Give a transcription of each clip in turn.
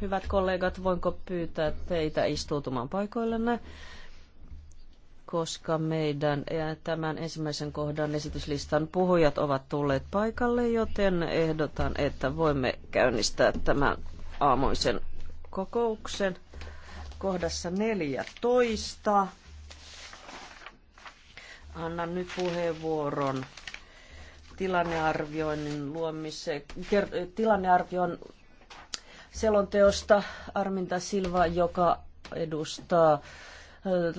Hyvät kollegat, voinko pyytää teitä istuutumaan paikoillenne, koska meidän eh, tämän ensimmäisen kohdan esityslistan puhujat ovat tulleet paikalle, joten ehdotan, että voimme käynnistää tämän aamuisen kokouksen kohdassa 14. Annan nyt puheenvuoron tilannearvioinnin luomiseen, tilannearvion selonteosta Arminta Silva, joka edustaa äh,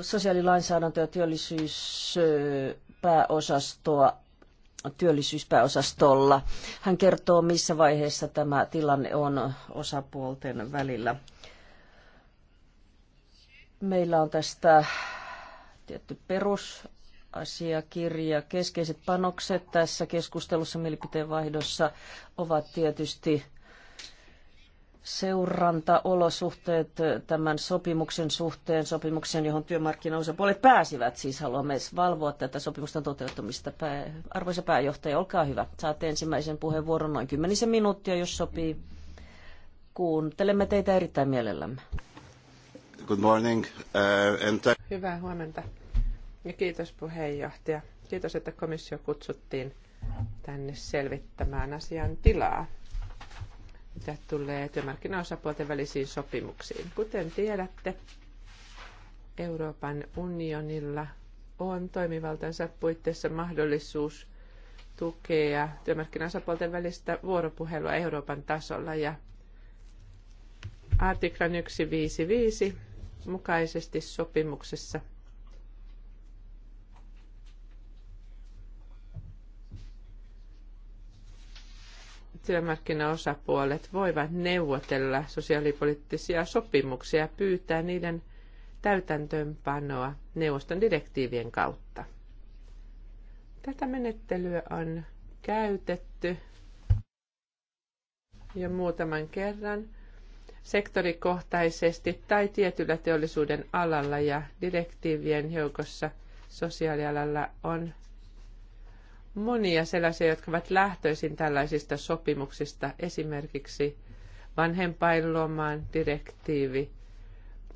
sosiaalilainsäädäntö- ja työllisyyspääosastoa työllisyyspääosastolla. Hän kertoo, missä vaiheessa tämä tilanne on osapuolten välillä. Meillä on tästä tietty perusasiakirja. Keskeiset panokset tässä keskustelussa mielipiteen vaihdossa ovat tietysti seurantaolosuhteet tämän sopimuksen suhteen, sopimuksen, johon työmarkkinaosapuolet pääsivät. Siis haluamme valvoa tätä sopimusten toteuttamista. Pää... Arvoisa pääjohtaja, olkaa hyvä. Saatte ensimmäisen puheenvuoron noin kymmenisen minuuttia, jos sopii. Kuuntelemme teitä erittäin mielellämme. Good morning. Uh, and Hyvää huomenta. Ja kiitos puheenjohtaja. Kiitos, että komissio kutsuttiin tänne selvittämään asian tilaa mitä tulee työmarkkinaosapuolten välisiin sopimuksiin. Kuten tiedätte, Euroopan unionilla on toimivaltansa puitteissa mahdollisuus tukea työmarkkinaosapuolten välistä vuoropuhelua Euroopan tasolla ja artiklan 155 mukaisesti sopimuksessa työmarkkinaosapuolet voivat neuvotella sosiaalipoliittisia sopimuksia ja pyytää niiden täytäntöönpanoa neuvoston direktiivien kautta. Tätä menettelyä on käytetty jo muutaman kerran sektorikohtaisesti tai tietyllä teollisuuden alalla ja direktiivien joukossa sosiaalialalla on monia sellaisia, jotka ovat lähtöisin tällaisista sopimuksista, esimerkiksi vanhempainloman direktiivi,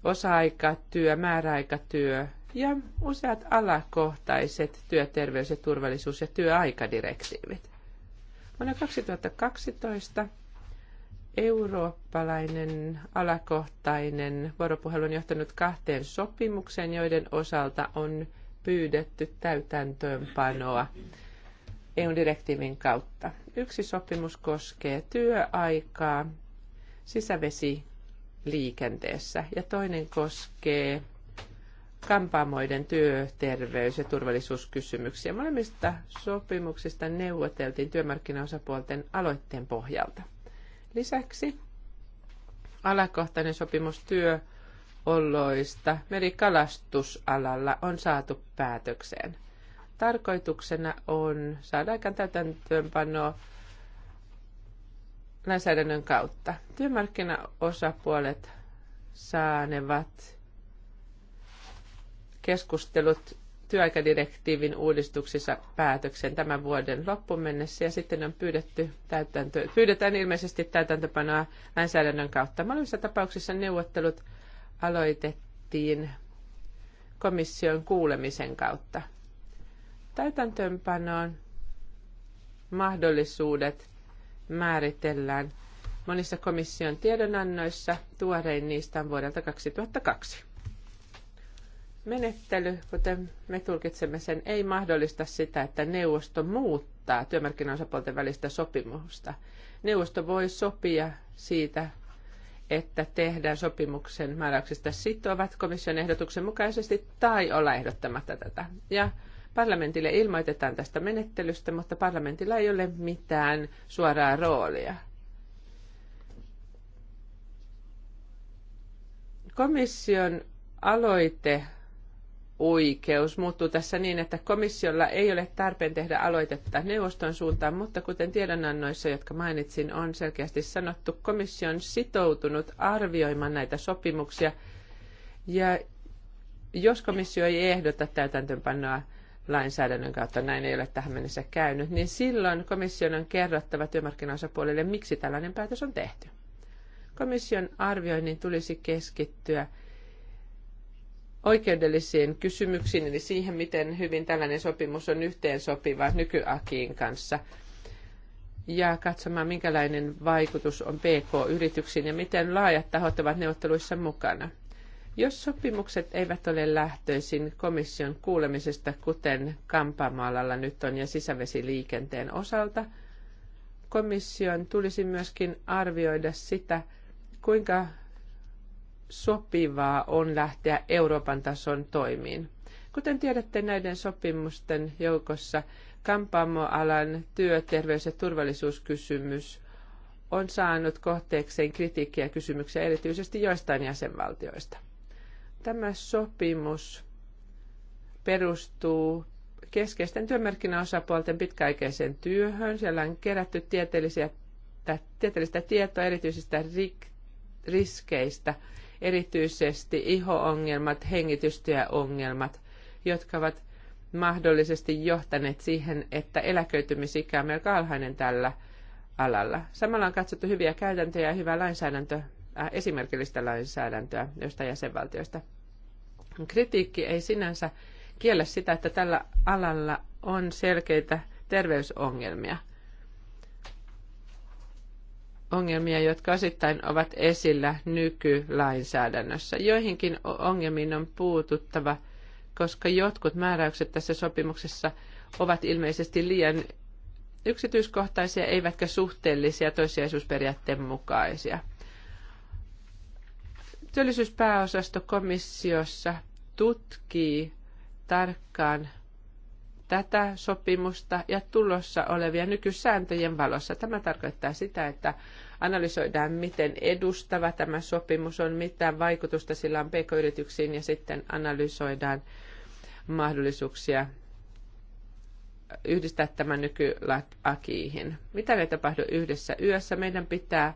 osa-aikatyö, määräaikatyö ja useat alakohtaiset työterveys- ja turvallisuus- ja työaikadirektiivit. Vuonna 2012 eurooppalainen alakohtainen vuoropuhelu on johtanut kahteen sopimukseen, joiden osalta on pyydetty täytäntöönpanoa EU-direktiivin kautta. Yksi sopimus koskee työaikaa sisävesiliikenteessä ja toinen koskee kampaamoiden työterveys- ja turvallisuuskysymyksiä. Molemmista sopimuksista neuvoteltiin työmarkkinaosapuolten aloitteen pohjalta. Lisäksi alakohtainen sopimus työolloista merikalastusalalla on saatu päätökseen. Tarkoituksena on saada aikaan täytäntöönpanoa lainsäädännön kautta. Työmarkkinaosapuolet saanevat keskustelut työaikadirektiivin uudistuksissa päätöksen tämän vuoden loppuun mennessä ja sitten on pyydetty täytäntö, pyydetään ilmeisesti täytäntöpanoa lainsäädännön kautta. Molemmissa tapauksissa neuvottelut aloitettiin komission kuulemisen kautta. Täytäntöönpanoon mahdollisuudet määritellään monissa komission tiedonannoissa, tuorein niistä on vuodelta 2002. Menettely, kuten me tulkitsemme sen, ei mahdollista sitä, että neuvosto muuttaa työmarkkinaosapuolten välistä sopimusta. Neuvosto voi sopia siitä, että tehdään sopimuksen määräyksistä sitovat komission ehdotuksen mukaisesti tai olla ehdottamatta tätä. Ja Parlamentille ilmoitetaan tästä menettelystä, mutta parlamentilla ei ole mitään suoraa roolia. Komission aloite oikeus muuttuu tässä niin, että komissiolla ei ole tarpeen tehdä aloitetta neuvoston suuntaan, mutta kuten tiedonannoissa, jotka mainitsin, on selkeästi sanottu, komissio on sitoutunut arvioimaan näitä sopimuksia. Ja jos komissio ei ehdota täytäntöönpanoa lainsäädännön kautta näin ei ole tähän mennessä käynyt, niin silloin komission on kerrottava työmarkkinaosapuolille, miksi tällainen päätös on tehty. Komission arvioinnin tulisi keskittyä oikeudellisiin kysymyksiin, eli siihen, miten hyvin tällainen sopimus on yhteensopiva nykyakiin kanssa, ja katsomaan, minkälainen vaikutus on PK-yrityksiin ja miten laajat tahot ovat neuvotteluissa mukana. Jos sopimukset eivät ole lähtöisin komission kuulemisesta, kuten Kampamaalalla nyt on ja sisävesiliikenteen osalta, komission tulisi myöskin arvioida sitä, kuinka sopivaa on lähteä Euroopan tason toimiin. Kuten tiedätte, näiden sopimusten joukossa kampaamoalan työterveys- ja turvallisuuskysymys on saanut kohteekseen kritiikkiä kysymyksiä erityisesti joistain jäsenvaltioista. Tämä sopimus perustuu keskeisten työmarkkinaosapuolten pitkäaikaiseen työhön. Siellä on kerätty tieteellistä tietoa erityisistä riskeistä, erityisesti ihoongelmat, hengitystyöongelmat, jotka ovat mahdollisesti johtaneet siihen, että eläköitymisikä on melko alhainen tällä alalla. Samalla on katsottu hyviä käytäntöjä ja hyvää lainsäädäntöä, äh, esimerkillistä lainsäädäntöä joista jäsenvaltioista – Kritiikki ei sinänsä kiellä sitä, että tällä alalla on selkeitä terveysongelmia. Ongelmia, jotka osittain ovat esillä nykylainsäädännössä. Joihinkin ongelmiin on puututtava, koska jotkut määräykset tässä sopimuksessa ovat ilmeisesti liian yksityiskohtaisia eivätkä suhteellisia toissijaisuusperiaatteen mukaisia – Työllisyyspääosasto komissiossa tutkii tarkkaan tätä sopimusta ja tulossa olevia nykysääntöjen valossa. Tämä tarkoittaa sitä, että analysoidaan, miten edustava tämä sopimus on, mitä vaikutusta sillä on pk-yrityksiin ja sitten analysoidaan mahdollisuuksia yhdistää tämä nykylakiihin. Mitä ei tapahdu yhdessä yössä? Meidän pitää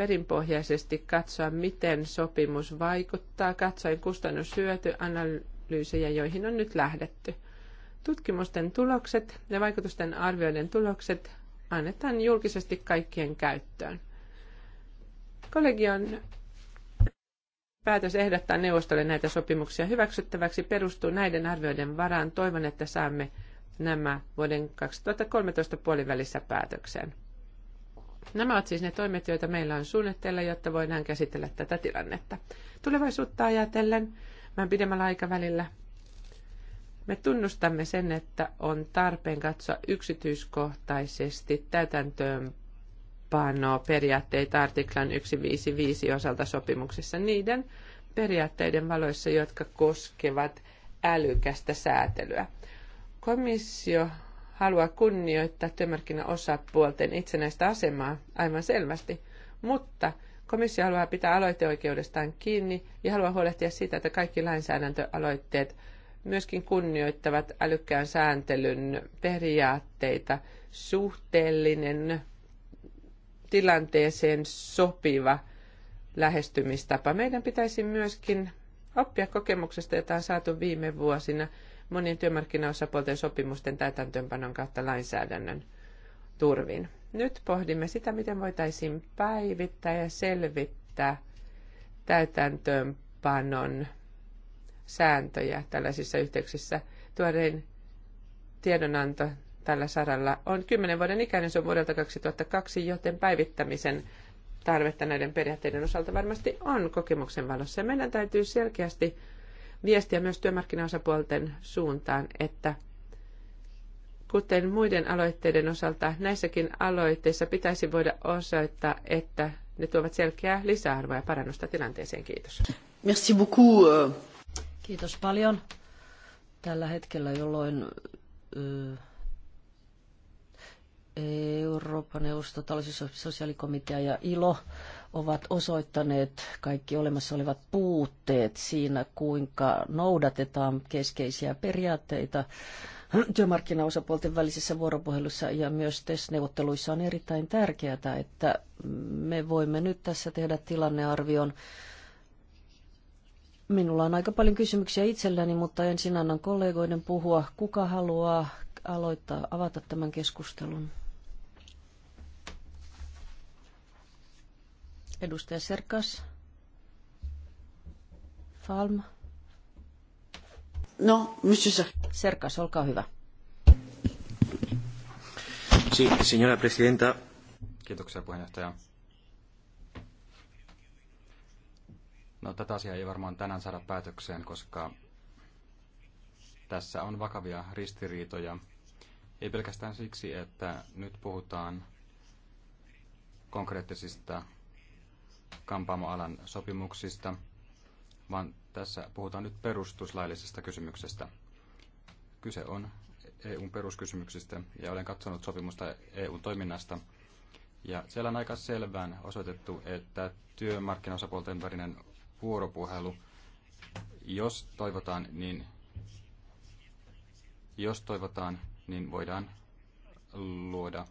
perinpohjaisesti katsoa, miten sopimus vaikuttaa, katsoen kustannushyötyanalyysejä, joihin on nyt lähdetty. Tutkimusten tulokset ja vaikutusten arvioiden tulokset annetaan julkisesti kaikkien käyttöön. Kollegion päätös ehdottaa neuvostolle näitä sopimuksia hyväksyttäväksi perustuu näiden arvioiden varaan. Toivon, että saamme nämä vuoden 2013 puolivälissä päätökseen. Nämä ovat siis ne toimet, joita meillä on suunnitteilla, jotta voidaan käsitellä tätä tilannetta. Tulevaisuutta ajatellen, vähän pidemmällä aikavälillä, me tunnustamme sen, että on tarpeen katsoa yksityiskohtaisesti pano periaatteita artiklan 155 osalta sopimuksessa niiden periaatteiden valoissa, jotka koskevat älykästä säätelyä. Komissio halua kunnioittaa työmarkkinaosapuolten itsenäistä asemaa aivan selvästi, mutta komissio haluaa pitää aloiteoikeudestaan kiinni ja haluaa huolehtia siitä, että kaikki lainsäädäntöaloitteet myöskin kunnioittavat älykkään sääntelyn periaatteita, suhteellinen tilanteeseen sopiva lähestymistapa. Meidän pitäisi myöskin oppia kokemuksesta, jota on saatu viime vuosina – monien työmarkkinaosapuolten sopimusten täytäntöönpanon kautta lainsäädännön turvin. Nyt pohdimme sitä, miten voitaisiin päivittää ja selvittää täytäntöönpanon sääntöjä tällaisissa yhteyksissä. Tuorein tiedonanto tällä saralla on 10 vuoden ikäinen, se on vuodelta 2002, joten päivittämisen tarvetta näiden periaatteiden osalta varmasti on kokemuksen valossa. meidän täytyy selkeästi viestiä myös työmarkkinaosapuolten suuntaan, että kuten muiden aloitteiden osalta, näissäkin aloitteissa pitäisi voida osoittaa, että ne tuovat selkeää lisäarvoa ja parannusta tilanteeseen. Kiitos. Merci beaucoup. Euh. Kiitos paljon. Tällä hetkellä, jolloin Euroopan neuvosto, sosiaalikomitea ja ILO ovat osoittaneet kaikki olemassa olevat puutteet siinä, kuinka noudatetaan keskeisiä periaatteita työmarkkinaosapuolten välisessä vuoropuhelussa ja myös TES-neuvotteluissa on erittäin tärkeää, että me voimme nyt tässä tehdä tilannearvion. Minulla on aika paljon kysymyksiä itselläni, mutta ensin annan kollegoiden puhua. Kuka haluaa aloittaa, avata tämän keskustelun? Edustaja Serkas. Falm. No, monsieur Serkas, olkaa hyvä. Si, señora presidenta. Kiitoksia puheenjohtaja. No, tätä asiaa ei varmaan tänään saada päätökseen, koska tässä on vakavia ristiriitoja. Ei pelkästään siksi, että nyt puhutaan konkreettisista kampaamoalan sopimuksista, vaan tässä puhutaan nyt perustuslaillisesta kysymyksestä. Kyse on EUn peruskysymyksistä ja olen katsonut sopimusta EUn toiminnasta. Ja siellä on aika selvään osoitettu, että työmarkkinaosapuolten välinen vuoropuhelu, jos toivotaan, niin jos toivotaan, niin voidaan luoda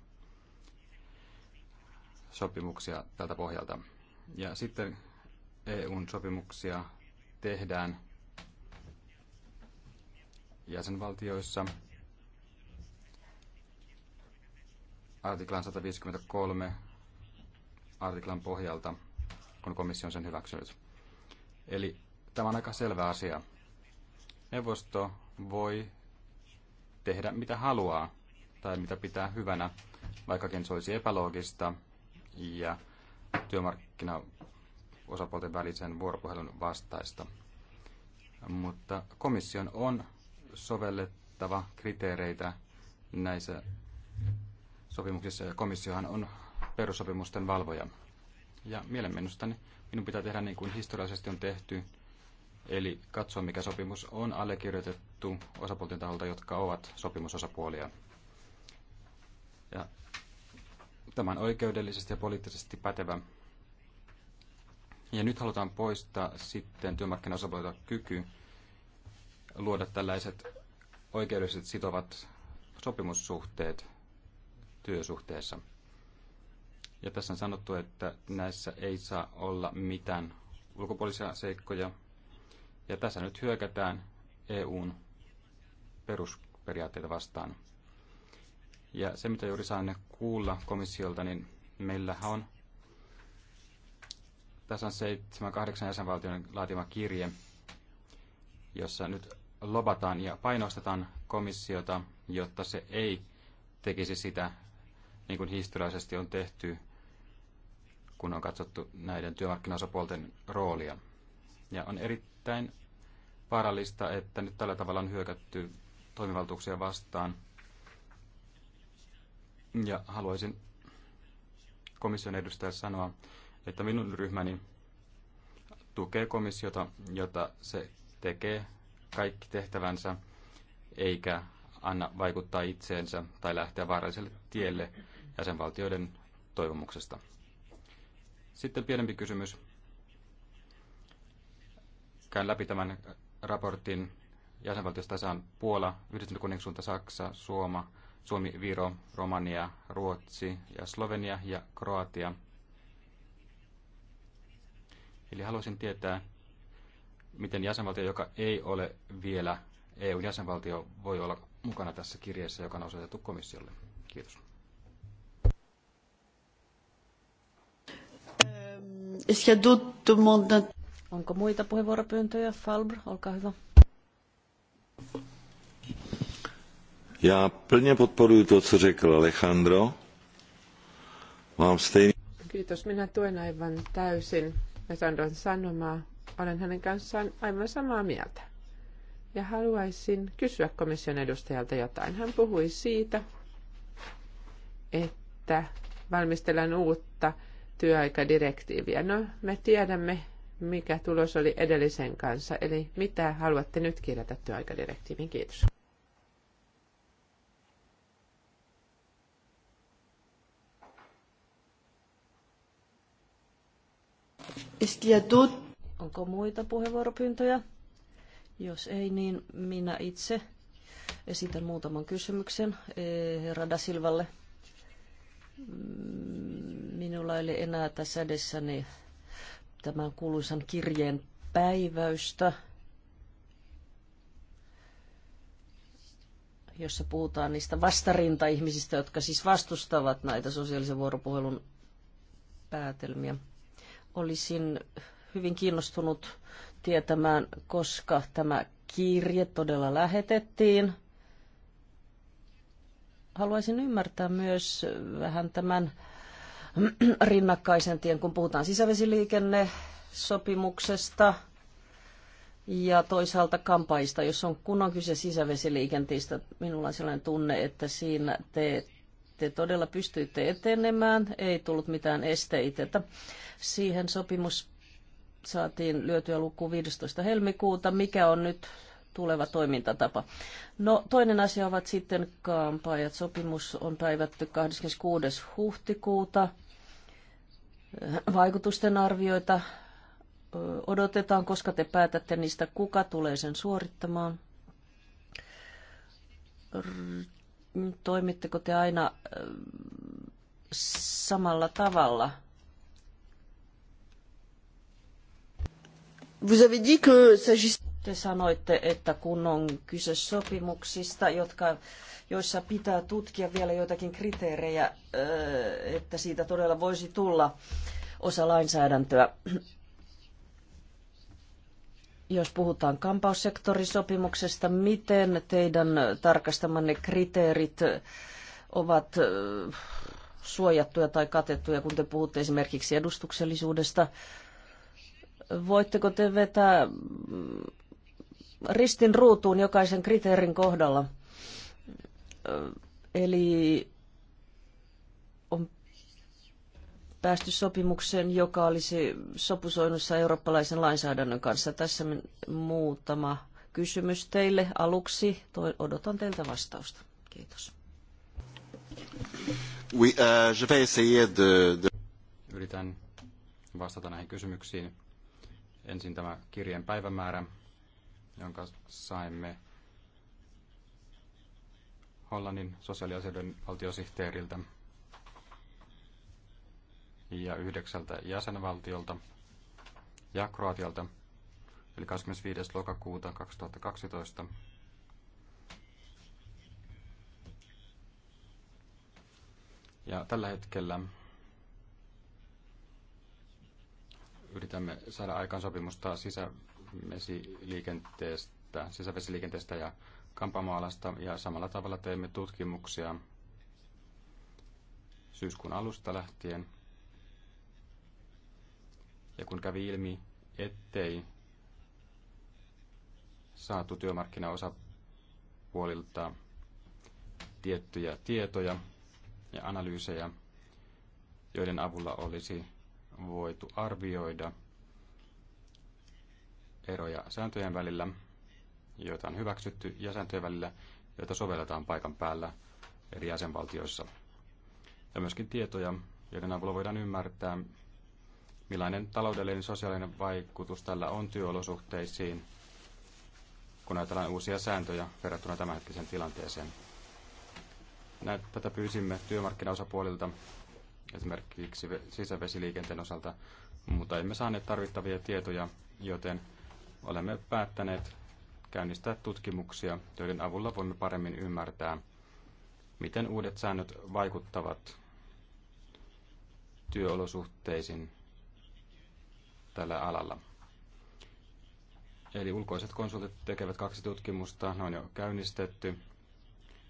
sopimuksia tältä pohjalta. Ja sitten EUn sopimuksia tehdään jäsenvaltioissa artiklan 153 artiklan pohjalta, kun komissio on sen hyväksynyt. Eli tämä on aika selvä asia. Neuvosto voi tehdä mitä haluaa tai mitä pitää hyvänä, vaikkakin se olisi epäloogista ja työmarkkinaosapuolten välisen vuoropuhelun vastaista. Mutta komission on sovellettava kriteereitä näissä sopimuksissa ja komissiohan on perussopimusten valvoja. Ja mielenminnustani minun pitää tehdä niin kuin historiallisesti on tehty, eli katsoa mikä sopimus on allekirjoitettu osapuolten taholta, jotka ovat sopimusosapuolia. Ja Tämä on oikeudellisesti ja poliittisesti pätevä. Ja nyt halutaan poistaa sitten työmarkkinaosapuolilta kyky luoda tällaiset oikeudelliset sitovat sopimussuhteet työsuhteessa. Ja tässä on sanottu, että näissä ei saa olla mitään ulkopuolisia seikkoja. Ja tässä nyt hyökätään EUn perusperiaatteita vastaan. Ja se, mitä juuri saimme kuulla komissiolta, niin meillähän on tässä on 7-8 jäsenvaltion laatima kirje, jossa nyt lobataan ja painostetaan komissiota, jotta se ei tekisi sitä, niin kuin historiallisesti on tehty, kun on katsottu näiden työmarkkinaosapuolten roolia. Ja on erittäin vaarallista, että nyt tällä tavalla on hyökätty toimivaltuuksia vastaan – ja haluaisin komission edustajalle sanoa, että minun ryhmäni tukee komissiota, jota se tekee kaikki tehtävänsä, eikä anna vaikuttaa itseensä tai lähteä vaaralliselle tielle jäsenvaltioiden toivomuksesta. Sitten pienempi kysymys. Käyn läpi tämän raportin jäsenvaltiosta saan Puola, Yhdistynyt kuningaskunta, Saksa, Suoma, Suomi, Viro, Romania, Ruotsi ja Slovenia ja Kroatia. Eli haluaisin tietää, miten jäsenvaltio, joka ei ole vielä EU-jäsenvaltio, voi olla mukana tässä kirjeessä, joka on osoitettu komissiolle. Kiitos. Ehm, er Onko muita puheenvuoropyyntöjä? Falbr, olkaa hyvä. Já plně podporuji to, co řekl Alejandro. Mám stejný... Kiitos, minä tuen aivan täysin Alejandron sanomaa. Olen hänen kanssaan aivan samaa mieltä. Ja haluaisin kysyä komission edustajalta jotain. Hän puhui siitä, että valmistellaan uutta työaikadirektiiviä. No, me tiedämme, mikä tulos oli edellisen kanssa, eli mitä haluatte nyt kirjata työaikadirektiiviin. Kiitos. Onko muita puheenvuoropyyntöjä? Jos ei, niin minä itse esitän muutaman kysymyksen eh, herra Dasilvalle. Mm, minulla ei ole enää tässä edessäni tämän kuuluisan kirjeen päiväystä, jossa puhutaan niistä vastarintaihmisistä, jotka siis vastustavat näitä sosiaalisen vuoropuhelun päätelmiä. Olisin hyvin kiinnostunut tietämään, koska tämä kirje todella lähetettiin. Haluaisin ymmärtää myös vähän tämän rinnakkaisen tien, kun puhutaan sisävesiliikennesopimuksesta ja toisaalta kampaista, jos on kunnon kyse sisävesiliikenteestä. Minulla on sellainen tunne, että siinä te te todella pystyitte etenemään, ei tullut mitään esteitä. Siihen sopimus saatiin lyötyä luku 15. helmikuuta, mikä on nyt tuleva toimintatapa. No toinen asia ovat sitten kampaajat. Sopimus on päivätty 26. huhtikuuta. Vaikutusten arvioita odotetaan, koska te päätätte niistä, kuka tulee sen suorittamaan toimitteko te aina samalla tavalla? Vous avez dit que te sanoitte, että kun on kyse sopimuksista, jotka, joissa pitää tutkia vielä joitakin kriteerejä, että siitä todella voisi tulla osa lainsäädäntöä. Jos puhutaan kampaussektorisopimuksesta, miten teidän tarkastamanne kriteerit ovat suojattuja tai katettuja, kun te puhutte esimerkiksi edustuksellisuudesta? Voitteko te vetää mm, ristin ruutuun jokaisen kriteerin kohdalla? Eli päästy sopimukseen, joka olisi sopusoinnussa eurooppalaisen lainsäädännön kanssa. Tässä muutama kysymys teille aluksi. Odotan teiltä vastausta. Kiitos. Oui, euh, je vais essayer de, de... Yritän vastata näihin kysymyksiin. Ensin tämä kirjeen päivämäärä, jonka saimme Hollannin sosiaaliasioiden valtiosihteeriltä ja yhdeksältä jäsenvaltiolta ja Kroatialta, eli 25. lokakuuta 2012. Ja tällä hetkellä yritämme saada aikaan sopimusta sisävesiliikenteestä, sisävesiliikenteestä ja kampamaalasta ja samalla tavalla teemme tutkimuksia syyskuun alusta lähtien – ja kun kävi ilmi, ettei saatu työmarkkinaosapuolilta tiettyjä tietoja ja analyysejä, joiden avulla olisi voitu arvioida eroja sääntöjen välillä, joita on hyväksytty, ja sääntöjen välillä, joita sovelletaan paikan päällä eri jäsenvaltioissa. Ja myöskin tietoja, joiden avulla voidaan ymmärtää, millainen taloudellinen sosiaalinen vaikutus tällä on työolosuhteisiin, kun ajatellaan uusia sääntöjä verrattuna tämänhetkiseen tilanteeseen. Näitä tätä pyysimme työmarkkinaosapuolilta esimerkiksi sisävesiliikenteen osalta, mutta emme saaneet tarvittavia tietoja, joten olemme päättäneet käynnistää tutkimuksia, joiden avulla voimme paremmin ymmärtää, miten uudet säännöt vaikuttavat työolosuhteisiin tällä alalla. Eli ulkoiset konsultit tekevät kaksi tutkimusta, ne on jo käynnistetty.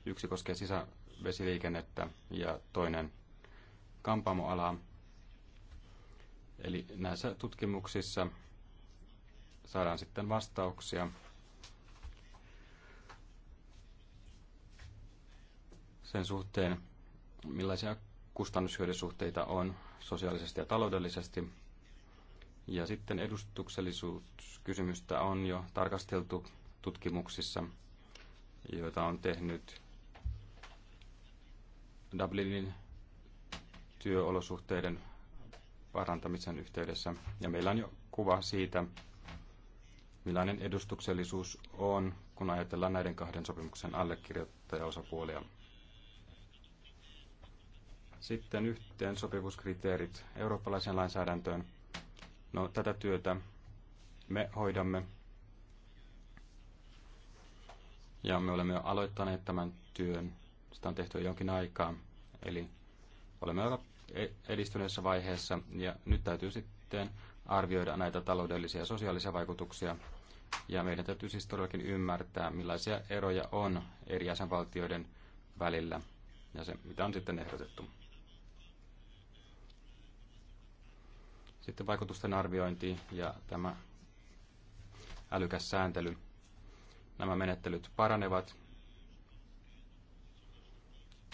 Yksi koskee sisävesiliikennettä ja toinen kampaamoalaa. Eli näissä tutkimuksissa saadaan sitten vastauksia. Sen suhteen, millaisia kustannushyödysuhteita on sosiaalisesti ja taloudellisesti ja sitten edustuksellisuuskysymystä on jo tarkasteltu tutkimuksissa, joita on tehnyt Dublinin työolosuhteiden parantamisen yhteydessä. Ja meillä on jo kuva siitä, millainen edustuksellisuus on, kun ajatellaan näiden kahden sopimuksen allekirjoittajaosapuolia. Sitten yhteensopivuuskriteerit eurooppalaisen lainsäädäntöön – No, tätä työtä me hoidamme. Ja me olemme jo aloittaneet tämän työn. Sitä on tehty jo jonkin aikaa. Eli olemme jo e-, edistyneessä vaiheessa ja nyt täytyy sitten arvioida näitä taloudellisia ja sosiaalisia vaikutuksia. Ja meidän täytyy siis todellakin ymmärtää, millaisia eroja on eri jäsenvaltioiden välillä ja se, mitä on sitten ehdotettu. Sitten vaikutusten arviointi ja tämä älykäs sääntely. Nämä menettelyt paranevat.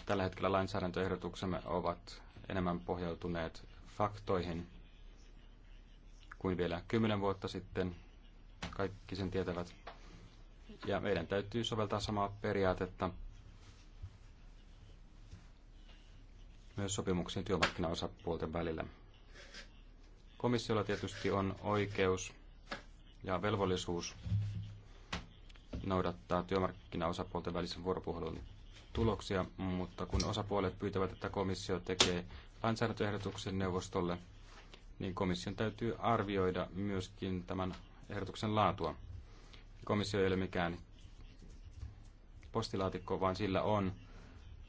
Tällä hetkellä lainsäädäntöehdotuksemme ovat enemmän pohjautuneet faktoihin kuin vielä kymmenen vuotta sitten. Kaikki sen tietävät. Ja meidän täytyy soveltaa samaa periaatetta myös sopimuksiin työmarkkinaosapuolten välillä. Komissiolla tietysti on oikeus ja velvollisuus noudattaa työmarkkinaosapuolten välisen vuoropuhelun tuloksia, mutta kun osapuolet pyytävät, että komissio tekee lainsäädäntöehdotuksen neuvostolle, niin komission täytyy arvioida myöskin tämän ehdotuksen laatua. Komissio ei ole mikään postilaatikko, vaan sillä on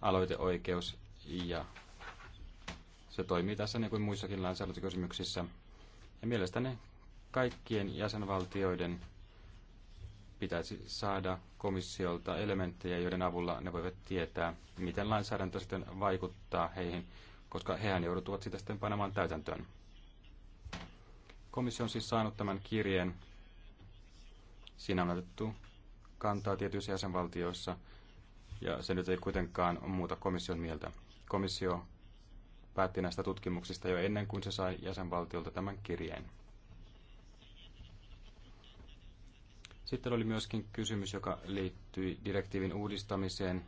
aloiteoikeus ja se toimii tässä niin kuin muissakin lainsäädäntökysymyksissä. Ja mielestäni kaikkien jäsenvaltioiden pitäisi saada komissiolta elementtejä, joiden avulla ne voivat tietää, miten lainsäädäntö sitten vaikuttaa heihin, koska hehän joutuvat sitä sitten panemaan täytäntöön. Komissio on siis saanut tämän kirjeen. Siinä on otettu kantaa tietyissä jäsenvaltioissa, ja se nyt ei kuitenkaan muuta komission mieltä. Komissio päätti näistä tutkimuksista jo ennen kuin se sai jäsenvaltiolta tämän kirjeen. Sitten oli myöskin kysymys, joka liittyi direktiivin uudistamiseen,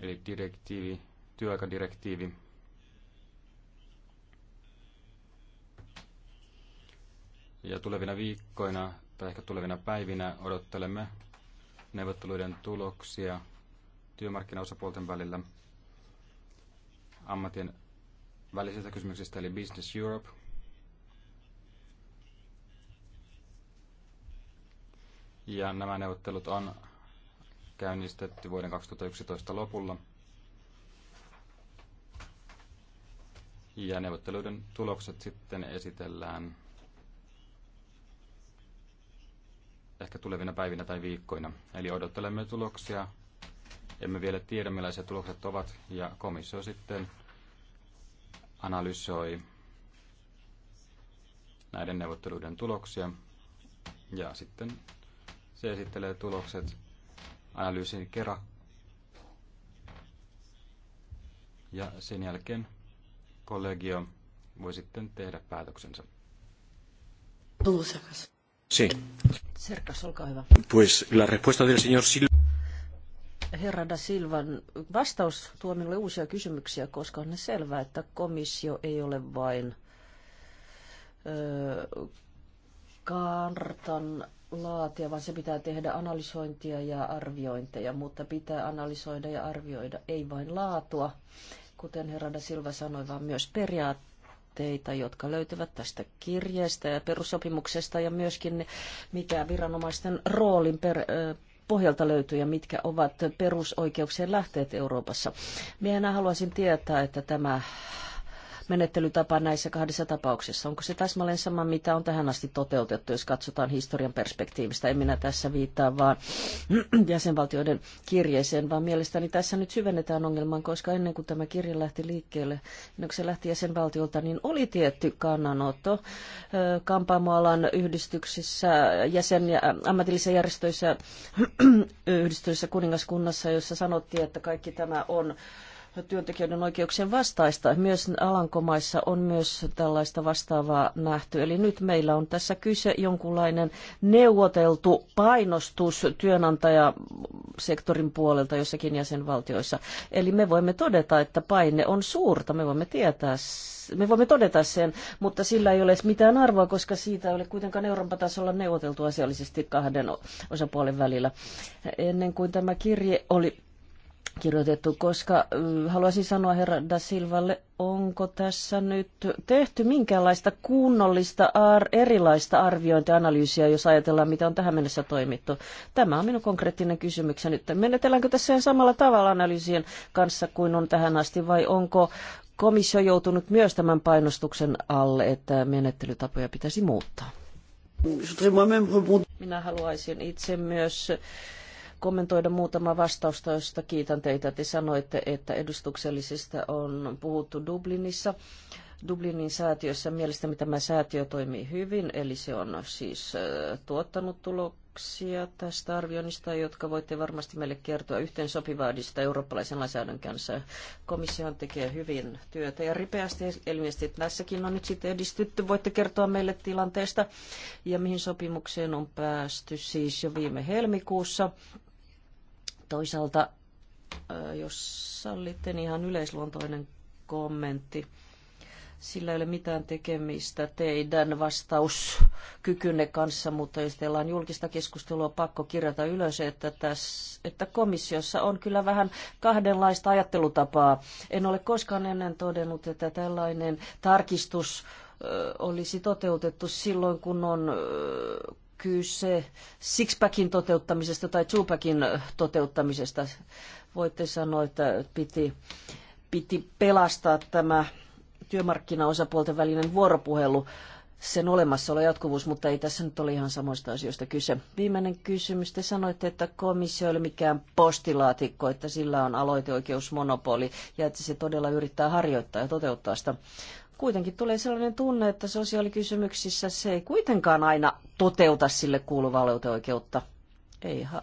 eli direktiivi, työaikadirektiivi. Ja tulevina viikkoina tai ehkä tulevina päivinä odottelemme neuvotteluiden tuloksia työmarkkinaosapuolten välillä – ammatin välisistä kysymyksistä, eli Business Europe. Ja nämä neuvottelut on käynnistetty vuoden 2011 lopulla. Ja neuvotteluiden tulokset sitten esitellään ehkä tulevina päivinä tai viikkoina. Eli odottelemme tuloksia emme vielä tiedä, millaiset tulokset ovat, ja komissio sitten analysoi näiden neuvotteluiden tuloksia, ja sitten se esittelee tulokset analyysin kerran. Ja sen jälkeen kollegio voi sitten tehdä päätöksensä. Serkas, olkaa hyvä. Pues la respuesta del señor Silva herra da Silvan vastaus tuo minulle uusia kysymyksiä, koska on selvää, että komissio ei ole vain ö, kartan laatia, vaan se pitää tehdä analysointia ja arviointeja, mutta pitää analysoida ja arvioida ei vain laatua, kuten herra da Silva sanoi, vaan myös periaatteita jotka löytyvät tästä kirjeestä ja perussopimuksesta ja myöskin mitä viranomaisten roolin per, pohjalta löytyy ja mitkä ovat perusoikeuksien lähteet Euroopassa. Minä haluaisin tietää, että tämä menettelytapa näissä kahdessa tapauksessa? Onko se täsmälleen sama, mitä on tähän asti toteutettu, jos katsotaan historian perspektiivistä? En minä tässä viittaa vaan jäsenvaltioiden kirjeeseen, vaan mielestäni tässä nyt syvennetään ongelmaan, koska ennen kuin tämä kirja lähti liikkeelle, ennen kuin se lähti jäsenvaltiolta, niin oli tietty kannanotto kampaamoalan yhdistyksissä, jäsen, ammatillisissa järjestöissä, yhdistyissä kuningaskunnassa, jossa sanottiin, että kaikki tämä on työntekijöiden oikeuksien vastaista. Myös Alankomaissa on myös tällaista vastaavaa nähty. Eli nyt meillä on tässä kyse jonkunlainen neuvoteltu painostus työnantajasektorin puolelta jossakin jäsenvaltioissa. Eli me voimme todeta, että paine on suurta. Me voimme tietää me voimme todeta sen, mutta sillä ei ole mitään arvoa, koska siitä ei ole kuitenkaan Euroopan tasolla neuvoteltu asiallisesti kahden osapuolen välillä. Ennen kuin tämä kirje oli kirjoitettu, koska haluaisin sanoa herra Da Silvalle, onko tässä nyt tehty minkäänlaista kunnollista ar- erilaista arviointianalyysiä, analyysiä, jos ajatellaan, mitä on tähän mennessä toimittu. Tämä on minun konkreettinen kysymykseni. Nyt menetelläänkö tässä samalla tavalla analyysien kanssa kuin on tähän asti, vai onko komissio joutunut myös tämän painostuksen alle, että menettelytapoja pitäisi muuttaa? Minä haluaisin itse myös kommentoida muutama vastausta, josta kiitän teitä. Te sanoitte, että edustuksellisista on puhuttu Dublinissa. Dublinin säätiössä mielestäni tämä säätiö toimii hyvin, eli se on siis äh, tuottanut tuloksia tästä arvioinnista, jotka voitte varmasti meille kertoa yhteen sopivaadista eurooppalaisen lainsäädännön kanssa. Komissio tekee hyvin työtä ja ripeästi ilmeisesti tässäkin on nyt sitten edistytty. Voitte kertoa meille tilanteesta ja mihin sopimukseen on päästy siis jo viime helmikuussa. Toisaalta, jos sallitte, niin ihan yleisluontoinen kommentti. Sillä ei ole mitään tekemistä teidän vastauskykynne kanssa, mutta jos teillä on julkista keskustelua, pakko kirjata ylös, että, tässä, että komissiossa on kyllä vähän kahdenlaista ajattelutapaa. En ole koskaan ennen todennut, että tällainen tarkistus olisi toteutettu silloin, kun on kyse sixpackin toteuttamisesta tai twopackin toteuttamisesta. Voitte sanoa, että piti, piti pelastaa tämä työmarkkinaosapuolten välinen vuoropuhelu, sen olemassaolo jatkuvuus, mutta ei tässä nyt ole ihan samoista asioista kyse. Viimeinen kysymys. Te sanoitte, että komissio ei ole mikään postilaatikko, että sillä on aloiteoikeusmonopoli ja että se todella yrittää harjoittaa ja toteuttaa sitä kuitenkin tulee sellainen tunne, että sosiaalikysymyksissä se ei kuitenkaan aina toteuta sille kuuluvaa oikeutta. Ei ha-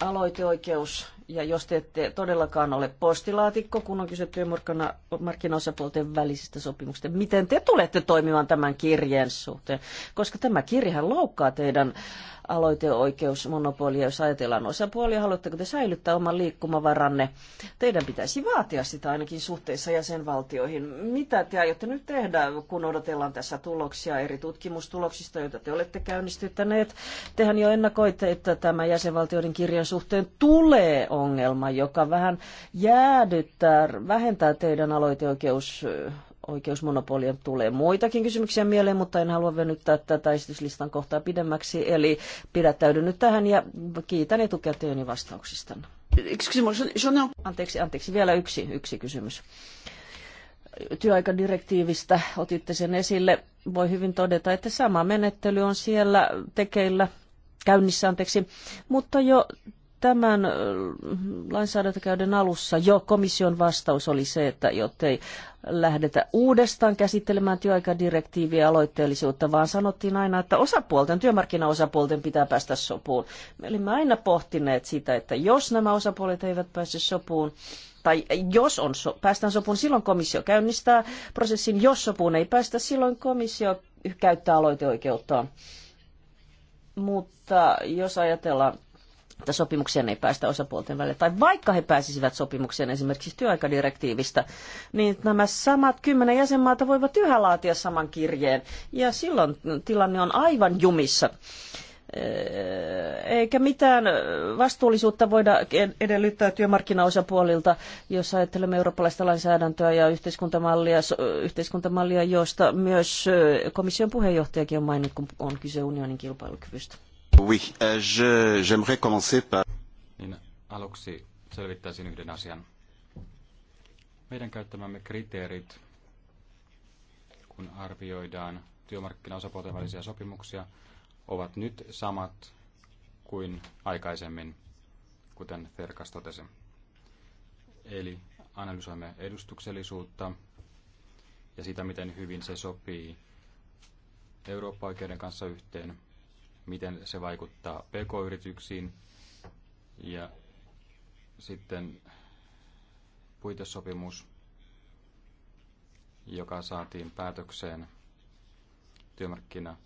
aloiteoikeus ja jos te ette todellakaan ole postilaatikko, kun on kyse työmarkkinaosapuolten välisistä sopimuksista, miten te tulette toimimaan tämän kirjeen suhteen? Koska tämä kirjahan loukkaa teidän aloiteoikeusmonopolia, jos ajatellaan osapuolia. Haluatteko te säilyttää oman liikkumavaranne? Teidän pitäisi vaatia sitä ainakin suhteessa jäsenvaltioihin. Mitä te aiotte nyt tehdä, kun odotellaan tässä tuloksia eri tutkimustuloksista, joita te olette käynnistyttäneet? Tehän jo ennakoitte, että tämä jäsenvaltioiden kirjan suhteen tulee ongelma, joka vähän jäädyttää, vähentää teidän aloiteoikeus oikeusmonopolien tulee muitakin kysymyksiä mieleen, mutta en halua venyttää tätä esityslistan kohtaa pidemmäksi, eli pidättäydyn nyt tähän ja kiitän etukäteeni vastauksista. Anteeksi, anteeksi, vielä yksi, yksi kysymys. Työaikadirektiivistä otitte sen esille. Voi hyvin todeta, että sama menettely on siellä tekeillä käynnissä, anteeksi, mutta jo tämän lainsäädäntökäyden alussa jo komission vastaus oli se, että jottei lähdetä uudestaan käsittelemään työaikadirektiiviä aloitteellisuutta, vaan sanottiin aina, että osapuolten, työmarkkinaosapuolten pitää päästä sopuun. Me olimme aina pohtineet sitä, että jos nämä osapuolet eivät pääse sopuun, tai jos on so, päästään sopuun, silloin komissio käynnistää prosessin. Jos sopuun ei päästä, silloin komissio käyttää aloiteoikeuttaan. Mutta jos ajatellaan että sopimukseen ei päästä osapuolten välillä. Tai vaikka he pääsisivät sopimukseen esimerkiksi työaikadirektiivistä, niin nämä samat kymmenen jäsenmaata voivat yhä laatia saman kirjeen. Ja silloin tilanne on aivan jumissa. Eikä mitään vastuullisuutta voida edellyttää työmarkkinaosapuolilta, jos ajattelemme eurooppalaista lainsäädäntöä ja yhteiskuntamallia, yhteiskuntamallia josta myös komission puheenjohtajakin on maininnut, kun on kyse unionin kilpailukyvystä. Oui, euh, je, j'aimerais commencer par... Niin aluksi selvittäisin yhden asian. Meidän käyttämämme kriteerit, kun arvioidaan työmarkkinaosapuolten välisiä sopimuksia, ovat nyt samat kuin aikaisemmin, kuten Ferkas totesi. Eli analysoimme edustuksellisuutta ja sitä, miten hyvin se sopii Eurooppa-oikeuden kanssa yhteen miten se vaikuttaa pk-yrityksiin ja sitten puitesopimus, joka saatiin päätökseen työmarkkina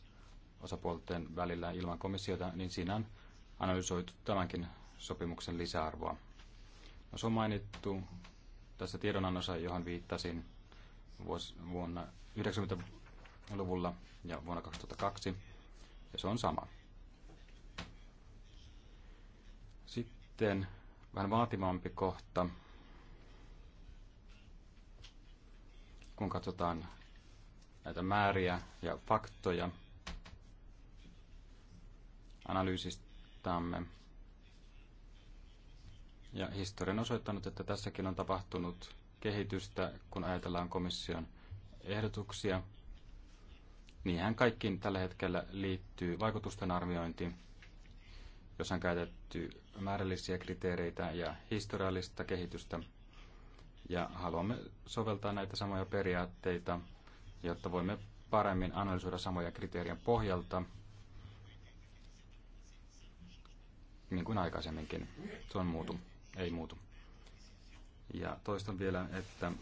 välillä ilman komissiota, niin siinä on analysoitu tämänkin sopimuksen lisäarvoa. No, se on mainittu tässä tiedonannossa, johon viittasin vuonna 90-luvulla ja vuonna 2002 ja se on sama. Sitten vähän vaativampi kohta, kun katsotaan näitä määriä ja faktoja analyysistamme. Ja historia on osoittanut, että tässäkin on tapahtunut kehitystä, kun ajatellaan komission ehdotuksia Niinhän kaikkiin tällä hetkellä liittyy vaikutusten arviointi, jossa on käytetty määrällisiä kriteereitä ja historiallista kehitystä. Ja haluamme soveltaa näitä samoja periaatteita, jotta voimme paremmin analysoida samoja kriteerien pohjalta, niin kuin aikaisemminkin. Se on muutu, ei muutu. Ja toistan vielä, että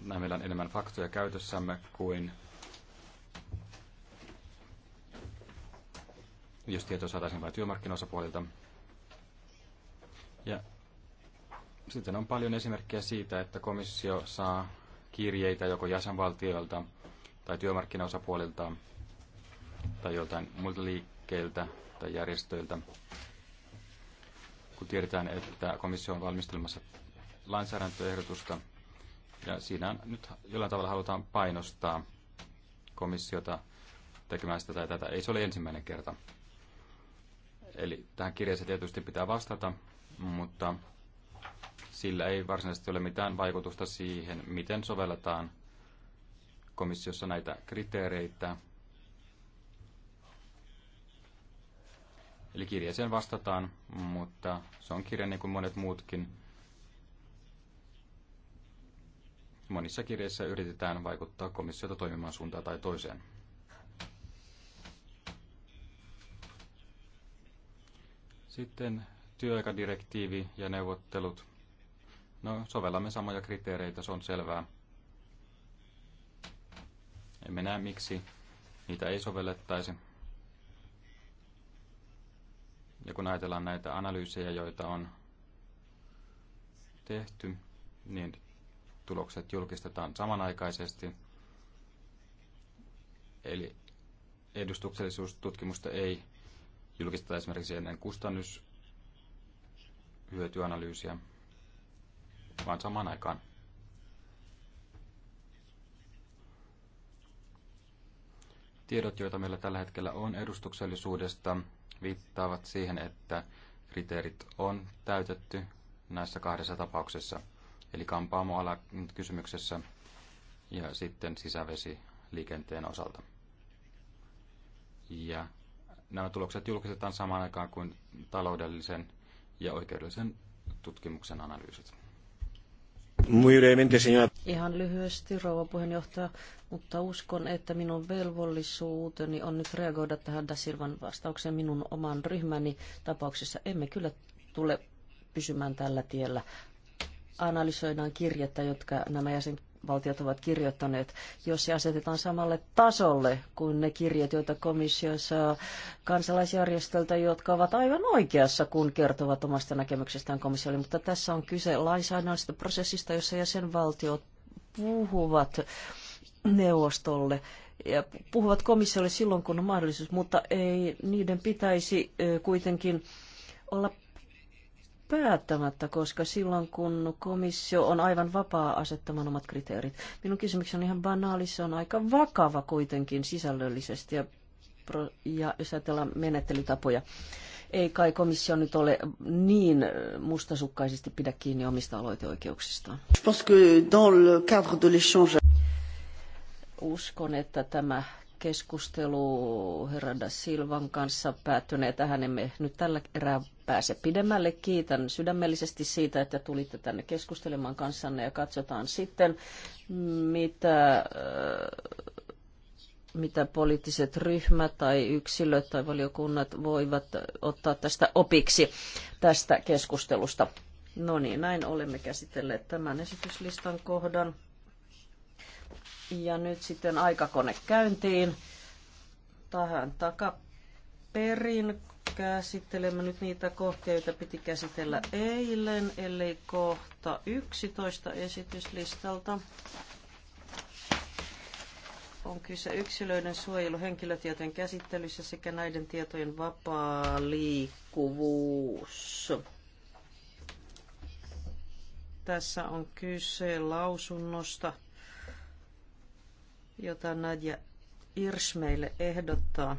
näin meillä on enemmän faktoja käytössämme kuin jos tieto saataisiin vain työmarkkinaosapuolilta. Ja sitten on paljon esimerkkejä siitä, että komissio saa kirjeitä joko jäsenvaltioilta tai työmarkkinaosapuolilta tai joltain muilta liikkeiltä tai järjestöiltä, kun tiedetään, että komissio on valmistelemassa lainsäädäntöehdotusta, ja siinä nyt jollain tavalla halutaan painostaa komissiota tekemään sitä tai tätä. Ei se ole ensimmäinen kerta. Eli tähän kirjeeseen tietysti pitää vastata, mutta sillä ei varsinaisesti ole mitään vaikutusta siihen, miten sovelletaan komissiossa näitä kriteereitä. Eli kirjeeseen vastataan, mutta se on kirja niin kuin monet muutkin Monissa kirjeissä yritetään vaikuttaa komissiota toimimaan suuntaan tai toiseen. Sitten työaikadirektiivi ja neuvottelut. No, sovellamme samoja kriteereitä, se on selvää. Emme näe, miksi niitä ei sovellettaisi. Ja kun ajatellaan näitä analyysejä, joita on tehty, niin tulokset julkistetaan samanaikaisesti. Eli edustuksellisuustutkimusta ei julkisteta esimerkiksi ennen kustannushyötyanalyysiä, vaan samaan aikaan. Tiedot, joita meillä tällä hetkellä on edustuksellisuudesta, viittaavat siihen, että kriteerit on täytetty näissä kahdessa tapauksessa – eli kampaamoala kysymyksessä ja sitten sisävesi liikenteen osalta. Ja nämä tulokset julkistetaan samaan aikaan kuin taloudellisen ja oikeudellisen tutkimuksen analyysit. Muy brevemente, señora. Ihan lyhyesti, rouva puheenjohtaja, mutta uskon, että minun velvollisuuteni on nyt reagoida tähän Da vastaukseen minun oman ryhmäni tapauksessa. Emme kyllä tule pysymään tällä tiellä, analysoidaan kirjettä, jotka nämä jäsenvaltiot ovat kirjoittaneet, jos se asetetaan samalle tasolle kuin ne kirjat, joita komissio saa kansalaisjärjestöltä, jotka ovat aivan oikeassa, kun kertovat omasta näkemyksestään komissiolle. Mutta tässä on kyse lainsäädännöllisestä prosessista, jossa jäsenvaltiot puhuvat neuvostolle ja puhuvat komissiolle silloin, kun on mahdollisuus, mutta ei, niiden pitäisi eh, kuitenkin olla päättämättä, koska silloin kun komissio on aivan vapaa asettamaan omat kriteerit. Minun kysymykseni on ihan banaali, se on aika vakava kuitenkin sisällöllisesti ja, ja jos ajatellaan menettelytapoja. Ei kai komissio nyt ole niin mustasukkaisesti pidä kiinni omista aloiteoikeuksistaan. Uskon, että tämä keskustelu herra da Silvan kanssa päättyneet. Tähän emme nyt tällä erää pääse pidemmälle. Kiitän sydämellisesti siitä, että tulitte tänne keskustelemaan kanssanne ja katsotaan sitten, mitä, äh, mitä poliittiset ryhmät tai yksilöt tai valiokunnat voivat ottaa tästä opiksi tästä keskustelusta. No niin, näin olemme käsitelleet tämän esityslistan kohdan. Ja nyt sitten aikakone käyntiin. Tähän takaperin käsittelemme nyt niitä kohtia, joita piti käsitellä eilen, eli kohta 11 esityslistalta. On kyse yksilöiden suojelu henkilötietojen käsittelyssä sekä näiden tietojen vapaa liikkuvuus. Tässä on kyse lausunnosta jota Nadja Irsch meille ehdottaa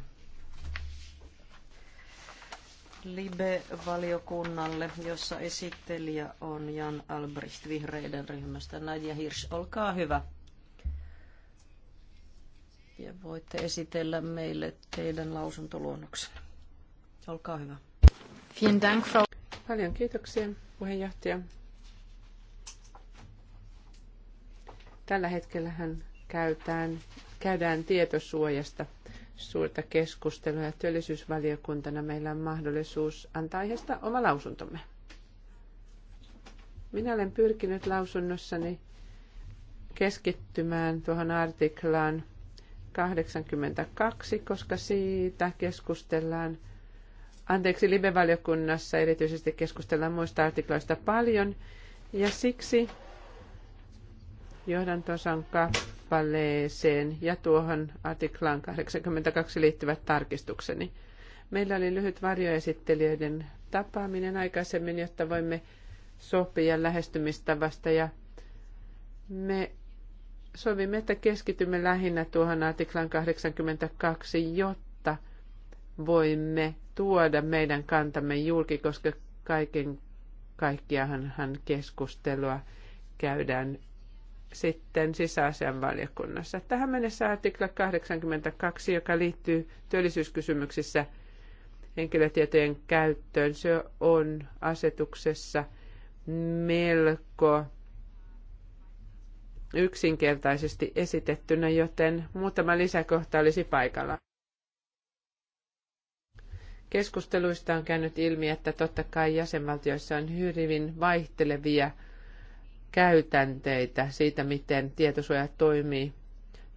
Libe-valiokunnalle, jossa esittelijä on Jan Albrecht vihreiden ryhmästä. Nadja Hirsch, olkaa hyvä. Ja voitte esitellä meille teidän lausuntoluonnoksen. Olkaa hyvä. Vielen Dank, Frau. Paljon kiitoksia, puheenjohtaja. Tällä hetkellä hän käytään, käydään tietosuojasta suurta keskustelua ja työllisyysvaliokuntana meillä on mahdollisuus antaa aiheesta oma lausuntomme. Minä olen pyrkinyt lausunnossani keskittymään tuohon artiklaan 82, koska siitä keskustellaan, anteeksi, live-valiokunnassa erityisesti keskustellaan muista artikloista paljon, ja siksi johdantosan kappale kappaleeseen ja tuohon artiklaan 82 liittyvät tarkistukseni. Meillä oli lyhyt varjoesittelijöiden tapaaminen aikaisemmin, jotta voimme sopia lähestymistavasta ja me sovimme, että keskitymme lähinnä tuohon artiklan 82, jotta voimme tuoda meidän kantamme julki, koska kaiken kaikkiahan keskustelua käydään sitten sisäasian valiokunnassa. Tähän mennessä artikla 82, joka liittyy työllisyyskysymyksissä henkilötietojen käyttöön, se on asetuksessa melko yksinkertaisesti esitettynä, joten muutama lisäkohta olisi paikalla. Keskusteluista on käynyt ilmi, että totta kai jäsenvaltioissa on hyvin vaihtelevia käytänteitä siitä, miten tietosuoja toimii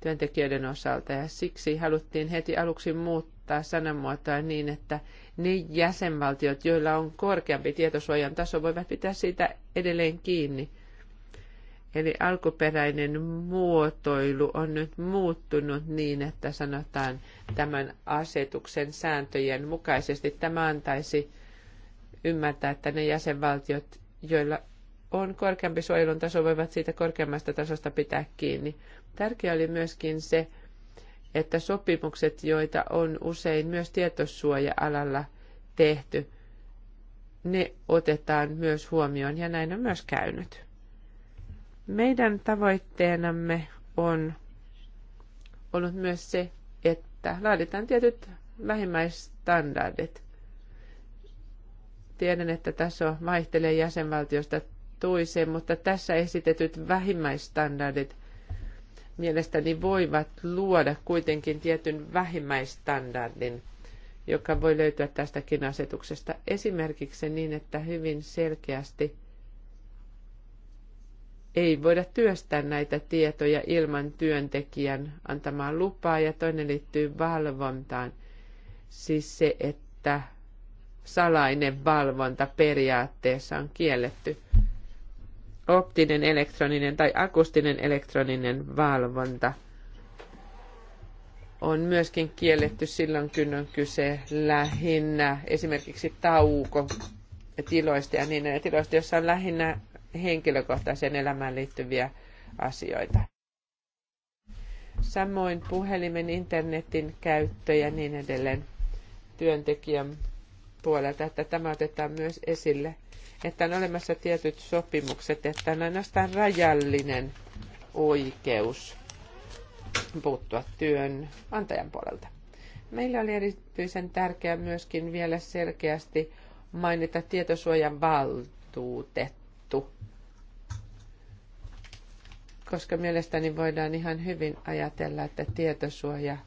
työntekijöiden osalta. Ja siksi haluttiin heti aluksi muuttaa sanamuotoa niin, että ne jäsenvaltiot, joilla on korkeampi tietosuojan taso, voivat pitää siitä edelleen kiinni. Eli alkuperäinen muotoilu on nyt muuttunut niin, että sanotaan tämän asetuksen sääntöjen mukaisesti. Tämä antaisi ymmärtää, että ne jäsenvaltiot, joilla on korkeampi suojelun taso, voivat siitä korkeammasta tasosta pitää kiinni. Tärkeää oli myöskin se, että sopimukset, joita on usein myös tietosuoja-alalla tehty, ne otetaan myös huomioon ja näin on myös käynyt. Meidän tavoitteenamme on ollut myös se, että laaditaan tietyt vähimmäisstandardit. Tiedän, että taso vaihtelee jäsenvaltiosta toiseen, mutta tässä esitetyt vähimmäistandardit mielestäni voivat luoda kuitenkin tietyn vähimmäistandardin, joka voi löytyä tästäkin asetuksesta. Esimerkiksi niin, että hyvin selkeästi ei voida työstää näitä tietoja ilman työntekijän antamaa lupaa, ja toinen liittyy valvontaan. Siis se, että salainen valvonta periaatteessa on kielletty optinen elektroninen tai akustinen elektroninen valvonta on myöskin kielletty silloin, kun on kyse lähinnä esimerkiksi tauko tiloista ja niin tiloista, joissa on lähinnä henkilökohtaiseen elämään liittyviä asioita. Samoin puhelimen, internetin käyttö ja niin edelleen työntekijän puolelta, että tämä otetaan myös esille että on olemassa tietyt sopimukset, että on ainoastaan rajallinen oikeus puuttua työn antajan puolelta. Meillä oli erityisen tärkeää myöskin vielä selkeästi mainita tietosuojan valtuutettu, koska mielestäni voidaan ihan hyvin ajatella, että tietosuoja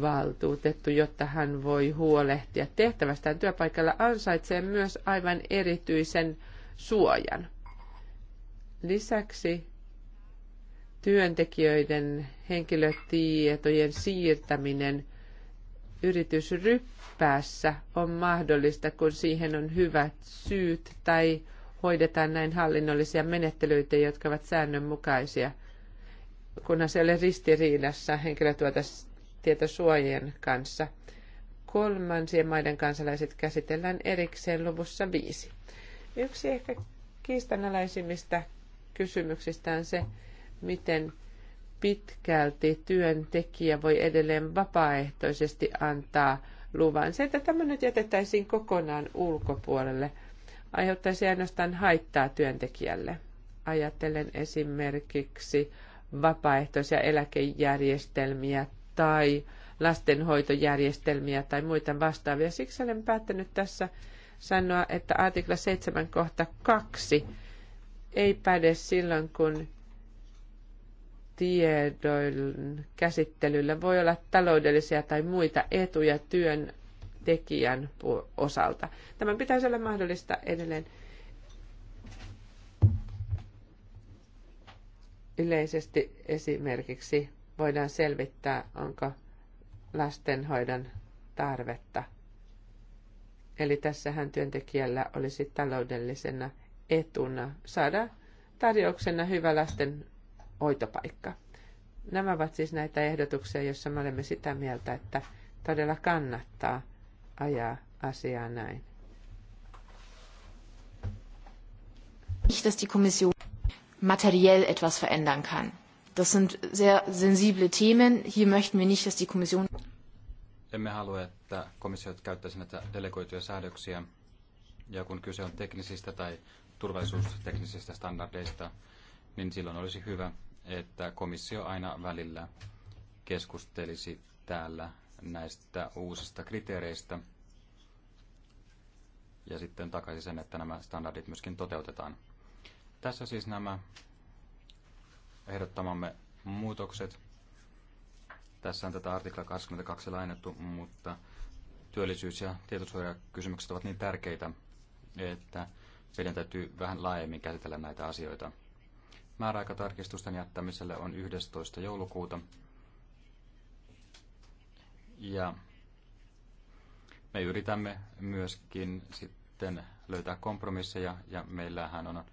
valtuutettu, jotta hän voi huolehtia tehtävästään työpaikalla, ansaitsee myös aivan erityisen suojan. Lisäksi työntekijöiden henkilötietojen siirtäminen yritysryppäässä on mahdollista, kun siihen on hyvät syyt tai hoidetaan näin hallinnollisia menettelyitä, jotka ovat säännönmukaisia, kunhan se ei ole ristiriidassa henkilötyötä suojien kanssa. Kolmansien maiden kansalaiset käsitellään erikseen luvussa viisi. Yksi ehkä kiistanalaisimmista kysymyksistä on se, miten pitkälti työntekijä voi edelleen vapaaehtoisesti antaa luvan. Se, että tämä nyt jätettäisiin kokonaan ulkopuolelle, aiheuttaisi ainoastaan haittaa työntekijälle. Ajattelen esimerkiksi vapaaehtoisia eläkejärjestelmiä tai lastenhoitojärjestelmiä tai muita vastaavia. Siksi olen päättänyt tässä sanoa, että artikla 7 kohta 2 ei päde silloin, kun tiedon käsittelyllä voi olla taloudellisia tai muita etuja työntekijän osalta. Tämän pitäisi olla mahdollista edelleen yleisesti esimerkiksi voidaan selvittää, onko lastenhoidon tarvetta. Eli tässähän työntekijällä olisi taloudellisena etuna saada tarjouksena hyvä lasten hoitopaikka. Nämä ovat siis näitä ehdotuksia, joissa me olemme sitä mieltä, että todella kannattaa ajaa asiaa näin. Ich dass die Kommission materiell etwas verändern kann. Das sind sehr sensible Themen. Hier möchten wir nicht, dass die Kommission... Emme halua, että komissio käyttäisi näitä delegoituja säädöksiä. Ja kun kyse on teknisistä tai turvallisuusteknisistä standardeista, niin silloin olisi hyvä, että komissio aina välillä keskustelisi täällä näistä uusista kriteereistä ja sitten takaisin sen, että nämä standardit myöskin toteutetaan. Tässä siis nämä ehdottamamme muutokset. Tässä on tätä artikla 22 lainattu, mutta työllisyys- ja tietosuojakysymykset ovat niin tärkeitä, että meidän täytyy vähän laajemmin käsitellä näitä asioita. Määräaikatarkistusten jättämiselle on 11. joulukuuta. Ja me yritämme myöskin sitten löytää kompromisseja, ja meillähän on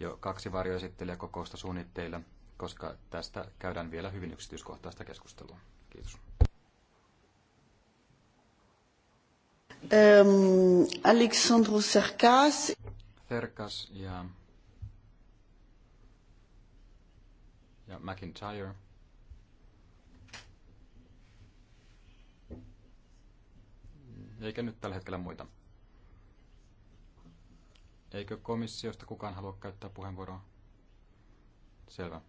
jo kaksi varjoesittelijäkokousta suunnitteilla, koska tästä käydään vielä hyvin yksityiskohtaista keskustelua. Kiitos. Um, ähm, Aleksandro Serkas. Serkas ja, ja McIntyre. Eikä nyt tällä hetkellä muita. Eikö komissiosta kukaan halua käyttää puheenvuoroa? Selvä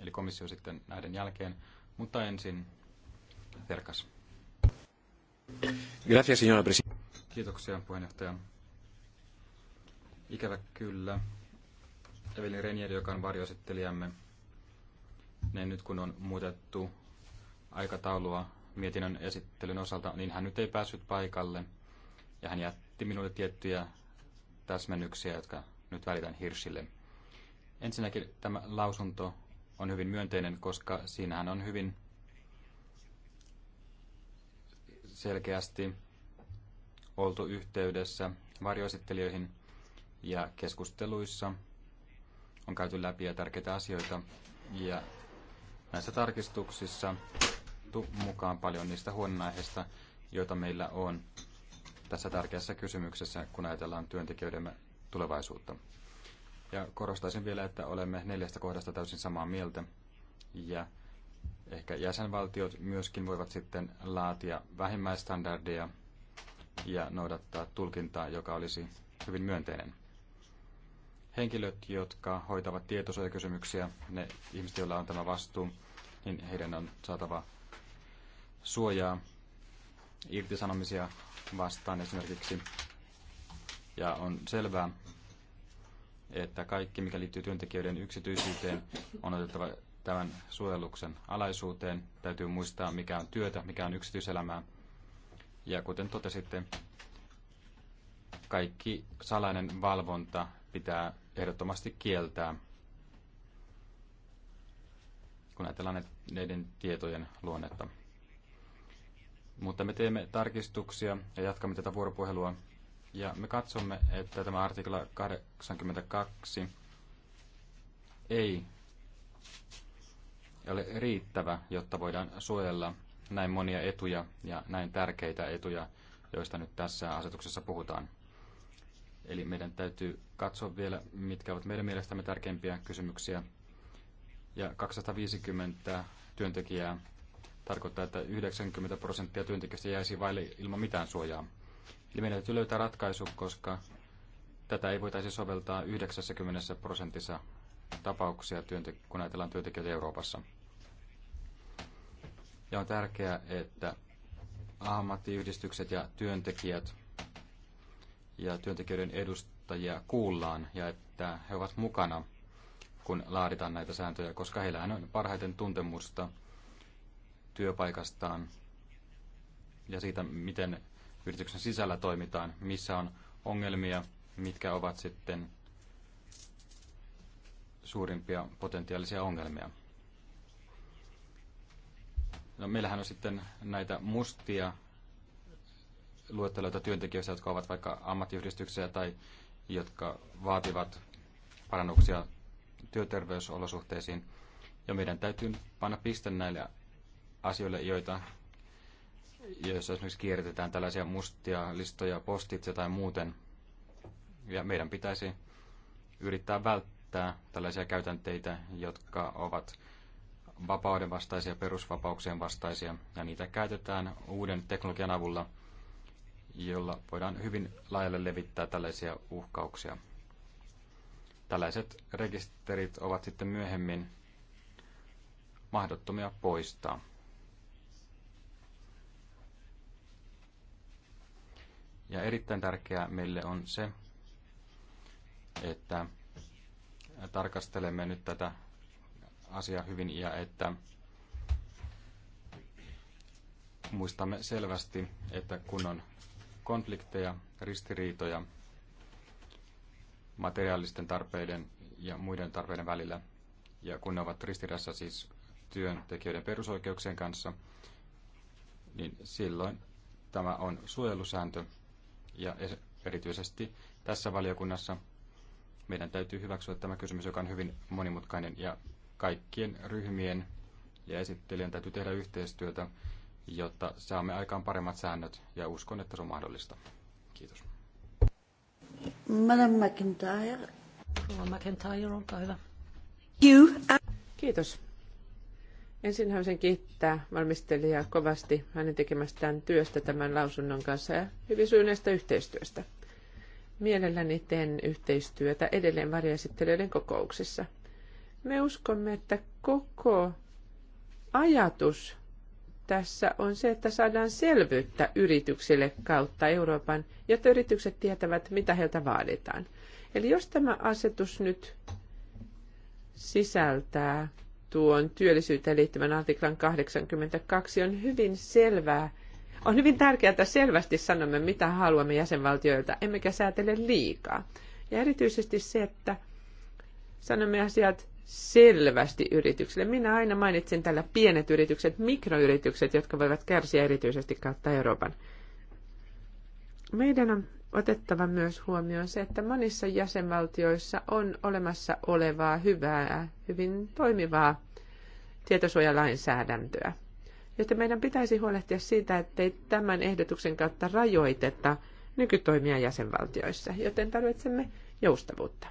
eli komissio sitten näiden jälkeen, mutta ensin verkas. Gracias, señora presidenta. Kiitoksia, puheenjohtaja. Ikävä kyllä. Evelin Renier, joka on varjoesittelijämme, niin nyt kun on muutettu aikataulua mietinnön esittelyn osalta, niin hän nyt ei päässyt paikalle. Ja hän jätti minulle tiettyjä täsmennyksiä, jotka nyt välitän Hirsille. Ensinnäkin tämä lausunto on hyvin myönteinen, koska siinähän on hyvin selkeästi oltu yhteydessä varjoesittelijöihin ja keskusteluissa on käyty läpi ja tärkeitä asioita. Ja näissä tarkistuksissa tu mukaan paljon niistä huonnaiheista, joita meillä on tässä tärkeässä kysymyksessä, kun ajatellaan työntekijöidemme tulevaisuutta. Ja korostaisin vielä, että olemme neljästä kohdasta täysin samaa mieltä. Ja ehkä jäsenvaltiot myöskin voivat sitten laatia vähimmäistandardeja ja noudattaa tulkintaa, joka olisi hyvin myönteinen. Henkilöt, jotka hoitavat tietosuojakysymyksiä, ne ihmiset, joilla on tämä vastuu, niin heidän on saatava suojaa irtisanomisia vastaan esimerkiksi. Ja on selvää, että kaikki, mikä liittyy työntekijöiden yksityisyyteen, on otettava tämän suojeluksen alaisuuteen. Täytyy muistaa, mikä on työtä, mikä on yksityiselämää. Ja kuten totesitte, kaikki salainen valvonta pitää ehdottomasti kieltää, kun ajatellaan näiden tietojen luonnetta. Mutta me teemme tarkistuksia ja jatkamme tätä vuoropuhelua ja me katsomme, että tämä artikla 82 ei ole riittävä, jotta voidaan suojella näin monia etuja ja näin tärkeitä etuja, joista nyt tässä asetuksessa puhutaan. Eli meidän täytyy katsoa vielä, mitkä ovat meidän mielestämme tärkeimpiä kysymyksiä. Ja 250 työntekijää tarkoittaa, että 90 prosenttia työntekijöistä jäisi vaille ilman mitään suojaa. Eli meidän täytyy löytää ratkaisu, koska tätä ei voitaisi soveltaa 90 prosentissa tapauksia, kun ajatellaan työntekijöitä Euroopassa. Ja on tärkeää, että ammattiyhdistykset ja työntekijät ja työntekijöiden edustajia kuullaan ja että he ovat mukana, kun laaditaan näitä sääntöjä, koska heillä on parhaiten tuntemusta työpaikastaan ja siitä, miten yrityksen sisällä toimitaan, missä on ongelmia, mitkä ovat sitten suurimpia potentiaalisia ongelmia. No, meillähän on sitten näitä mustia luetteloita työntekijöistä, jotka ovat vaikka ammattiyhdistyksiä tai jotka vaativat parannuksia työterveysolosuhteisiin. Ja meidän täytyy panna piste näille asioille, joita jos esimerkiksi kierrätetään tällaisia mustia listoja postitse tai muuten. Ja meidän pitäisi yrittää välttää tällaisia käytänteitä, jotka ovat vapauden vastaisia, perusvapauksien vastaisia, ja niitä käytetään uuden teknologian avulla, jolla voidaan hyvin laajalle levittää tällaisia uhkauksia. Tällaiset rekisterit ovat sitten myöhemmin mahdottomia poistaa. Ja erittäin tärkeää meille on se, että tarkastelemme nyt tätä asiaa hyvin ja että muistamme selvästi, että kun on konflikteja, ristiriitoja materiaalisten tarpeiden ja muiden tarpeiden välillä, ja kun ne ovat ristiriidassa siis työntekijöiden perusoikeuksien kanssa, niin silloin tämä on suojelusääntö, ja erityisesti tässä valiokunnassa meidän täytyy hyväksyä tämä kysymys, joka on hyvin monimutkainen ja kaikkien ryhmien ja esittelijän täytyy tehdä yhteistyötä, jotta saamme aikaan paremmat säännöt ja uskon, että se on mahdollista. Kiitos. Madame McIntyre. Rova McIntyre, olkaa hyvä. You. Kiitos Ensin haluaisin kiittää valmistelijaa kovasti hänen tekemästään työstä tämän lausunnon kanssa ja hyvin syyneestä yhteistyöstä. Mielelläni teen yhteistyötä edelleen varjaesittelijöiden kokouksissa. Me uskomme, että koko ajatus tässä on se, että saadaan selvyyttä yrityksille kautta Euroopan, jotta yritykset tietävät, mitä heiltä vaaditaan. Eli jos tämä asetus nyt sisältää tuon työllisyyteen liittyvän artiklan 82 on hyvin selvää. On hyvin tärkeää, että selvästi sanomme, mitä haluamme jäsenvaltioilta, emmekä säätele liikaa. Ja erityisesti se, että sanomme asiat selvästi yrityksille. Minä aina mainitsin tällä pienet yritykset, mikroyritykset, jotka voivat kärsiä erityisesti kautta Euroopan. Meidän on otettava myös huomioon se, että monissa jäsenvaltioissa on olemassa olevaa hyvää, hyvin toimivaa tietosuojalainsäädäntöä. Joten meidän pitäisi huolehtia siitä, ettei tämän ehdotuksen kautta rajoiteta nykytoimia jäsenvaltioissa, joten tarvitsemme joustavuutta.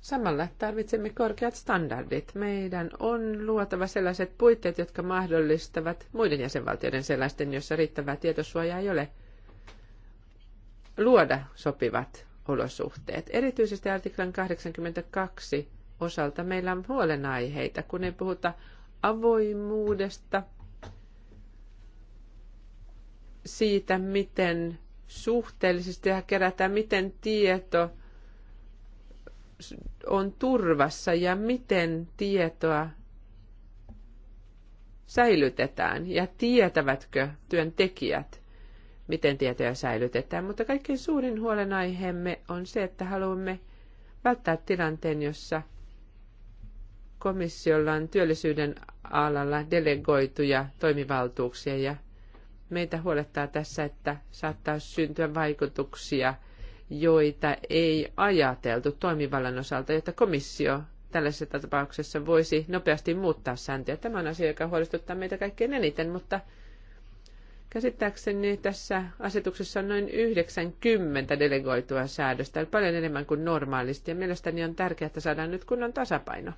Samalla tarvitsemme korkeat standardit. Meidän on luotava sellaiset puitteet, jotka mahdollistavat muiden jäsenvaltioiden sellaisten, joissa riittävää tietosuojaa ei ole – luoda sopivat olosuhteet. Erityisesti artiklan 82 osalta meillä on huolenaiheita, kun ei puhuta avoimuudesta, siitä, miten suhteellisesti ja kerätään, miten tieto on turvassa ja miten tietoa säilytetään ja tietävätkö työntekijät miten tietoja säilytetään, mutta kaikkein suurin huolenaiheemme on se, että haluamme välttää tilanteen, jossa komissiolla on työllisyyden alalla delegoituja toimivaltuuksia ja meitä huolettaa tässä, että saattaa syntyä vaikutuksia, joita ei ajateltu toimivallan osalta, jotta komissio tällaisessa tapauksessa voisi nopeasti muuttaa sääntöjä. Tämä on asia, joka huolestuttaa meitä kaikkein eniten, mutta Käsittääkseni tässä asetuksessa on noin 90 delegoitua säädöstä, paljon enemmän kuin normaalisti, ja mielestäni on tärkeää, että saadaan nyt kunnon tasapaino.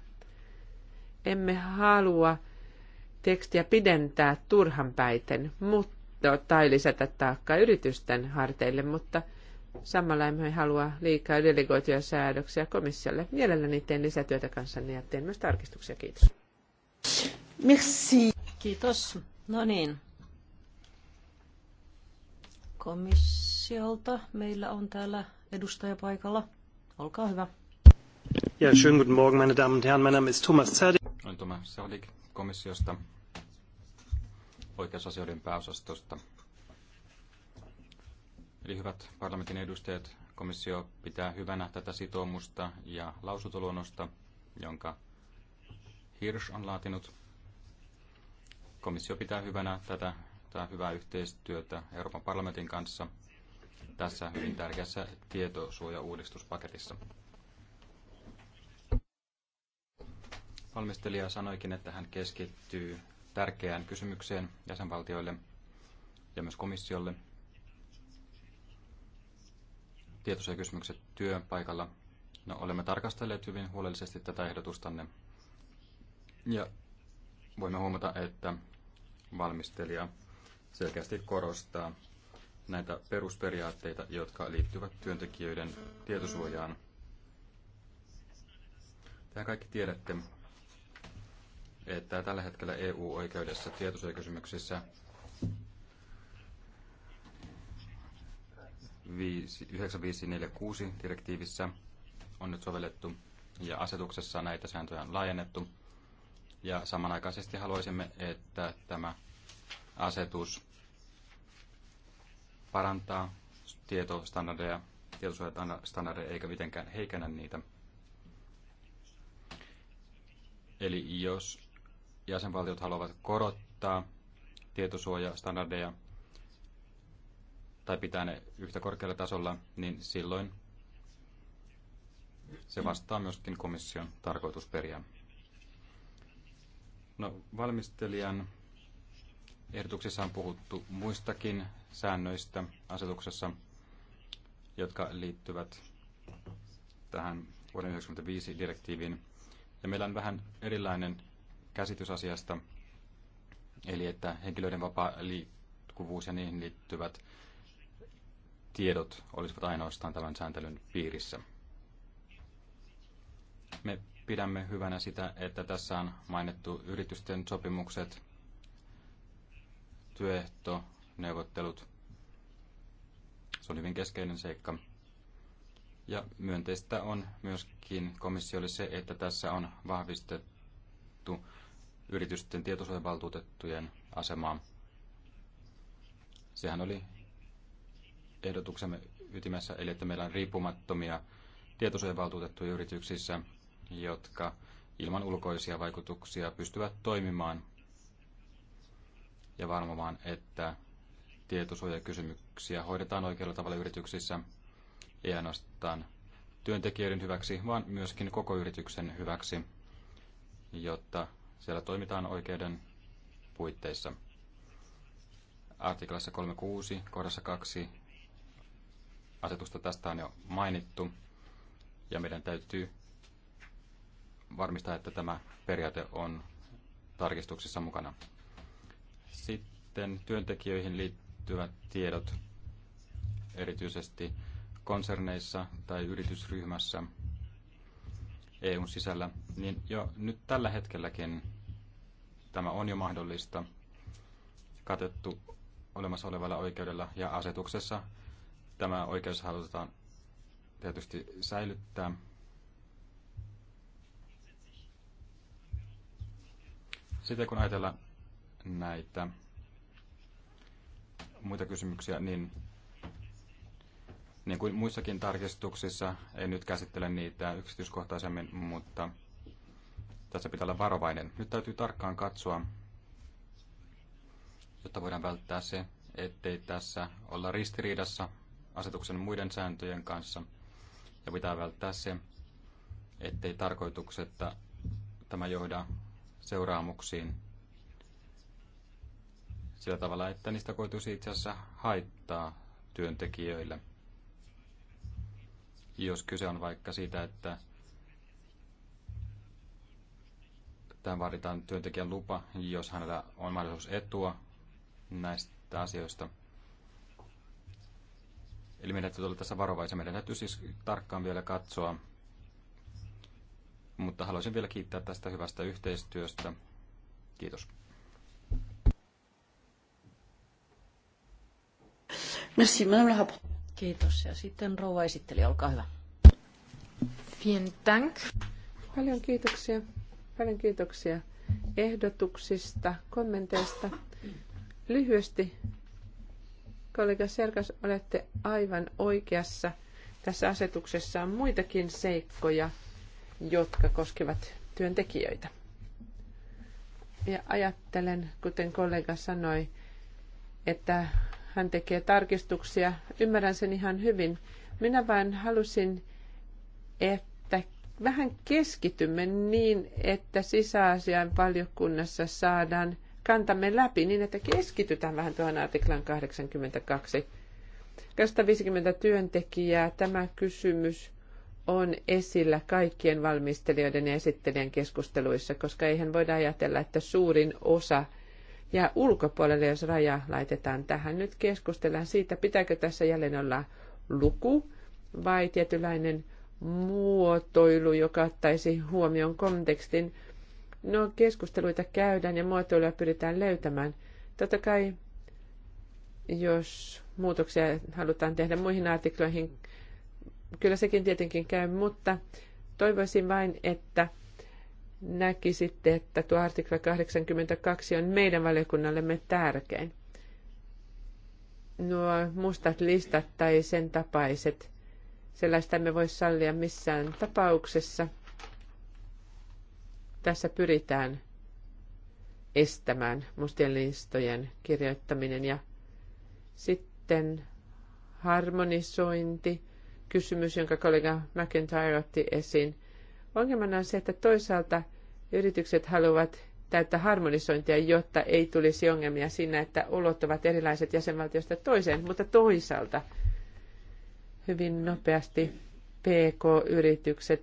Emme halua tekstiä pidentää turhan päiten mutta, tai lisätä taakkaa yritysten harteille, mutta samalla emme halua liikaa delegoituja säädöksiä komissiolle. Mielelläni teen lisätyötä kanssanne ja teen myös tarkistuksia. Kiitos. Merci. Kiitos. No niin, komissiolta. Meillä on täällä edustaja paikalla. Olkaa hyvä. Ja, schönen guten Morgen, meine Damen und Herren. Mein Name ist Thomas Zerdik. Olen Thomas Zerdik komissiosta, oikeusasioiden pääosastosta. Eli hyvät parlamentin edustajat, komissio pitää hyvänä tätä sitoumusta ja lausuntoluonnosta, jonka Hirsch on laatinut. Komissio pitää hyvänä tätä odottaa hyvää yhteistyötä Euroopan parlamentin kanssa tässä hyvin tärkeässä tietosuojauudistuspaketissa. Valmistelija sanoikin, että hän keskittyy tärkeään kysymykseen jäsenvaltioille ja myös komissiolle. Tietosuojakysymykset työpaikalla. No, olemme tarkastelleet hyvin huolellisesti tätä ehdotustanne. Ja voimme huomata, että valmistelija selkeästi korostaa näitä perusperiaatteita, jotka liittyvät työntekijöiden tietosuojaan. Tähän kaikki tiedätte, että tällä hetkellä EU-oikeudessa tietosuojakysymyksissä 9546 direktiivissä on nyt sovellettu ja asetuksessa näitä sääntöjä on laajennettu. Ja samanaikaisesti haluaisimme, että tämä asetus parantaa tietostandardeja, tietosuojastandardeja eikä mitenkään heikennä niitä. Eli jos jäsenvaltiot haluavat korottaa tietosuojastandardeja tai pitää ne yhtä korkealla tasolla, niin silloin se vastaa myöskin komission tarkoitusperiä. No, valmistelijan Ehdotuksessa on puhuttu muistakin säännöistä asetuksessa, jotka liittyvät tähän vuoden 1995 direktiiviin. Ja meillä on vähän erilainen käsitys asiasta, eli että henkilöiden vapaa liikkuvuus ja niihin liittyvät tiedot olisivat ainoastaan tämän sääntelyn piirissä. Me pidämme hyvänä sitä, että tässä on mainittu yritysten sopimukset työehtoneuvottelut. Se on hyvin keskeinen seikka. Ja myönteistä on myöskin komissiolle se, että tässä on vahvistettu yritysten tietosuojavaltuutettujen asemaa. Sehän oli ehdotuksemme ytimessä, eli että meillä on riippumattomia tietosuojavaltuutettuja yrityksissä, jotka ilman ulkoisia vaikutuksia pystyvät toimimaan ja varmomaan, että tietosuojakysymyksiä hoidetaan oikealla tavalla yrityksissä, ei ainoastaan työntekijöiden hyväksi, vaan myöskin koko yrityksen hyväksi, jotta siellä toimitaan oikeuden puitteissa. Artiklassa 36, kohdassa 2 asetusta tästä on jo mainittu, ja meidän täytyy varmistaa, että tämä periaate on tarkistuksissa mukana. Sitten työntekijöihin liittyvät tiedot, erityisesti konserneissa tai yritysryhmässä EUn sisällä, niin jo nyt tällä hetkelläkin tämä on jo mahdollista katettu olemassa olevalla oikeudella ja asetuksessa tämä oikeus halutaan tietysti säilyttää. Sitten kun ajatellaan näitä muita kysymyksiä, niin niin kuin muissakin tarkistuksissa, en nyt käsittele niitä yksityiskohtaisemmin, mutta tässä pitää olla varovainen. Nyt täytyy tarkkaan katsoa, jotta voidaan välttää se, ettei tässä olla ristiriidassa asetuksen muiden sääntöjen kanssa. Ja pitää välttää se, ettei tarkoituksetta tämä johda seuraamuksiin sillä tavalla, että niistä koituisi itse asiassa haittaa työntekijöille. Jos kyse on vaikka siitä, että tämän vaaditaan työntekijän lupa, jos hänellä on mahdollisuus etua näistä asioista. Eli meidän täytyy olla tässä varovaisia. Meidän täytyy siis tarkkaan vielä katsoa. Mutta haluaisin vielä kiittää tästä hyvästä yhteistyöstä. Kiitos. Merci, madame la Kiitos. Ja sitten rouva esitteli, olkaa hyvä. Vielen dank. Paljon kiitoksia. Paljon kiitoksia ehdotuksista, kommenteista. Lyhyesti, kollega Serkas, olette aivan oikeassa. Tässä asetuksessa on muitakin seikkoja, jotka koskevat työntekijöitä. Ja ajattelen, kuten kollega sanoi, että hän tekee tarkistuksia. Ymmärrän sen ihan hyvin. Minä vain halusin, että vähän keskitymme niin, että sisäasian valiokunnassa saadaan kantamme läpi niin, että keskitytään vähän tuohon artiklan 82. 250 työntekijää tämä kysymys on esillä kaikkien valmistelijoiden ja esittelijän keskusteluissa, koska eihän voida ajatella, että suurin osa – ja ulkopuolelle, jos raja laitetaan tähän. Nyt keskustellaan siitä, pitääkö tässä jälleen olla luku vai tietynlainen muotoilu, joka ottaisi huomioon kontekstin. No, keskusteluita käydään ja muotoilua pyritään löytämään. Totta kai, jos muutoksia halutaan tehdä muihin artikloihin, kyllä sekin tietenkin käy, mutta toivoisin vain, että – näkisitte, että tuo artikla 82 on meidän valiokunnallemme tärkein? Nuo mustat listat tai sen tapaiset, sellaista emme voi sallia missään tapauksessa. Tässä pyritään estämään mustien listojen kirjoittaminen ja sitten harmonisointi, kysymys, jonka kollega McIntyre otti esiin – Ongelmana on se, että toisaalta yritykset haluavat täyttä harmonisointia, jotta ei tulisi ongelmia siinä, että olot ovat erilaiset jäsenvaltiosta toiseen, mutta toisaalta hyvin nopeasti PK-yritykset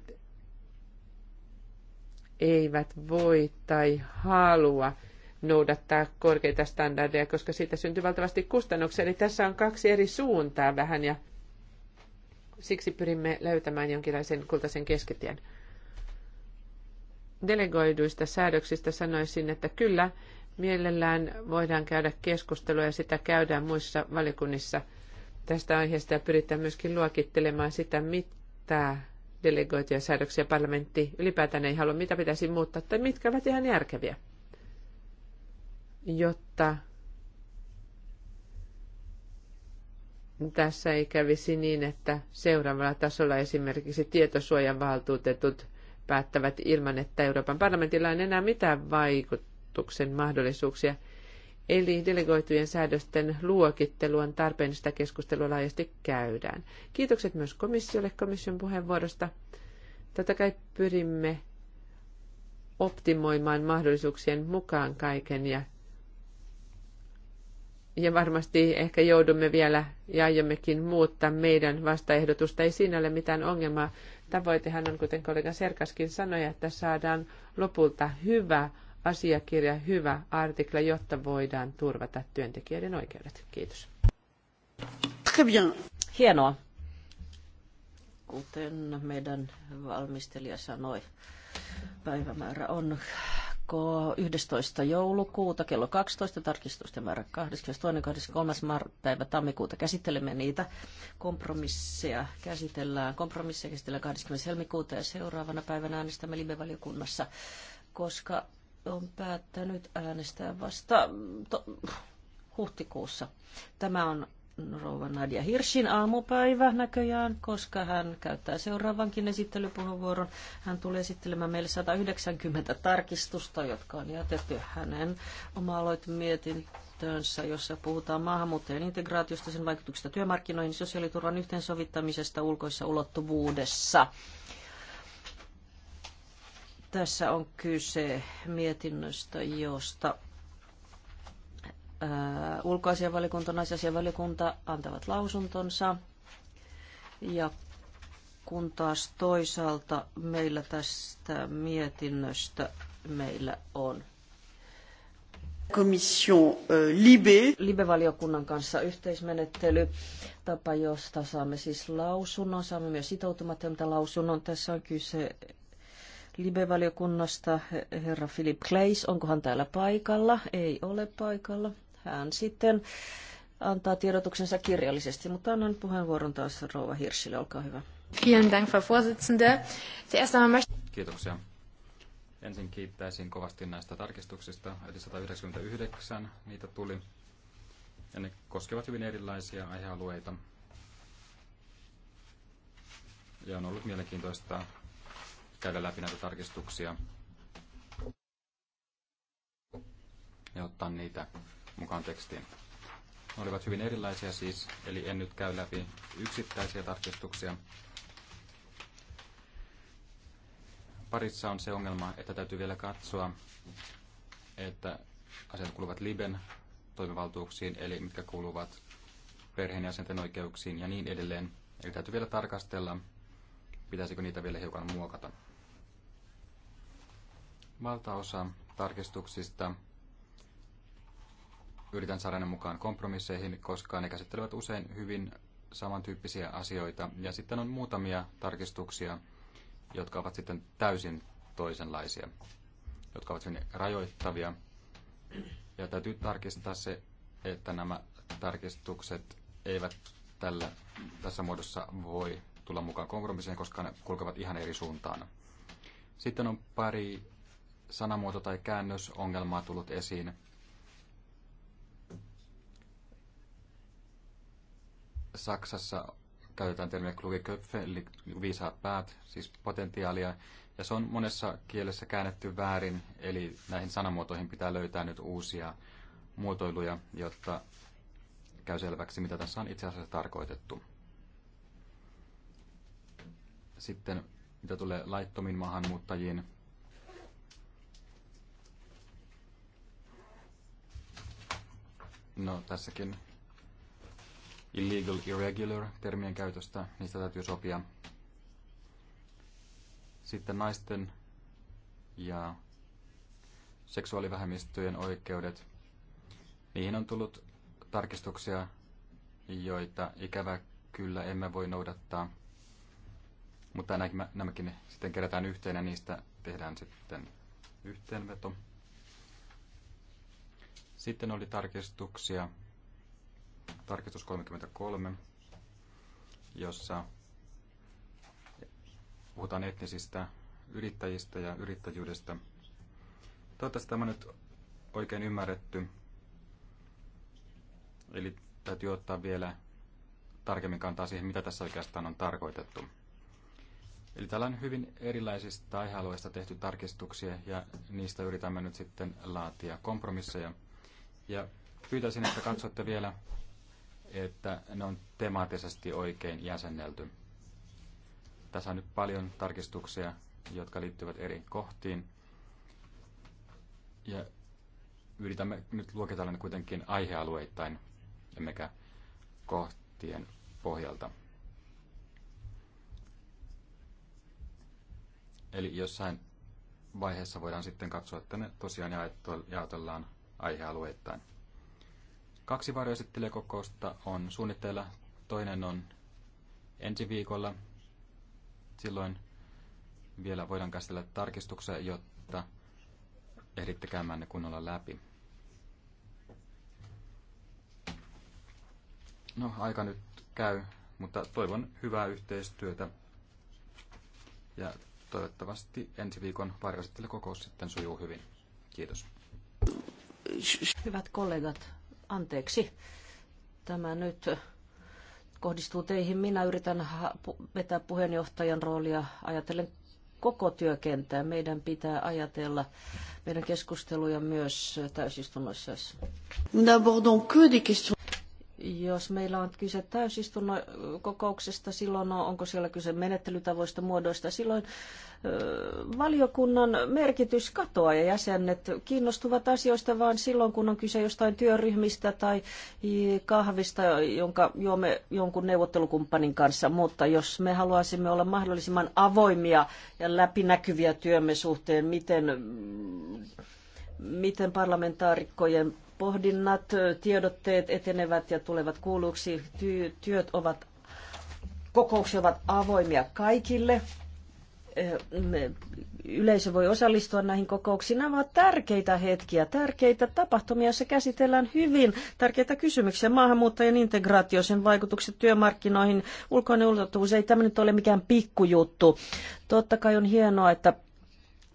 eivät voi tai halua noudattaa korkeita standardeja, koska siitä syntyy valtavasti kustannuksia. Eli tässä on kaksi eri suuntaa vähän ja siksi pyrimme löytämään jonkinlaisen kultaisen keskitien delegoiduista säädöksistä sanoisin, että kyllä mielellään voidaan käydä keskustelua ja sitä käydään muissa valikunnissa tästä aiheesta ja pyritään myöskin luokittelemaan sitä, mitä delegoituja säädöksiä parlamentti ylipäätään ei halua, mitä pitäisi muuttaa tai mitkä ovat ihan järkeviä, jotta tässä ei kävisi niin, että seuraavalla tasolla esimerkiksi tietosuojan valtuutetut päättävät ilman, että Euroopan parlamentilla on enää mitään vaikutuksen mahdollisuuksia. Eli delegoitujen säädösten luokittelu on tarpeen, sitä keskustelua laajasti käydään. Kiitokset myös komissiolle komission puheenvuorosta. Totta kai pyrimme optimoimaan mahdollisuuksien mukaan kaiken ja, ja varmasti ehkä joudumme vielä ja aiommekin muuttaa meidän vastaehdotusta. Ei siinä ole mitään ongelmaa. Tavoitehan on, kuten kollega Serkaskin sanoi, että saadaan lopulta hyvä asiakirja, hyvä artikla, jotta voidaan turvata työntekijöiden oikeudet. Kiitos. Hienoa. Kuten meidän valmistelija sanoi, päivämäärä on 11. joulukuuta kello 12, tarkistusten määrä 22. 23. päivä tammikuuta. Käsittelemme niitä kompromisseja. Käsitellään kompromisseja käsitellään 20. helmikuuta ja seuraavana päivänä äänestämme live-valiokunnassa, koska on päättänyt äänestää vasta to- huhtikuussa. Tämä on rouva Nadia Hirsin aamupäivä näköjään, koska hän käyttää seuraavankin esittelypuheenvuoron. Hän tulee esittelemään meille 190 tarkistusta, jotka on jätetty hänen oma-aloitemietintönsä, jossa puhutaan maahanmuuttajien integraatiosta, sen vaikutuksesta työmarkkinoihin, sosiaaliturvan yhteensovittamisesta ulkoissa ulottuvuudessa. Tässä on kyse mietinnöstä, josta ulkoasianvaliokunta, naisasianvaliokunta antavat lausuntonsa. Ja kun taas toisaalta meillä tästä mietinnöstä meillä on komission Libe. Libe-valiokunnan kanssa yhteismenettely, tapa josta saamme siis lausunnon, saamme myös sitoutumatonta lausunnon. Tässä on kyse Libe-valiokunnasta herra Philip Kleis, onkohan täällä paikalla? Ei ole paikalla. Hän sitten antaa tiedotuksensa kirjallisesti, mutta annan puheenvuoron taas Rouva Hirsille, olkaa hyvä. Dank, Frau Vorsitzende. Kiitoksia. Ensin kiittäisin kovasti näistä tarkistuksista, eli 199 niitä tuli, ja ne koskevat hyvin erilaisia aihealueita. Ja on ollut mielenkiintoista käydä läpi näitä tarkistuksia ja ottaa niitä mukaan tekstiin. Ne olivat hyvin erilaisia siis, eli en nyt käy läpi yksittäisiä tarkistuksia. Parissa on se ongelma, että täytyy vielä katsoa, että asiat kuuluvat Liben toimivaltuuksiin, eli mitkä kuuluvat perheenjäsenten oikeuksiin ja niin edelleen. Eli täytyy vielä tarkastella, pitäisikö niitä vielä hiukan muokata. Valtaosa tarkistuksista yritän saada ne mukaan kompromisseihin, koska ne käsittelevät usein hyvin samantyyppisiä asioita. Ja sitten on muutamia tarkistuksia, jotka ovat sitten täysin toisenlaisia, jotka ovat hyvin rajoittavia. Ja täytyy tarkistaa se, että nämä tarkistukset eivät tällä, tässä muodossa voi tulla mukaan kompromisseihin, koska ne kulkevat ihan eri suuntaan. Sitten on pari sanamuoto- tai käännösongelmaa tullut esiin. Saksassa käytetään termiä Klugeköpfe, eli viisaat päät, siis potentiaalia, ja se on monessa kielessä käännetty väärin, eli näihin sanamuotoihin pitää löytää nyt uusia muotoiluja, jotta käy selväksi, mitä tässä on itse asiassa tarkoitettu. Sitten mitä tulee laittomiin maahanmuuttajiin, No tässäkin illegal, irregular termien käytöstä, niistä täytyy sopia. Sitten naisten ja seksuaalivähemmistöjen oikeudet. Niihin on tullut tarkistuksia, joita ikävä kyllä emme voi noudattaa. Mutta nämäkin sitten kerätään yhteen ja niistä tehdään sitten yhteenveto. Sitten oli tarkistuksia tarkistus 33, jossa puhutaan etnisistä yrittäjistä ja yrittäjyydestä. Toivottavasti tämä on nyt oikein ymmärretty. Eli täytyy ottaa vielä tarkemmin kantaa siihen, mitä tässä oikeastaan on tarkoitettu. Eli täällä on hyvin erilaisista aihealueista tehty tarkistuksia ja niistä yritämme nyt sitten laatia kompromisseja. Ja pyytäisin, että katsotte vielä että ne on temaattisesti oikein jäsennelty. Tässä on nyt paljon tarkistuksia, jotka liittyvät eri kohtiin. Ja yritämme nyt luokitella ne kuitenkin aihealueittain, emmekä kohtien pohjalta. Eli jossain vaiheessa voidaan sitten katsoa, että ne tosiaan jaotellaan aihealueittain. Kaksi varjoesittelijäkokousta on suunnitteilla. Toinen on ensi viikolla. Silloin vielä voidaan käsitellä tarkistuksia, jotta ehditte käymään ne kunnolla läpi. No, aika nyt käy, mutta toivon hyvää yhteistyötä. Ja toivottavasti ensi viikon varjoesittelijäkokous sitten sujuu hyvin. Kiitos. Hyvät kollegat, anteeksi, tämä nyt kohdistuu teihin. Minä yritän vetää puheenjohtajan roolia ajatellen koko työkenttää. Meidän pitää ajatella meidän keskusteluja myös täysistunnoissa. Jos meillä on kyse täysistunnon kokouksesta, silloin on, onko siellä kyse menettelytavoista, muodoista, silloin valiokunnan merkitys katoaa ja jäsenet kiinnostuvat asioista vaan silloin, kun on kyse jostain työryhmistä tai kahvista, jonka juomme jonkun neuvottelukumppanin kanssa. Mutta jos me haluaisimme olla mahdollisimman avoimia ja läpinäkyviä työmme suhteen, miten miten parlamentaarikkojen pohdinnat, tiedotteet etenevät ja tulevat kuulluksi. työt ovat, kokoukset ovat avoimia kaikille. Yleisö voi osallistua näihin kokouksiin. Nämä ovat tärkeitä hetkiä, tärkeitä tapahtumia, joissa käsitellään hyvin tärkeitä kysymyksiä. Maahanmuuttajien integraatio, sen vaikutukset työmarkkinoihin, ulkoinen ulottuvuus, ei tämä nyt ole mikään pikkujuttu. Totta kai on hienoa, että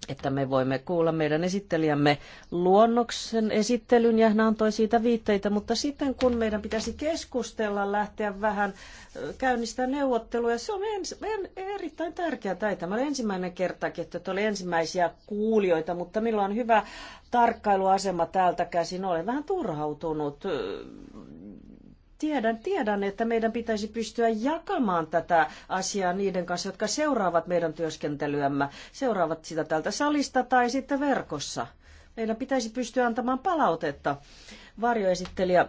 että me voimme kuulla meidän esittelijämme luonnoksen esittelyn ja hän antoi siitä viitteitä, mutta sitten kun meidän pitäisi keskustella, lähteä vähän käynnistää neuvotteluja, se on ens, en, erittäin tärkeää. Tämä oli ensimmäinen kerta, että oli ensimmäisiä kuulijoita, mutta milloin on hyvä tarkkailuasema täältä käsin. Olen vähän turhautunut tiedän, tiedän, että meidän pitäisi pystyä jakamaan tätä asiaa niiden kanssa, jotka seuraavat meidän työskentelyämme, seuraavat sitä tältä salista tai sitten verkossa. Meidän pitäisi pystyä antamaan palautetta. Varjoesittelijä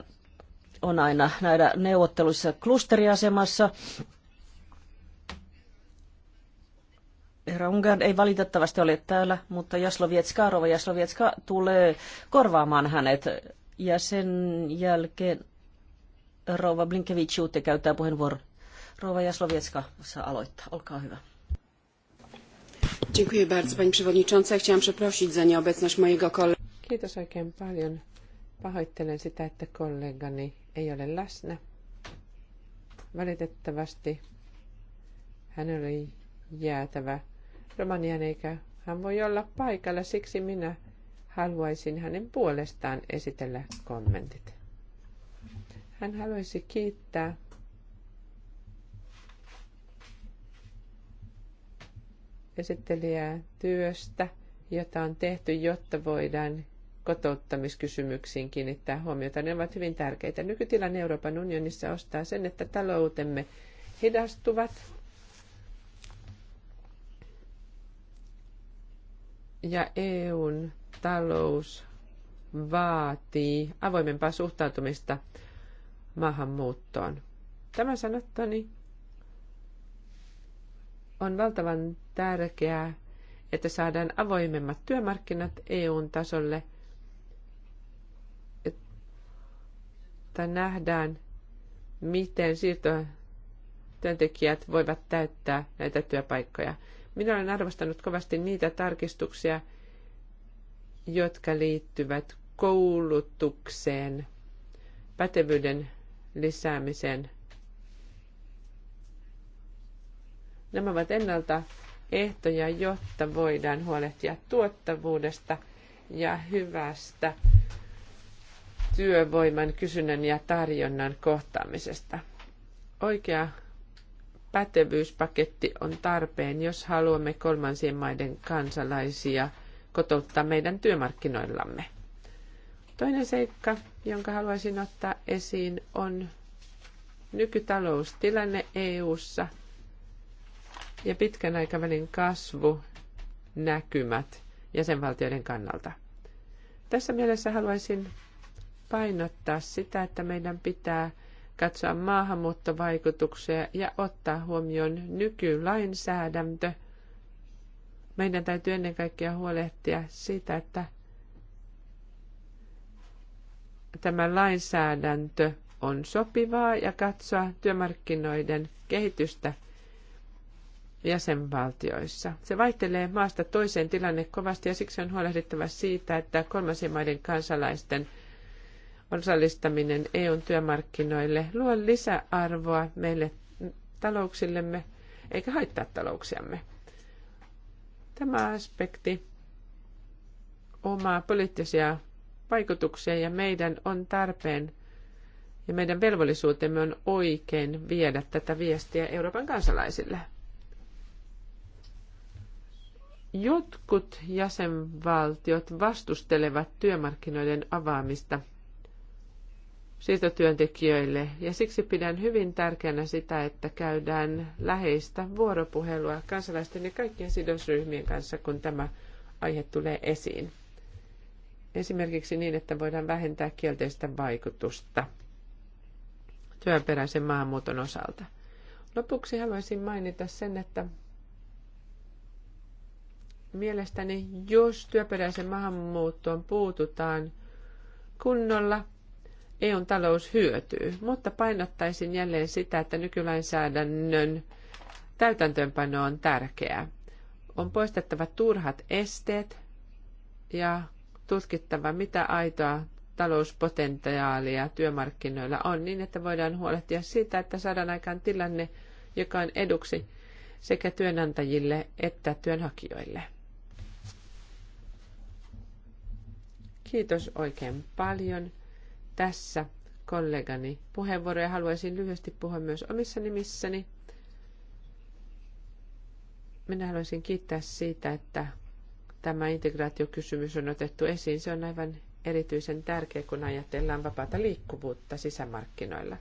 on aina näitä neuvotteluissa klusteriasemassa. Herra Ungern ei valitettavasti ole täällä, mutta Jaslovietska, Rova Jaslovietska tulee korvaamaan hänet ja sen jälkeen Rouva Blinkevičiute käyttää puheenvuoron. Rouva Jaslowiecka saa aloittaa. Olkaa hyvä. Dziękuję bardzo Pani Przewodnicząca. Chciałam przeprosić za nieobecność mojego kolegi. Kiitos oikein paljon. Pahoittelen sitä, että kollegani ei ole läsnä. Valitettavasti hän oli jäätävä Romanian eikä hän voi olla paikalla, siksi minä haluaisin hänen puolestaan esitellä kommentit. Hän haluaisi kiittää esittelijää työstä, jota on tehty, jotta voidaan kotouttamiskysymyksiin kiinnittää huomiota. Ne ovat hyvin tärkeitä. Nykytilanne Euroopan unionissa ostaa sen, että taloutemme hidastuvat. Ja EUn talous vaatii avoimempaa suhtautumista – maahanmuuttoon. Tämä sanottani on valtavan tärkeää, että saadaan avoimemmat työmarkkinat EUn tasolle, että nähdään, miten siirtotyöntekijät voivat täyttää näitä työpaikkoja. Minä olen arvostanut kovasti niitä tarkistuksia, jotka liittyvät koulutukseen, pätevyyden Lisäämisen. Nämä ovat ennalta ehtoja, jotta voidaan huolehtia tuottavuudesta ja hyvästä työvoiman kysynnän ja tarjonnan kohtaamisesta. Oikea pätevyyspaketti on tarpeen, jos haluamme kolmansien maiden kansalaisia kotouttaa meidän työmarkkinoillamme. Toinen seikka, jonka haluaisin ottaa esiin, on nykytaloustilanne EU:ssa ja pitkän aikavälin kasvu näkymät jäsenvaltioiden kannalta. Tässä mielessä haluaisin painottaa sitä, että meidän pitää katsoa maahanmuuttovaikutuksia ja ottaa huomioon nykylainsäädäntö. Meidän täytyy ennen kaikkea huolehtia siitä, että tämä lainsäädäntö on sopivaa ja katsoa työmarkkinoiden kehitystä jäsenvaltioissa. Se vaihtelee maasta toiseen tilanne kovasti ja siksi on huolehdittava siitä, että kolmansien maiden kansalaisten osallistaminen EUn työmarkkinoille luo lisäarvoa meille talouksillemme eikä haittaa talouksiamme. Tämä aspekti omaa poliittisia vaikutuksia ja meidän on tarpeen ja meidän velvollisuutemme on oikein viedä tätä viestiä Euroopan kansalaisille. Jotkut jäsenvaltiot vastustelevat työmarkkinoiden avaamista siirtotyöntekijöille ja siksi pidän hyvin tärkeänä sitä, että käydään läheistä vuoropuhelua kansalaisten ja kaikkien sidosryhmien kanssa, kun tämä aihe tulee esiin. Esimerkiksi niin, että voidaan vähentää kielteistä vaikutusta työperäisen maahanmuuton osalta. Lopuksi haluaisin mainita sen, että mielestäni jos työperäisen maahanmuuttoon puututaan kunnolla, EUn talous hyötyy, mutta painottaisin jälleen sitä, että nykylainsäädännön täytäntöönpano on tärkeää. On poistettava turhat esteet ja tutkittava, mitä aitoa talouspotentiaalia työmarkkinoilla on, niin että voidaan huolehtia siitä, että saadaan aikaan tilanne, joka on eduksi sekä työnantajille että työnhakijoille. Kiitos oikein paljon. Tässä kollegani puheenvuoroja haluaisin lyhyesti puhua myös omissa nimissäni. Minä haluaisin kiittää siitä, että tämä integraatiokysymys on otettu esiin. Se on aivan erityisen tärkeä, kun ajatellaan vapaata liikkuvuutta sisämarkkinoilla.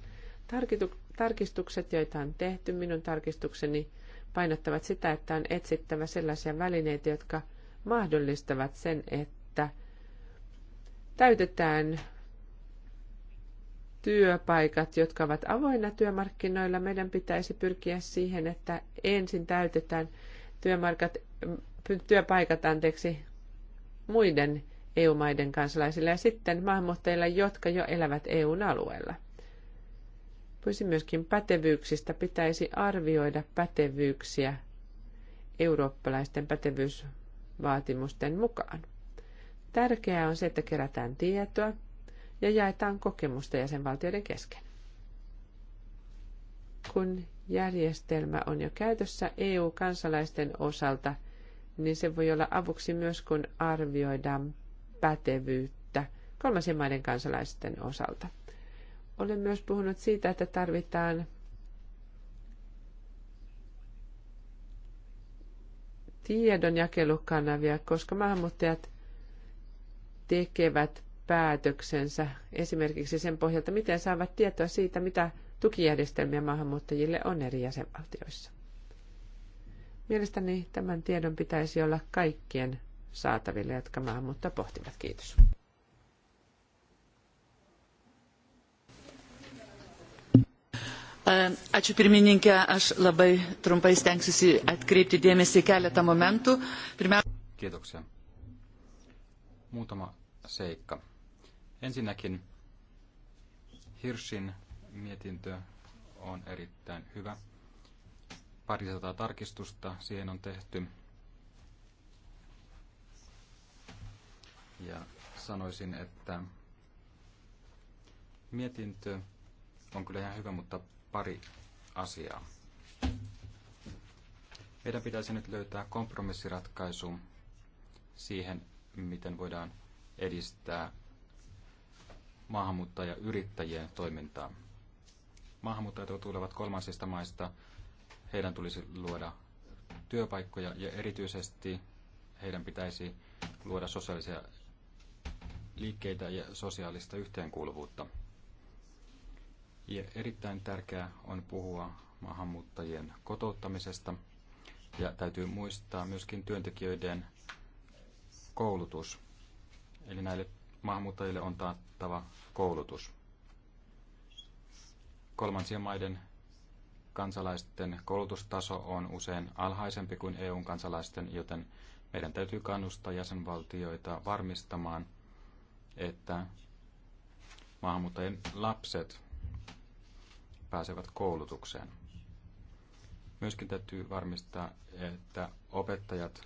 Tarkistukset, joita on tehty, minun tarkistukseni painottavat sitä, että on etsittävä sellaisia välineitä, jotka mahdollistavat sen, että täytetään työpaikat, jotka ovat avoinna työmarkkinoilla. Meidän pitäisi pyrkiä siihen, että ensin täytetään työmarkat, työpaikat anteeksi muiden EU-maiden kansalaisille ja sitten maahanmuuttajille, jotka jo elävät EUn alueella. Puhuisin myöskin pätevyyksistä. Pitäisi arvioida pätevyyksiä eurooppalaisten pätevyysvaatimusten mukaan. Tärkeää on se, että kerätään tietoa ja jaetaan kokemusta jäsenvaltioiden kesken. Kun järjestelmä on jo käytössä EU-kansalaisten osalta – niin se voi olla avuksi myös, kun arvioidaan pätevyyttä kolmansien maiden kansalaisten osalta. Olen myös puhunut siitä, että tarvitaan tiedonjakelukanavia, koska maahanmuuttajat tekevät päätöksensä esimerkiksi sen pohjalta, miten saavat tietoa siitä, mitä tukijärjestelmiä maahanmuuttajille on eri jäsenvaltioissa. Mielestäni tämän tiedon pitäisi olla kaikkien saataville, jotka mutta pohtivat. Kiitos. Ačiū pirmininkė, aš labai trumpai stengsiuosi atkreipti dėmesį keletą momentų. Pirmia... Kiitoksia. Muutama seikka. Ensinnäkin Hirsin mietintö on erittäin hyvä parisataa tarkistusta siihen on tehty. Ja sanoisin, että mietintö on kyllä ihan hyvä, mutta pari asiaa. Meidän pitäisi nyt löytää kompromissiratkaisu siihen, miten voidaan edistää maahanmuuttajayrittäjien toimintaa. Maahanmuuttajat tulevat kolmansista maista heidän tulisi luoda työpaikkoja ja erityisesti heidän pitäisi luoda sosiaalisia liikkeitä ja sosiaalista yhteenkuuluvuutta. Ja erittäin tärkeää on puhua maahanmuuttajien kotouttamisesta ja täytyy muistaa myöskin työntekijöiden koulutus. Eli näille maahanmuuttajille on taattava koulutus. Kolmansien maiden kansalaisten koulutustaso on usein alhaisempi kuin EUn kansalaisten, joten meidän täytyy kannustaa jäsenvaltioita varmistamaan, että maahanmuuttajien lapset pääsevät koulutukseen. Myöskin täytyy varmistaa, että opettajat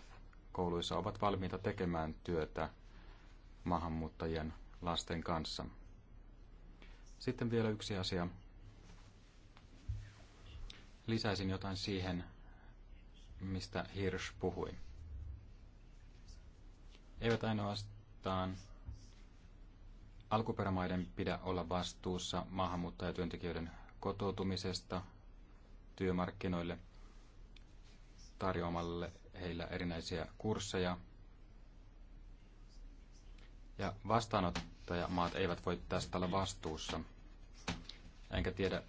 kouluissa ovat valmiita tekemään työtä maahanmuuttajien lasten kanssa. Sitten vielä yksi asia, lisäisin jotain siihen, mistä Hirsch puhui. Eivät ainoastaan alkuperämaiden pidä olla vastuussa maahanmuuttajatyöntekijöiden kotoutumisesta työmarkkinoille tarjoamalle heillä erinäisiä kursseja. Ja vastaanottajamaat eivät voi tästä olla vastuussa. Enkä tiedä,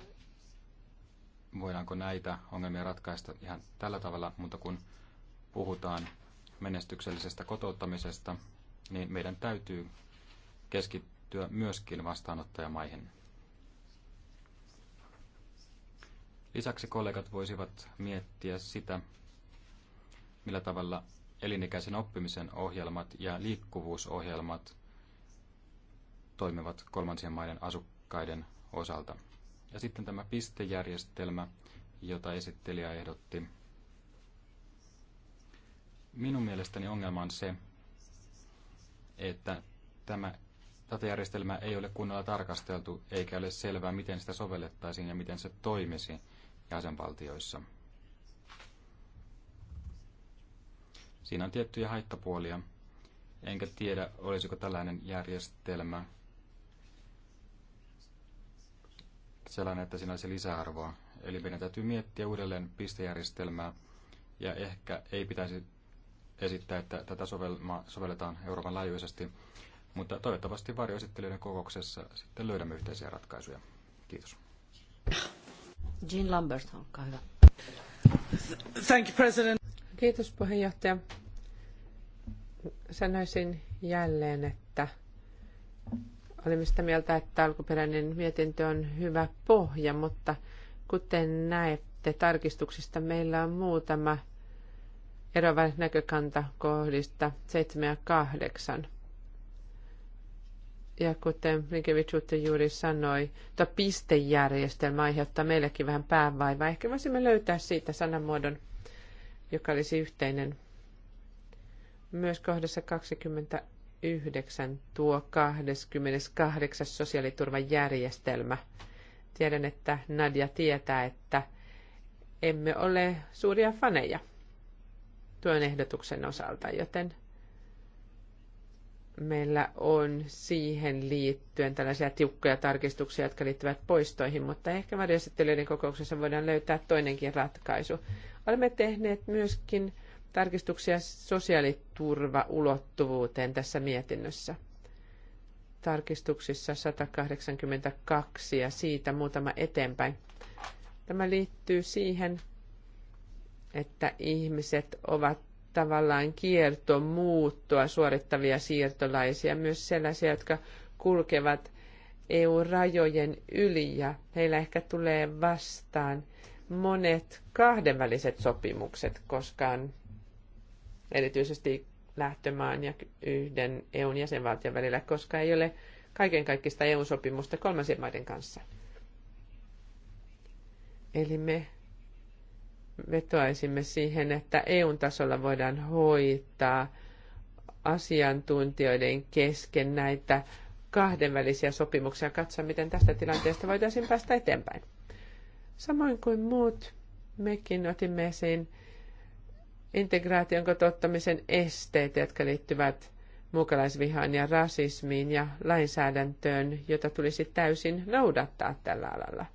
voidaanko näitä ongelmia ratkaista ihan tällä tavalla, mutta kun puhutaan menestyksellisestä kotouttamisesta, niin meidän täytyy keskittyä myöskin vastaanottajamaihin. Lisäksi kollegat voisivat miettiä sitä, millä tavalla elinikäisen oppimisen ohjelmat ja liikkuvuusohjelmat toimivat kolmansien maiden asukkaiden osalta. Ja sitten tämä pistejärjestelmä, jota esittelijä ehdotti. Minun mielestäni ongelma on se, että tämä, datajärjestelmä ei ole kunnolla tarkasteltu, eikä ole selvää, miten sitä sovellettaisiin ja miten se toimisi jäsenvaltioissa. Siinä on tiettyjä haittapuolia, enkä tiedä, olisiko tällainen järjestelmä sellainen, että siinä olisi lisäarvoa. Eli meidän täytyy miettiä uudelleen pistejärjestelmää ja ehkä ei pitäisi esittää, että tätä sovelletaan Euroopan laajuisesti, mutta toivottavasti varjoesittelyiden kokouksessa sitten löydämme yhteisiä ratkaisuja. Kiitos. Jean Lambert, olkaa hyvä. Thank you, President. Kiitos puheenjohtaja. Sanoisin jälleen, että olemme sitä mieltä, että alkuperäinen mietintö on hyvä pohja, mutta kuten näette tarkistuksista, meillä on muutama erova näkökanta kohdista 7 ja 8. Ja kuten Rinkevich juuri sanoi, tuo pistejärjestelmä aiheuttaa meillekin vähän päävaivaa. Ehkä voisimme löytää siitä sanamuodon, joka olisi yhteinen myös kohdassa 21 9 tuo 28. sosiaaliturvajärjestelmä. Tiedän, että Nadia tietää, että emme ole suuria faneja tuon ehdotuksen osalta, joten meillä on siihen liittyen tällaisia tiukkoja tarkistuksia, jotka liittyvät poistoihin, mutta ehkä varjoesittelijöiden kokouksessa voidaan löytää toinenkin ratkaisu. Olemme tehneet myöskin tarkistuksia sosiaaliturvaulottuvuuteen tässä mietinnössä. Tarkistuksissa 182 ja siitä muutama eteenpäin. Tämä liittyy siihen, että ihmiset ovat tavallaan kiertomuuttoa suorittavia siirtolaisia, myös sellaisia, jotka kulkevat EU-rajojen yli ja heillä ehkä tulee vastaan monet kahdenväliset sopimukset, koska on erityisesti lähtömaan ja yhden EUn jäsenvaltion välillä, koska ei ole kaiken kaikkista EU-sopimusta kolmansien maiden kanssa. Eli me vetoaisimme siihen, että EU:n tasolla voidaan hoitaa asiantuntijoiden kesken näitä kahdenvälisiä sopimuksia ja katsoa, miten tästä tilanteesta voitaisiin päästä eteenpäin. Samoin kuin muut, mekin otimme esiin integraation kotouttamisen esteet, jotka liittyvät muukalaisvihaan ja rasismiin ja lainsäädäntöön, jota tulisi täysin noudattaa tällä alalla.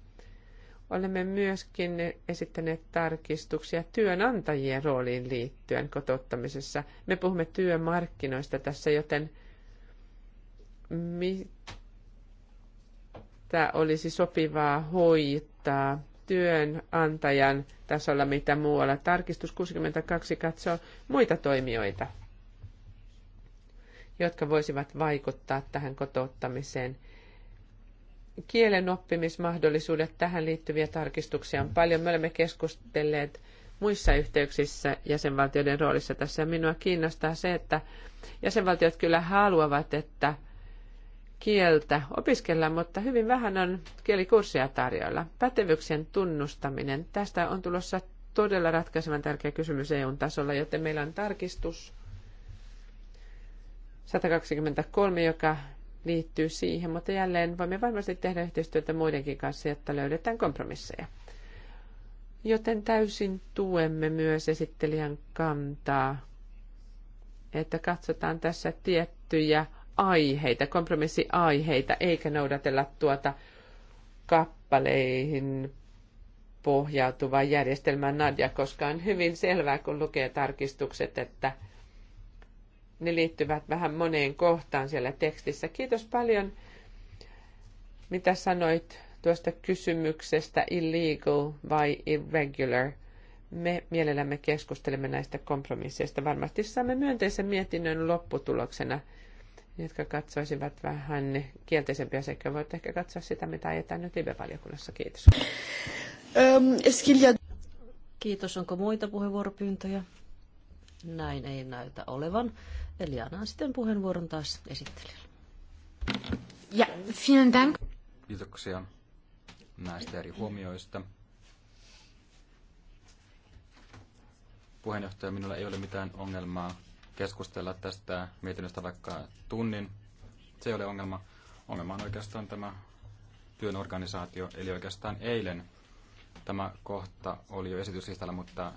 Olemme myöskin esittäneet tarkistuksia työnantajien rooliin liittyen kotouttamisessa. Me puhumme työmarkkinoista tässä, joten mitä olisi sopivaa hoitaa työnantajan tasolla, mitä muualla. Tarkistus 62 katsoo muita toimijoita, jotka voisivat vaikuttaa tähän kotouttamiseen. Kielen oppimismahdollisuudet, tähän liittyviä tarkistuksia on paljon. Me olemme keskustelleet muissa yhteyksissä jäsenvaltioiden roolissa tässä. Minua kiinnostaa se, että jäsenvaltiot kyllä haluavat, että – kieltä opiskella, mutta hyvin vähän on kielikursseja tarjolla. Pätevyyksien tunnustaminen. Tästä on tulossa todella ratkaisevan tärkeä kysymys eu tasolla, joten meillä on tarkistus 123, joka liittyy siihen, mutta jälleen voimme varmasti tehdä yhteistyötä muidenkin kanssa, jotta löydetään kompromisseja. Joten täysin tuemme myös esittelijän kantaa, että katsotaan tässä tiettyjä aiheita, kompromissiaiheita, eikä noudatella tuota kappaleihin pohjautuvaa järjestelmää Nadja, koska on hyvin selvää, kun lukee tarkistukset, että ne liittyvät vähän moneen kohtaan siellä tekstissä. Kiitos paljon, mitä sanoit tuosta kysymyksestä illegal vai irregular. Me mielellämme keskustelemme näistä kompromisseista. Varmasti saamme myönteisen mietinnön lopputuloksena jotka katsoisivat vähän kielteisempiä seikkoja, voitte ehkä katsoa sitä, mitä ajetaan nyt live-valiokunnassa. Kiitos. Ähm, Kiitos. Onko muita puheenvuoropyyntöjä? Näin ei näytä olevan. Eli annan sitten puheenvuoron taas esittelijälle. Ja, vielen dank. Kiitoksia näistä eri huomioista. Puheenjohtaja, minulla ei ole mitään ongelmaa keskustella tästä mietinnöstä vaikka tunnin. Se ei ole ongelma. Ongelma on oikeastaan tämä työn organisaatio, eli oikeastaan eilen tämä kohta oli jo esityslistalla, mutta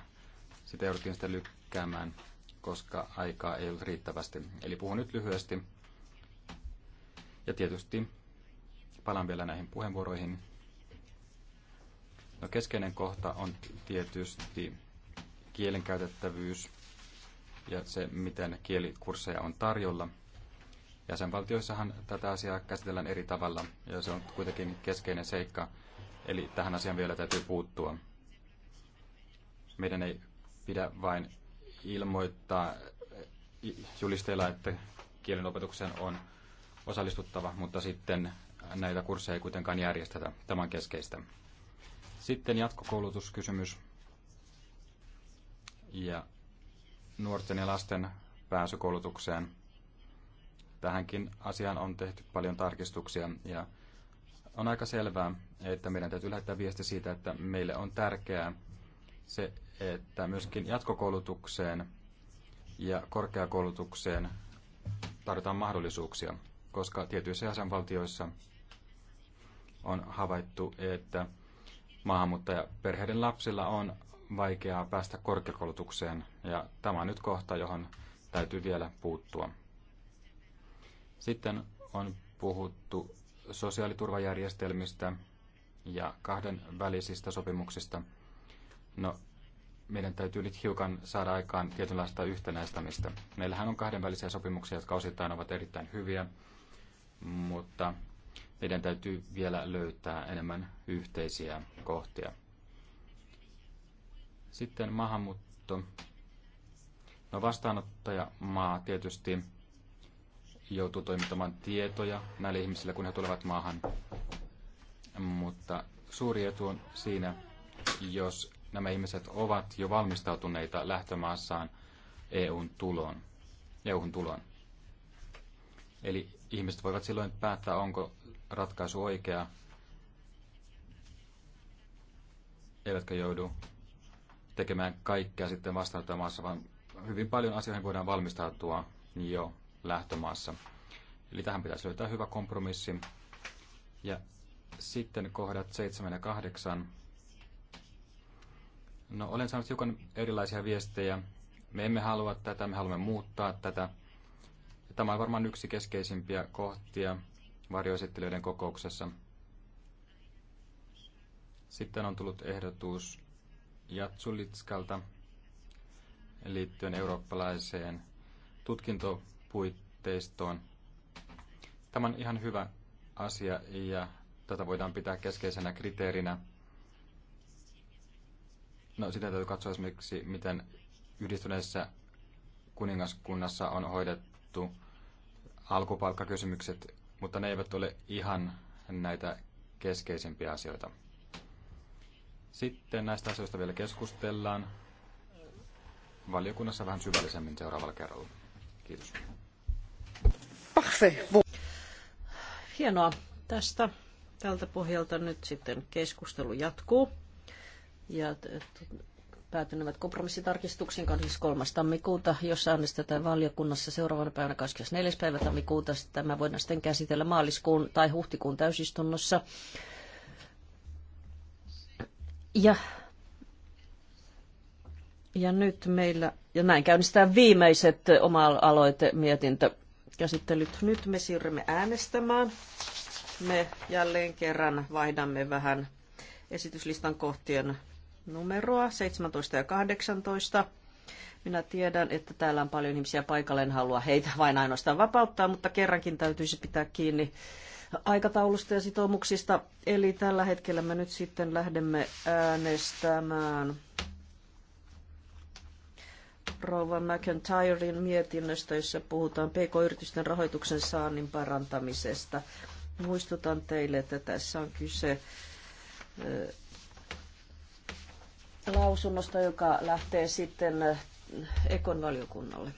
sitä jouduttiin sitten lykkäämään, koska aikaa ei ollut riittävästi. Eli puhun nyt lyhyesti. Ja tietysti palaan vielä näihin puheenvuoroihin. No, keskeinen kohta on tietysti kielen käytettävyys ja se, miten kielikursseja on tarjolla. Jäsenvaltioissahan tätä asiaa käsitellään eri tavalla ja se on kuitenkin keskeinen seikka, eli tähän asiaan vielä täytyy puuttua. Meidän ei pidä vain ilmoittaa julisteilla, että kielenopetukseen on osallistuttava, mutta sitten näitä kursseja ei kuitenkaan järjestetä. Tämä on keskeistä. Sitten jatkokoulutuskysymys. Ja nuorten ja lasten pääsykoulutukseen. Tähänkin asiaan on tehty paljon tarkistuksia ja on aika selvää, että meidän täytyy lähettää viesti siitä, että meille on tärkeää se, että myöskin jatkokoulutukseen ja korkeakoulutukseen tarvitaan mahdollisuuksia, koska tietyissä jäsenvaltioissa on havaittu, että maahanmuuttajaperheiden lapsilla on vaikeaa päästä korkeakoulutukseen, ja tämä on nyt kohta, johon täytyy vielä puuttua. Sitten on puhuttu sosiaaliturvajärjestelmistä ja kahden välisistä sopimuksista. No, meidän täytyy nyt hiukan saada aikaan tietynlaista yhtenäistämistä. Meillähän on kahdenvälisiä sopimuksia, jotka osittain ovat erittäin hyviä, mutta meidän täytyy vielä löytää enemmän yhteisiä kohtia. Sitten maahanmuutto. No vastaanottajamaa tietysti joutuu toimittamaan tietoja näille ihmisille, kun he tulevat maahan. Mutta suuri etu on siinä, jos nämä ihmiset ovat jo valmistautuneita lähtömaassaan EUn tuloon. EU:hun tuloon. Eli ihmiset voivat silloin päättää, onko ratkaisu oikea, eivätkä joudu tekemään kaikkea sitten vastaanottomaassa, vaan hyvin paljon asioihin voidaan valmistautua jo lähtömaassa. Eli tähän pitäisi löytää hyvä kompromissi. Ja sitten kohdat 7 ja 8. No, olen saanut hiukan erilaisia viestejä. Me emme halua tätä, me haluamme muuttaa tätä. Tämä on varmaan yksi keskeisimpiä kohtia varjoesittelijöiden kokouksessa. Sitten on tullut ehdotus Jatsulitskalta liittyen eurooppalaiseen tutkintopuitteistoon. Tämä on ihan hyvä asia ja tätä voidaan pitää keskeisenä kriteerinä. No, sitä täytyy katsoa esimerkiksi, miten yhdistyneessä kuningaskunnassa on hoidettu alkupalkkakysymykset, mutta ne eivät ole ihan näitä keskeisimpiä asioita. Sitten näistä asioista vielä keskustellaan valiokunnassa vähän syvällisemmin seuraavalla kerralla. Kiitos. Hienoa. Tästä tältä pohjalta nyt sitten keskustelu jatkuu. Ja päätynevät kompromissitarkistuksiin 23. tammikuuta, jossa äänestetään valiokunnassa seuraavana päivänä 24. päivä tammikuuta. Tämä voidaan sitten käsitellä maaliskuun tai huhtikuun täysistunnossa. Ja, ja nyt meillä, ja näin käynnistetään viimeiset oma mietintö käsittelyt. Nyt me siirrymme äänestämään. Me jälleen kerran vaihdamme vähän esityslistan kohtien numeroa 17 ja 18. Minä tiedän, että täällä on paljon ihmisiä paikalla, en halua heitä vain ainoastaan vapauttaa, mutta kerrankin täytyisi pitää kiinni aikataulusta ja sitoumuksista. Eli tällä hetkellä me nyt sitten lähdemme äänestämään Rova McIntyren mietinnöstä, jossa puhutaan pk-yritysten rahoituksen saannin parantamisesta. Muistutan teille, että tässä on kyse lausunnosta, joka lähtee sitten Ekon valiokunnalle.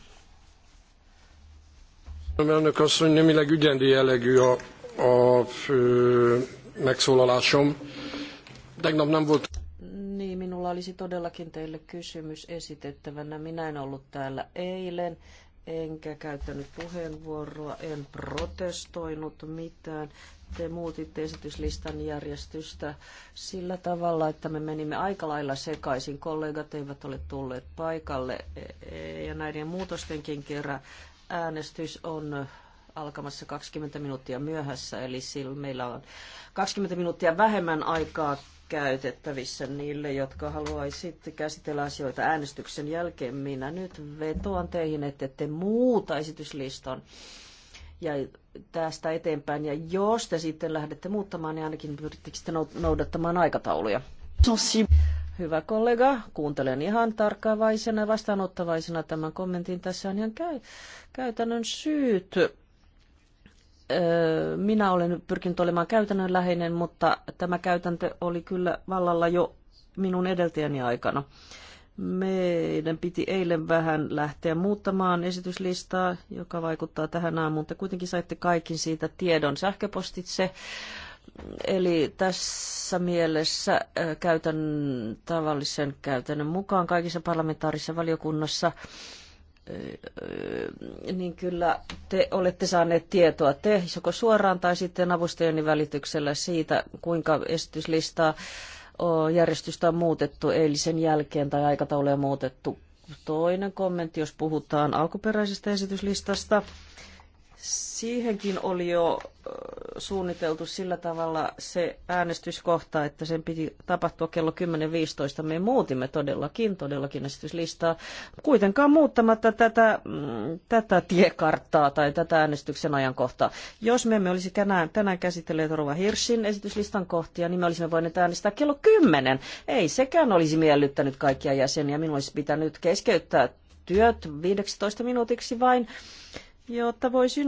Elnök asszony, némileg ügyendi jellegű a, a ö, megszólalásom. Tegnap nem volt... Niin, minulla olisi todellakin teille kysymys esitettävänä. Minä en ollut täällä eilen enkä käyttänyt puheenvuoroa, en protestoinut mitään. Te muutitte esityslistan järjestystä sillä tavalla, että me menimme aika lailla sekaisin. Kollegat eivät ole tulleet paikalle ja näiden muutostenkin kerran äänestys on alkamassa 20 minuuttia myöhässä, eli silloin meillä on 20 minuuttia vähemmän aikaa käytettävissä niille, jotka haluaisit käsitellä asioita äänestyksen jälkeen. Minä nyt vetoan teihin, että te muuta esityslistan ja tästä eteenpäin. Ja jos te sitten lähdette muuttamaan, niin ainakin pyrittekö sitten noudattamaan aikatauluja. Hyvä kollega, kuuntelen ihan tarkkaavaisena ja vastaanottavaisena tämän kommentin. Tässä on ihan käy, käytännön syyt minä olen pyrkinyt olemaan käytännönläheinen, mutta tämä käytäntö oli kyllä vallalla jo minun edeltäjäni aikana. Meidän piti eilen vähän lähteä muuttamaan esityslistaa, joka vaikuttaa tähän aamuun, mutta kuitenkin saitte kaikin siitä tiedon sähköpostitse. Eli tässä mielessä käytän tavallisen käytännön mukaan kaikissa parlamentaarissa valiokunnassa niin kyllä te olette saaneet tietoa te joko suoraan tai sitten avustajani välityksellä siitä, kuinka esityslistaa järjestystä on muutettu eilisen jälkeen tai aikatauluja muutettu. Toinen kommentti, jos puhutaan alkuperäisestä esityslistasta. Siihenkin oli jo suunniteltu sillä tavalla se äänestyskohta, että sen piti tapahtua kello 10.15. Me muutimme todellakin, todellakin esityslistaa, kuitenkaan muuttamatta tätä, mm, tätä tiekarttaa tai tätä äänestyksen ajankohtaa. Jos me emme olisi tänään, tänään käsitelleet Rova Hirsin esityslistan kohtia, niin me olisimme voineet äänestää kello 10. Ei sekään olisi miellyttänyt kaikkia jäseniä. Minun olisi pitänyt keskeyttää työt 15 minuutiksi vain jotta voisin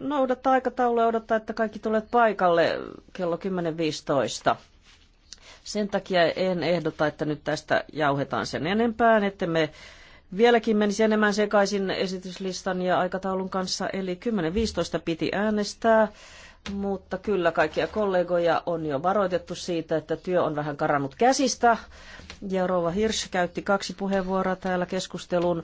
noudattaa aikataulua ja odottaa, että kaikki tulet paikalle kello 10.15. Sen takia en ehdota, että nyt tästä jauhetaan sen enempään, että me vieläkin menisi enemmän sekaisin esityslistan ja aikataulun kanssa. Eli 10.15 piti äänestää, mutta kyllä kaikkia kollegoja on jo varoitettu siitä, että työ on vähän karannut käsistä. Ja Rova Hirsch käytti kaksi puheenvuoroa täällä keskustelun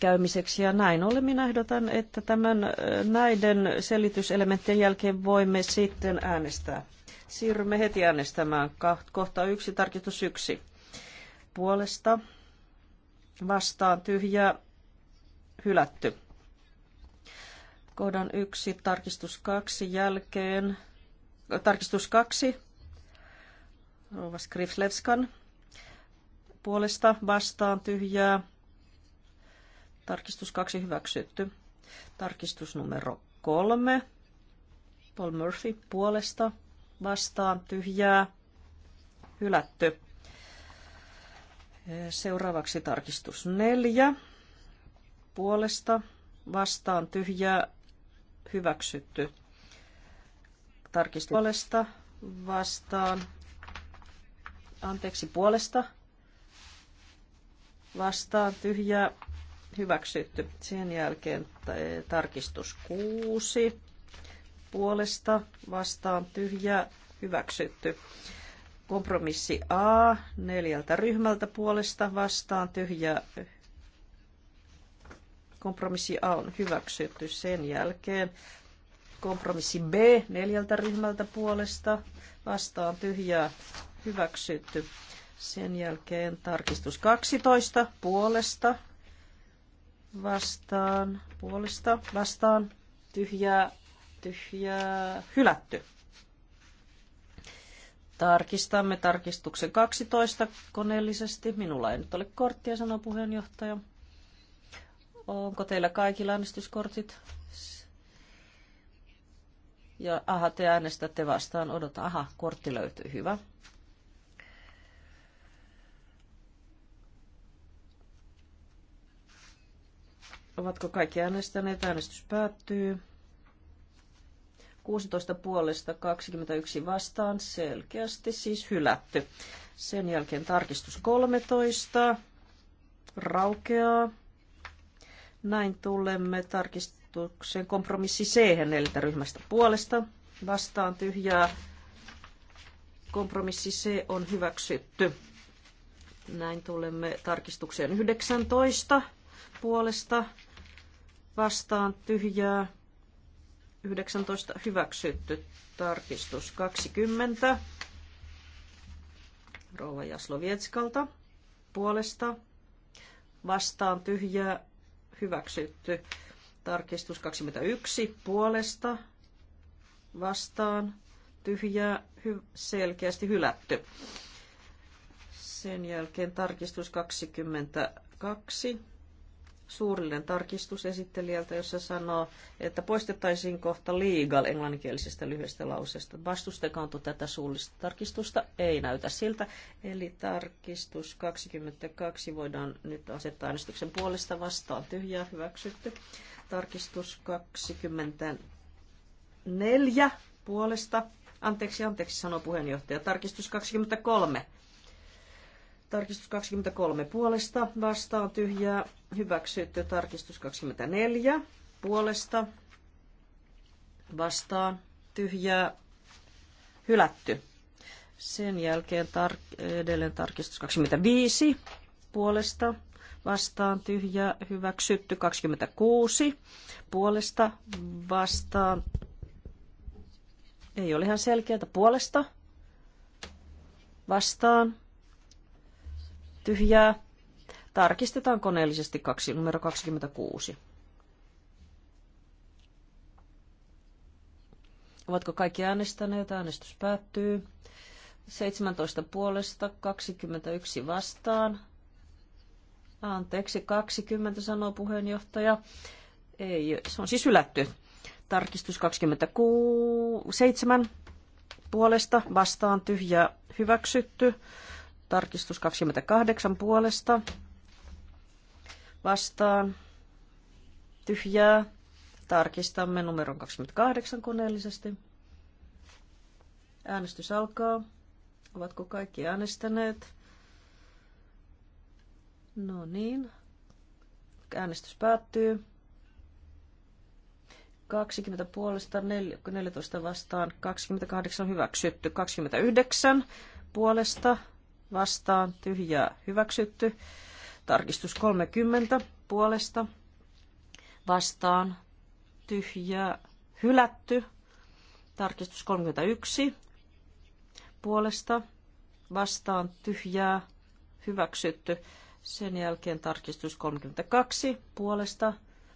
käymiseksi. Ja näin ollen minä ehdotan, että tämän, äh, näiden selityselementtien jälkeen voimme sitten äänestää. Siirrymme heti äänestämään kohta yksi, tarkistus yksi. Puolesta vastaan tyhjää hylätty. Kohdan yksi, tarkistus kaksi jälkeen. Äh, tarkistus kaksi, Rouva Skriflevskan puolesta vastaan tyhjää Tarkistus kaksi hyväksytty. Tarkistus numero kolme. Paul Murphy puolesta vastaan tyhjää hylätty. Seuraavaksi tarkistus neljä. Puolesta vastaan tyhjää hyväksytty. Tarkistus puolesta vastaan. Anteeksi, puolesta vastaan tyhjää hyväksytty. Sen jälkeen eh, tarkistus 6 puolesta vastaan tyhjä hyväksytty. Kompromissi A neljältä ryhmältä puolesta vastaan tyhjä Kompromissi A on hyväksytty sen jälkeen. Kompromissi B neljältä ryhmältä puolesta vastaan tyhjä hyväksytty. Sen jälkeen tarkistus 12 puolesta vastaan puolesta vastaan tyhjää tyhjää hylätty. Tarkistamme tarkistuksen 12 koneellisesti. Minulla ei nyt ole korttia, sanoo puheenjohtaja. Onko teillä kaikki äänestyskortit? Ja aha, te äänestätte vastaan. Odota, aha, kortti löytyy. Hyvä. Ovatko kaikki äänestäneet? Äänestys päättyy. 16 puolesta 21 vastaan selkeästi siis hylätty. Sen jälkeen tarkistus 13 raukeaa. Näin tulemme tarkistukseen kompromissi C neljältä ryhmästä puolesta. Vastaan tyhjää. Kompromissi C on hyväksytty. Näin tulemme tarkistukseen 19 puolesta vastaan tyhjää 19 hyväksytty. Tarkistus 20. Rouva Jaslovietskalta puolesta vastaan tyhjää hyväksytty. Tarkistus 21 puolesta vastaan tyhjää hy- selkeästi hylätty. Sen jälkeen tarkistus 22 suurillinen tarkistus esittelijältä, jossa sanoo, että poistettaisiin kohta legal englanninkielisestä lyhyestä lauseesta. Vastustekaanko tätä suullista tarkistusta? Ei näytä siltä. Eli tarkistus 22 voidaan nyt asettaa äänestyksen puolesta vastaan. Tyhjää hyväksytty. Tarkistus 24 puolesta. Anteeksi, anteeksi, sanoo puheenjohtaja. Tarkistus 23 Tarkistus 23 puolesta vastaan tyhjää. Hyväksytty tarkistus 24 puolesta vastaan tyhjää. Hylätty. Sen jälkeen tar- edelleen tarkistus 25 puolesta vastaan tyhjää. Hyväksytty 26 puolesta vastaan. Ei ole ihan selkeää puolesta vastaan tyhjää. Tarkistetaan koneellisesti kaksi, numero 26. Ovatko kaikki äänestäneet? Äänestys päättyy. 17 puolesta, 21 vastaan. Anteeksi, 20 sanoo puheenjohtaja. Ei, se on siis ylätty. Tarkistus 27 puolesta vastaan tyhjä hyväksytty. Tarkistus 28 puolesta. Vastaan. Tyhjää. Tarkistamme numeron 28 koneellisesti. Äänestys alkaa. Ovatko kaikki äänestäneet? No niin. Äänestys päättyy. 20 puolesta, 14 vastaan, 28 hyväksytty, 29 puolesta vastaan, tyhjää hyväksytty. Tarkistus 30 puolesta vastaan, tyhjää hylätty. Tarkistus 31 puolesta vastaan, tyhjää hyväksytty. Sen jälkeen tarkistus 32 puolesta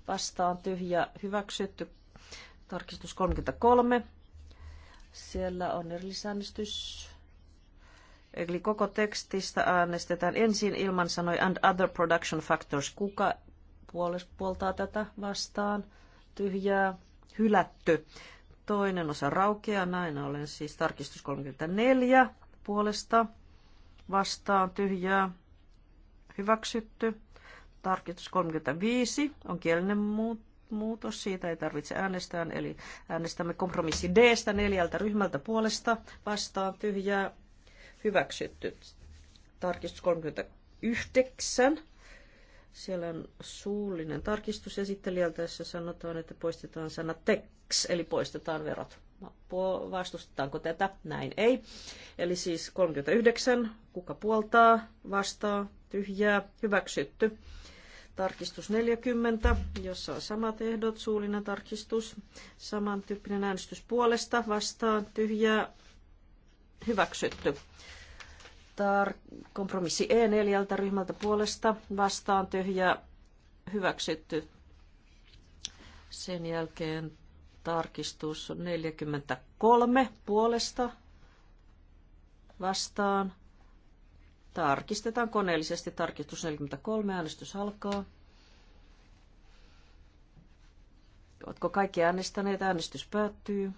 vastaan, tyhjää hyväksytty. Tarkistus 33. Siellä on erillisäänestys Eli koko tekstistä äänestetään ensin ilman sanoja and other production factors. Kuka puoltaa tätä vastaan? Tyhjää. Hylätty. Toinen osa raukeaa. Näin olen siis tarkistus 34 puolesta vastaan. Tyhjää. Hyväksytty. Tarkistus 35 on kielinen muut, muutos, siitä ei tarvitse äänestää, eli äänestämme kompromissi d neljältä ryhmältä puolesta vastaan tyhjää hyväksytty. Tarkistus 39. Siellä on suullinen tarkistus esittelijältä, jossa sanotaan, että poistetaan sana teks, eli poistetaan verot. No, vastustetaanko tätä? Näin ei. Eli siis 39. Kuka puoltaa? Vastaa? Tyhjää? Hyväksytty. Tarkistus 40, jossa on samat ehdot, suullinen tarkistus, samantyyppinen äänestys puolesta, vastaan, tyhjää, hyväksytty. Tar- kompromissi E neljältä ryhmältä puolesta vastaan tyhjä hyväksytty. Sen jälkeen tarkistus on 43 puolesta vastaan. Tarkistetaan koneellisesti. Tarkistus 43. Äänestys alkaa. Oletko kaikki äänestäneet? Äänestys päättyy.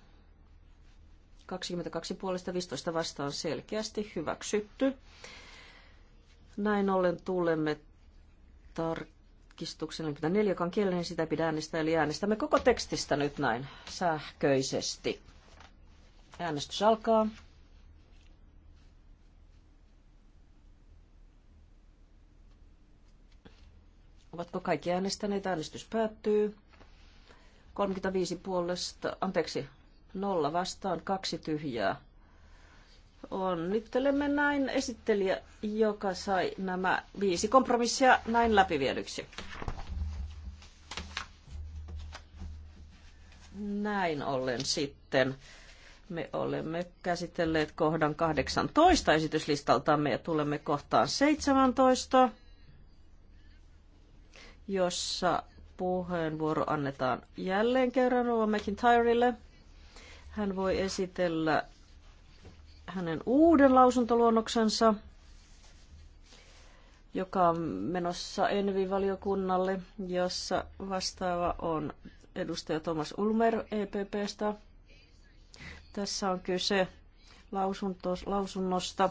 22 puolesta 15 vastaan selkeästi hyväksytty. Näin ollen tulemme tarkistuksen 44 kielinen, sitä pidä äänestää, eli äänestämme koko tekstistä nyt näin sähköisesti. Äänestys alkaa. Ovatko kaikki äänestäneet? Äänestys päättyy. 35 puolesta, anteeksi, nolla vastaan, kaksi tyhjää. Onnittelemme näin esittelijä, joka sai nämä viisi kompromissia näin läpiviedyksi. Näin ollen sitten me olemme käsitelleet kohdan 18 esityslistaltamme ja tulemme kohtaan 17, jossa puheenvuoro annetaan jälleen kerran Rova McIntyrelle – hän voi esitellä hänen uuden lausuntoluonnoksensa, joka on menossa Envi-valiokunnalle, jossa vastaava on edustaja Thomas Ulmer EPPstä. Tässä on kyse lausunnosta,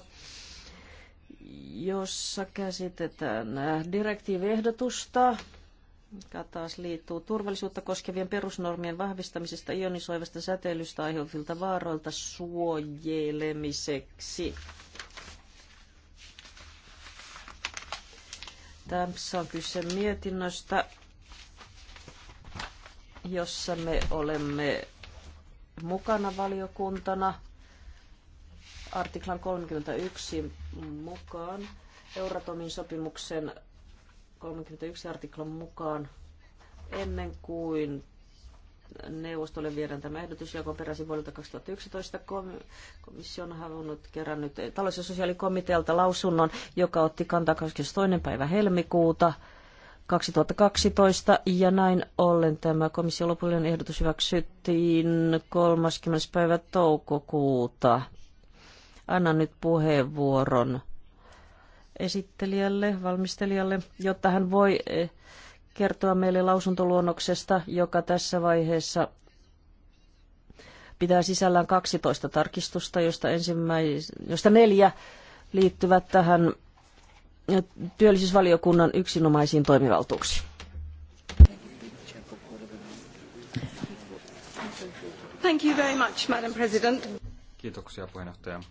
jossa käsitetään direktiiviehdotusta, joka taas liittyy turvallisuutta koskevien perusnormien vahvistamisesta ionisoivasta säteilystä aiheutuvilta vaaroilta suojelemiseksi. Tässä on kyse mietinnöstä, jossa me olemme mukana valiokuntana artiklan 31 mukaan Euratomin sopimuksen 31 artiklan mukaan ennen kuin neuvostolle viedään tämä ehdotus, joka on peräisin vuodelta 2011. Komissio on halunnut kerännyt talous- ja sosiaalikomitealta lausunnon, joka otti kantaa 22. päivä helmikuuta 2012 ja näin ollen tämä komission lopullinen ehdotus hyväksyttiin 30. päivä toukokuuta. Annan nyt puheenvuoron esittelijälle, valmistelijalle, jotta hän voi eh, kertoa meille lausuntoluonnoksesta, joka tässä vaiheessa pitää sisällään 12 tarkistusta, josta, ensimmäis, josta neljä liittyvät tähän eh, työllisyysvaliokunnan yksinomaisiin toimivaltuuksiin. Thank you very much, Madam President. Kiitoksia puheenjohtaja.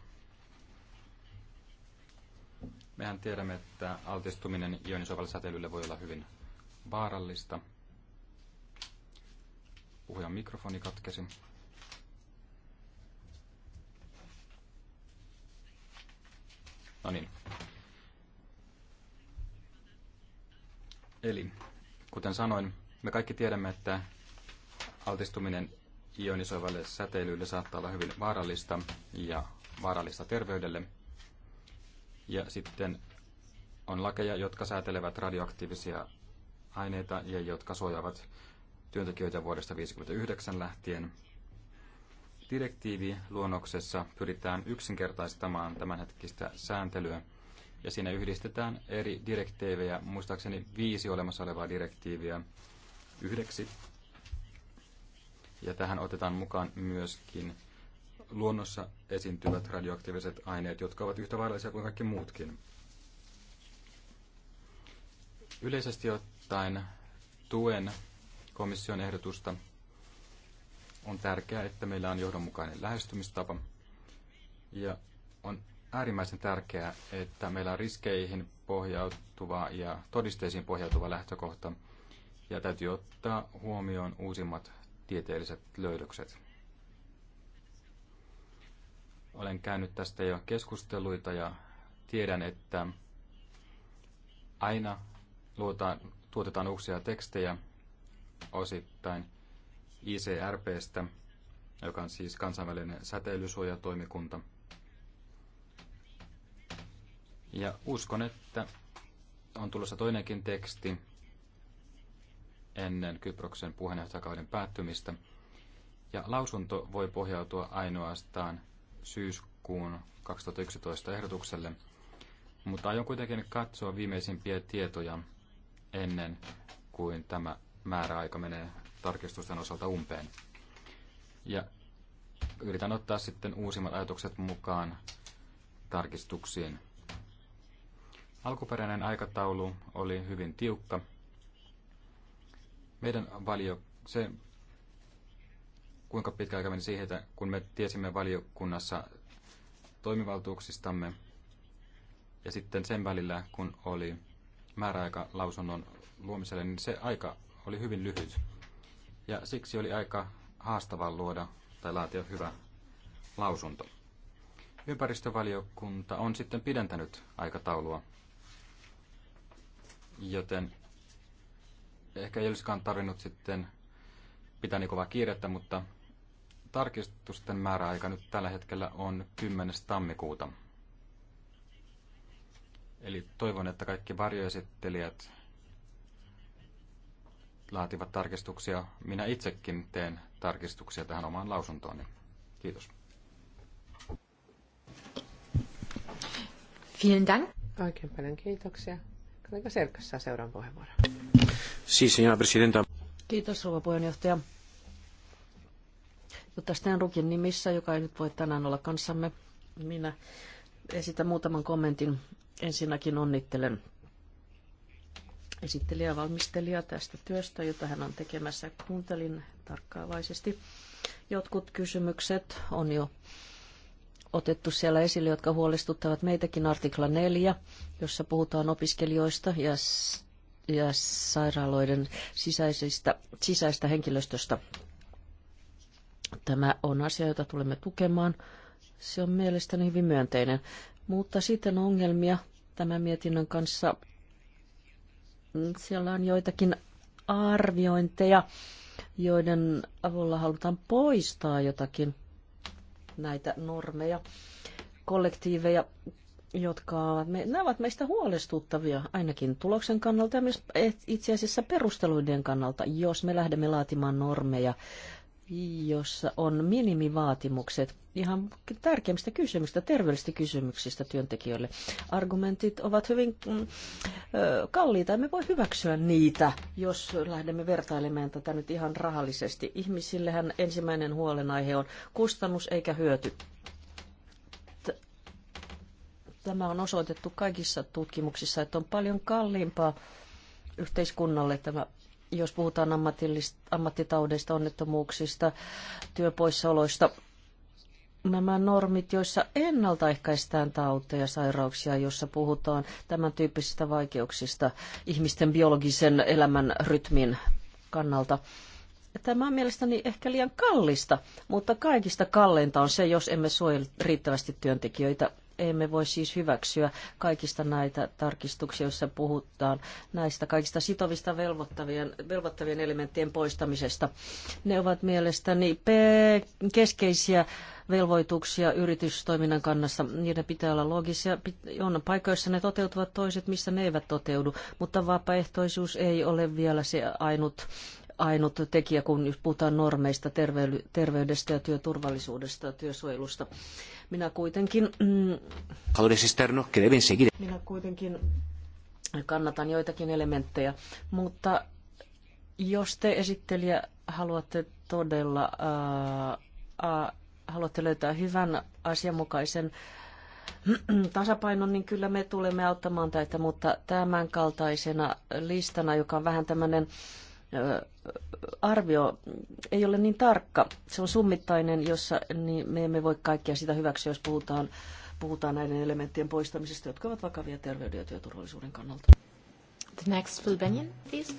Mehän tiedämme, että altistuminen ionisoivalle säteilylle voi olla hyvin vaarallista. Puhujan mikrofoni katkesi. No niin. Eli kuten sanoin, me kaikki tiedämme, että altistuminen ionisoivalle säteilylle saattaa olla hyvin vaarallista ja vaarallista terveydelle. Ja sitten on lakeja, jotka säätelevät radioaktiivisia aineita ja jotka suojaavat työntekijöitä vuodesta 1959 lähtien. direktiivi luonnoksessa pyritään yksinkertaistamaan tämänhetkistä sääntelyä ja siinä yhdistetään eri direktiivejä, muistaakseni viisi olemassa olevaa direktiiviä yhdeksi. Ja tähän otetaan mukaan myöskin luonnossa esiintyvät radioaktiiviset aineet, jotka ovat yhtä vaarallisia kuin kaikki muutkin. Yleisesti ottaen tuen komission ehdotusta on tärkeää, että meillä on johdonmukainen lähestymistapa. Ja on äärimmäisen tärkeää, että meillä on riskeihin pohjautuva ja todisteisiin pohjautuva lähtökohta. Ja täytyy ottaa huomioon uusimmat tieteelliset löydökset. Olen käynyt tästä jo keskusteluita ja tiedän, että aina luotaan, tuotetaan uusia tekstejä osittain ICRPstä, joka on siis kansainvälinen säteilysuojatoimikunta. Ja uskon, että on tulossa toinenkin teksti ennen Kyproksen puheenjohtajakauden päättymistä. Ja lausunto voi pohjautua ainoastaan syyskuun 2011 ehdotukselle, mutta aion kuitenkin katsoa viimeisimpiä tietoja ennen kuin tämä määräaika menee tarkistusten osalta umpeen. Ja yritän ottaa sitten uusimmat ajatukset mukaan tarkistuksiin. Alkuperäinen aikataulu oli hyvin tiukka. Meidän valio, se kuinka pitkä aika meni niin siihen, että kun me tiesimme valiokunnassa toimivaltuuksistamme ja sitten sen välillä, kun oli määräaika lausunnon luomiselle, niin se aika oli hyvin lyhyt. Ja siksi oli aika haastavaa luoda tai laatia hyvä lausunto. Ympäristövaliokunta on sitten pidentänyt aikataulua, joten ehkä ei olisikaan tarvinnut sitten pitää niin kovaa kiirettä, mutta Tarkistusten määräaika nyt tällä hetkellä on 10. tammikuuta. Eli toivon, että kaikki varjoesittelijät laativat tarkistuksia. Minä itsekin teen tarkistuksia tähän omaan lausuntooni. Kiitos. Vielen Dank. Oikein paljon kiitoksia. Kollega Serkas saa seuraavan puheenvuoron. Siis, presidenta. Kiitos, rouva puheenjohtaja. Jutta Stenrukin nimissä, joka ei nyt voi tänään olla kanssamme, minä esitän muutaman kommentin. Ensinnäkin onnittelen esittelijä ja valmistelija tästä työstä, jota hän on tekemässä. Kuuntelin tarkkaavaisesti. Jotkut kysymykset on jo otettu siellä esille, jotka huolestuttavat meitäkin artikla 4, jossa puhutaan opiskelijoista ja, ja sairaaloiden sisäisistä, sisäistä henkilöstöstä. Tämä on asia, jota tulemme tukemaan. Se on mielestäni hyvin myönteinen. Mutta sitten ongelmia tämän mietinnön kanssa. Siellä on joitakin arviointeja, joiden avulla halutaan poistaa jotakin näitä normeja, kollektiiveja, jotka ovat, me, nämä ovat meistä huolestuttavia ainakin tuloksen kannalta ja myös itse asiassa perusteluiden kannalta, jos me lähdemme laatimaan normeja jossa on minimivaatimukset ihan tärkeimmistä kysymyksistä, terveellisistä kysymyksistä työntekijöille. Argumentit ovat hyvin mm, kalliita, emme voi hyväksyä niitä, jos lähdemme vertailemaan tätä nyt ihan rahallisesti. Ihmisillehän ensimmäinen huolenaihe on kustannus eikä hyöty. Tämä on osoitettu kaikissa tutkimuksissa, että on paljon kalliimpaa yhteiskunnalle tämä jos puhutaan ammattitaudeista, onnettomuuksista, työpoissaoloista, nämä normit, joissa ennaltaehkäistään tauteja, sairauksia, joissa puhutaan tämän tyyppisistä vaikeuksista ihmisten biologisen elämän rytmin kannalta. Tämä on mielestäni ehkä liian kallista, mutta kaikista kalleinta on se, jos emme suojele riittävästi työntekijöitä emme voi siis hyväksyä kaikista näitä tarkistuksia, joissa puhutaan näistä kaikista sitovista velvoittavien, velvoittavien elementtien poistamisesta. Ne ovat mielestäni keskeisiä velvoituksia yritystoiminnan kannassa. Niiden pitää olla logisia. On paikoissa ne toteutuvat toiset, missä ne eivät toteudu, mutta vapaaehtoisuus ei ole vielä se ainut ainut tekijä, kun puhutaan normeista, terveydestä ja työturvallisuudesta ja työsuojelusta. Minä kuitenkin... Mm, minä kuitenkin kannatan joitakin elementtejä, mutta jos te esittelijä haluatte todella ää, äh, ää, haluatte löytää hyvän asianmukaisen tasapainon, niin kyllä me tulemme auttamaan tätä, mutta tämän kaltaisena listana, joka on vähän tämmöinen arvio ei ole niin tarkka. Se on summittainen, jossa niin me emme voi kaikkea sitä hyväksyä, jos puhutaan, puhutaan näiden elementtien poistamisesta, jotka ovat vakavia terveyden ja työturvallisuuden kannalta. The next, Phil Benyon, please.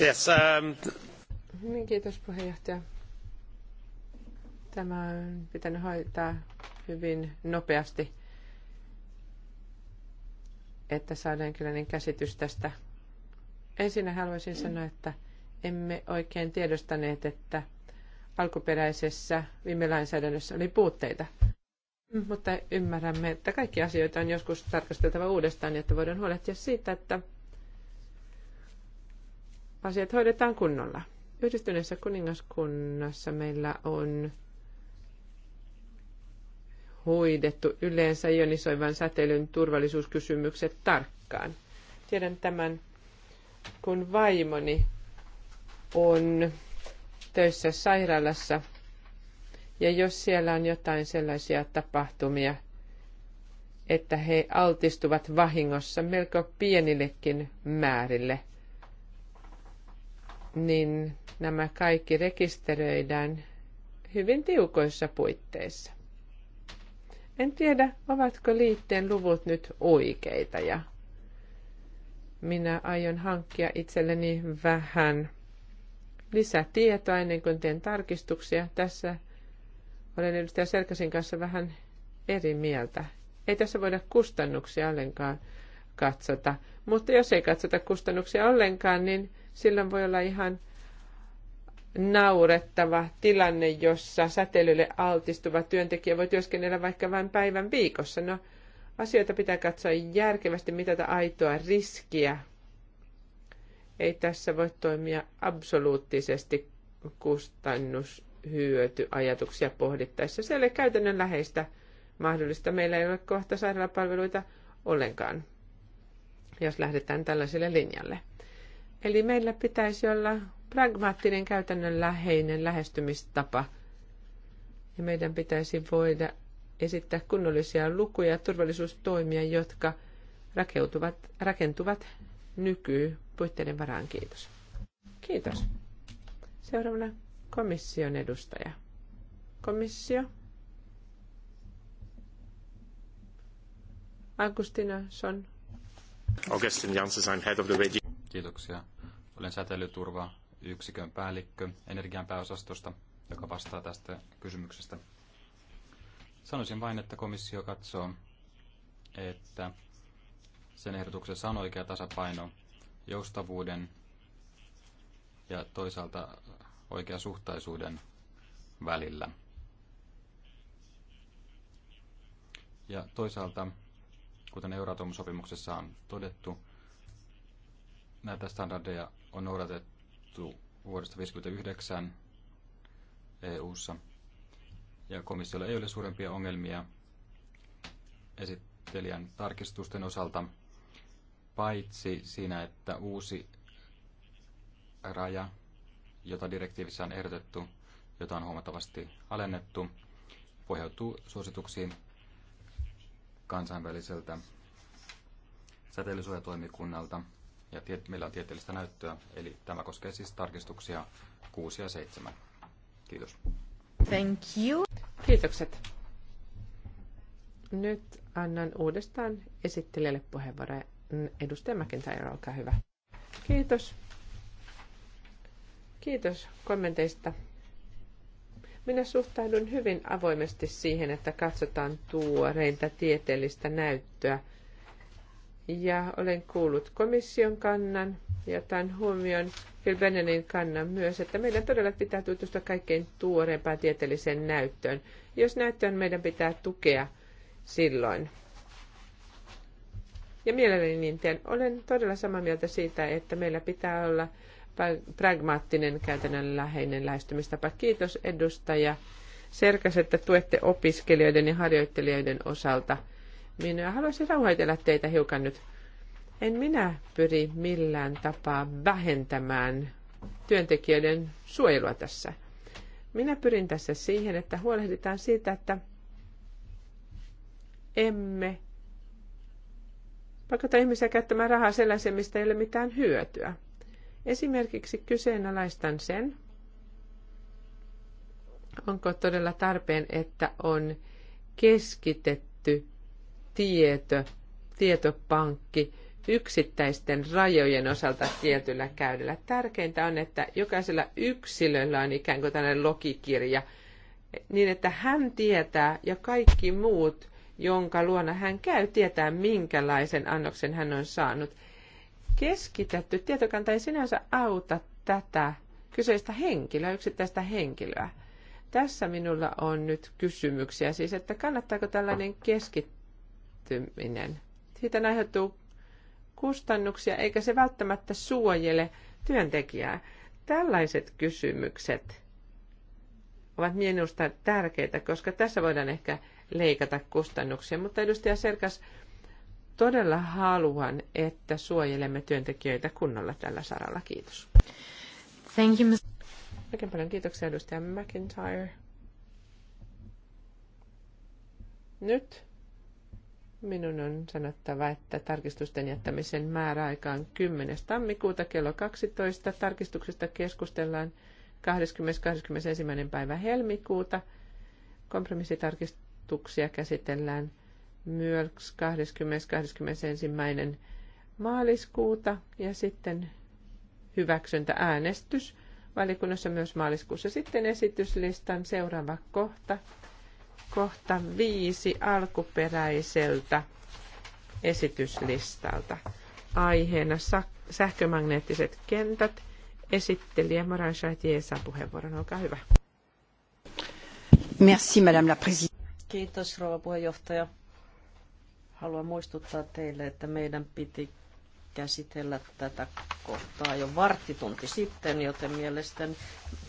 yes, um... Niin, kiitos puheenjohtaja. Tämä on pitänyt hoitaa hyvin nopeasti, että saadaan kyllä niin käsitys tästä Ensin haluaisin sanoa, että emme oikein tiedostaneet, että alkuperäisessä viime lainsäädännössä oli puutteita. Mm, mutta ymmärrämme, että kaikki asioita on joskus tarkasteltava uudestaan, jotta voidaan huolehtia siitä, että asiat hoidetaan kunnolla. Yhdistyneessä kuningaskunnassa meillä on hoidettu yleensä ionisoivan säteilyn turvallisuuskysymykset tarkkaan. Tiedän tämän kun vaimoni on töissä sairaalassa ja jos siellä on jotain sellaisia tapahtumia, että he altistuvat vahingossa melko pienillekin määrille, niin nämä kaikki rekisteröidään hyvin tiukoissa puitteissa. En tiedä, ovatko liitteen luvut nyt oikeita ja minä aion hankkia itselleni vähän lisätietoa ennen kuin teen tarkistuksia. Tässä olen edustaja Selkäsin kanssa vähän eri mieltä. Ei tässä voida kustannuksia ollenkaan katsota. Mutta jos ei katsota kustannuksia ollenkaan, niin silloin voi olla ihan naurettava tilanne, jossa säteilylle altistuva työntekijä voi työskennellä vaikka vain päivän viikossa. No, Asioita pitää katsoa järkevästi, mitata aitoa riskiä. Ei tässä voi toimia absoluuttisesti kustannushyötyajatuksia pohdittaessa. Se ei ole läheistä mahdollista. Meillä ei ole kohta sairaalapalveluita ollenkaan, jos lähdetään tällaiselle linjalle. Eli meillä pitäisi olla pragmaattinen, läheinen lähestymistapa. Ja meidän pitäisi voida esittää kunnollisia lukuja ja turvallisuustoimia, jotka rakeutuvat, rakentuvat nykypuitteiden varaan. Kiitos. Kiitos. Seuraavana komission edustaja. Komissio. Agustina Son. Augustin Janssens, I'm head of the VG. Kiitoksia. Olen säteilyturva yksikön päällikkö energian pääosastosta, joka vastaa tästä kysymyksestä. Sanoisin vain, että komissio katsoo, että sen ehdotuksessa on oikea tasapaino joustavuuden ja toisaalta oikeasuhtaisuuden välillä. Ja toisaalta, kuten Euratom-sopimuksessa on todettu, näitä standardeja on noudatettu vuodesta 1959 EU-ssa – ja komissiolla ei ole suurempia ongelmia esittelijän tarkistusten osalta, paitsi siinä, että uusi raja, jota direktiivissä on ehdotettu, jota on huomattavasti alennettu, pohjautuu suosituksiin kansainväliseltä säteilysuojatoimikunnalta ja meillä on tieteellistä näyttöä. Eli tämä koskee siis tarkistuksia 6 ja 7. Kiitos. Thank you. Kiitokset. Nyt annan uudestaan esittelijälle puheenvuoron. Edustaja McIntyre, olkaa hyvä. Kiitos. Kiitos kommenteista. Minä suhtaudun hyvin avoimesti siihen, että katsotaan tuoreinta tieteellistä näyttöä. Ja olen kuullut komission kannan – ja tämän huomioon Phil Bennenin kannan myös, että meidän todella pitää tutustua kaikkein tuoreempaan tieteelliseen näyttöön. Jos näyttöön meidän pitää tukea silloin. Ja mielelläni niin teen. Olen todella samaa mieltä siitä, että meillä pitää olla pragmaattinen, käytännönläheinen lähestymistapa. Kiitos edustaja Serkäs, että tuette opiskelijoiden ja harjoittelijoiden osalta. Minä haluaisin rauhoitella teitä hiukan nyt. En minä pyri millään tapaa vähentämään työntekijöiden suojelua tässä. Minä pyrin tässä siihen, että huolehditaan siitä, että emme pakota ihmisiä käyttämään rahaa sellaiseen, mistä ei ole mitään hyötyä. Esimerkiksi kyseenalaistan sen, onko todella tarpeen, että on keskitetty tieto, tietopankki, yksittäisten rajojen osalta tietyllä käydellä. Tärkeintä on, että jokaisella yksilöllä on ikään kuin tällainen lokikirja, niin että hän tietää ja kaikki muut, jonka luona hän käy, tietää minkälaisen annoksen hän on saanut. Keskitetty tietokanta ei sinänsä auta tätä kyseistä henkilöä, yksittäistä henkilöä. Tässä minulla on nyt kysymyksiä, siis että kannattaako tällainen keskittyminen? Siitä aiheutuu kustannuksia, eikä se välttämättä suojele työntekijää. Tällaiset kysymykset ovat minusta tärkeitä, koska tässä voidaan ehkä leikata kustannuksia. Mutta edustaja Serkas, todella haluan, että suojelemme työntekijöitä kunnolla tällä saralla. Kiitos. Thank you, Oikein paljon kiitoksia edustaja McIntyre. Nyt Minun on sanottava, että tarkistusten jättämisen määräaika on 10. tammikuuta kello 12. Tarkistuksesta keskustellaan 20.21. päivä helmikuuta. Kompromissitarkistuksia käsitellään myös 20.21. maaliskuuta ja sitten hyväksyntääänestys. Valikunnassa myös maaliskuussa sitten esityslistan seuraava kohta kohta viisi alkuperäiseltä esityslistalta. Aiheena sähkömagneettiset kentät. Esittelijä Moran Chartier saa puheenvuoron. Olkaa hyvä. Merci, Madame la Présidente. Kiitos, rouva puheenjohtaja. Haluan muistuttaa teille, että meidän piti käsitellä tätä kohtaa jo varttitunti sitten, joten mielestäni,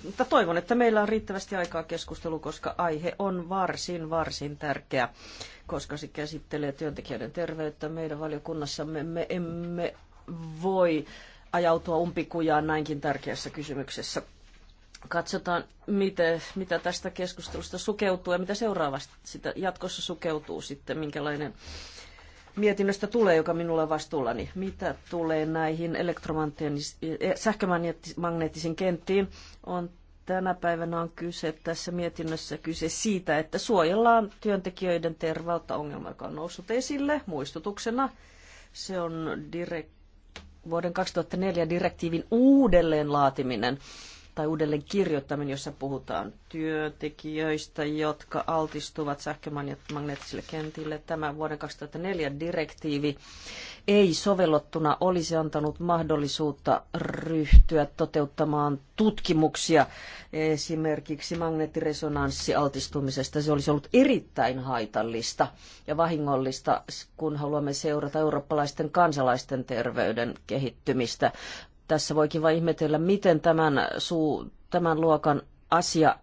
mutta toivon, että meillä on riittävästi aikaa keskustelu, koska aihe on varsin, varsin tärkeä, koska se käsittelee työntekijöiden terveyttä. Meidän valiokunnassamme me emme voi ajautua umpikujaan näinkin tärkeässä kysymyksessä. Katsotaan, mitä, mitä tästä keskustelusta sukeutuu ja mitä seuraavasti sitä jatkossa sukeutuu sitten, minkälainen mietinnöstä tulee, joka minulla on vastuullani. Mitä tulee näihin eh, sähkömagneettisiin kenttiin, on tänä päivänä on kyse tässä mietinnössä kyse siitä, että suojellaan työntekijöiden tervalta ongelma, joka on noussut esille muistutuksena. Se on direk- vuoden 2004 direktiivin uudelleen laatiminen tai uudelleen kirjoittaminen, jossa puhutaan työntekijöistä, jotka altistuvat sähkömagneettisille kentille. Tämä vuoden 2004 direktiivi ei sovellottuna olisi antanut mahdollisuutta ryhtyä toteuttamaan tutkimuksia esimerkiksi magneettiresonanssialtistumisesta. Se olisi ollut erittäin haitallista ja vahingollista, kun haluamme seurata eurooppalaisten kansalaisten terveyden kehittymistä. Tässä voikin vain ihmetellä, miten tämän, suu, tämän luokan asia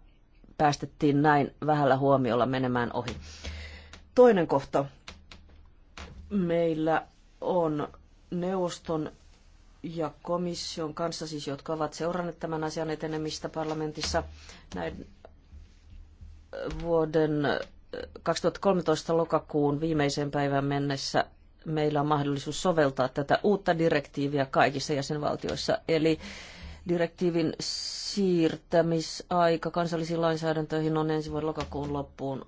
päästettiin näin vähällä huomiolla menemään ohi. Toinen kohta. Meillä on neuvoston ja komission kanssa, siis jotka ovat seuranneet tämän asian etenemistä parlamentissa näin vuoden 2013 eh, lokakuun viimeisen päivän mennessä meillä on mahdollisuus soveltaa tätä uutta direktiiviä kaikissa jäsenvaltioissa. Eli direktiivin siirtämisaika kansallisiin lainsäädäntöihin on ensi vuoden lokakuun loppuun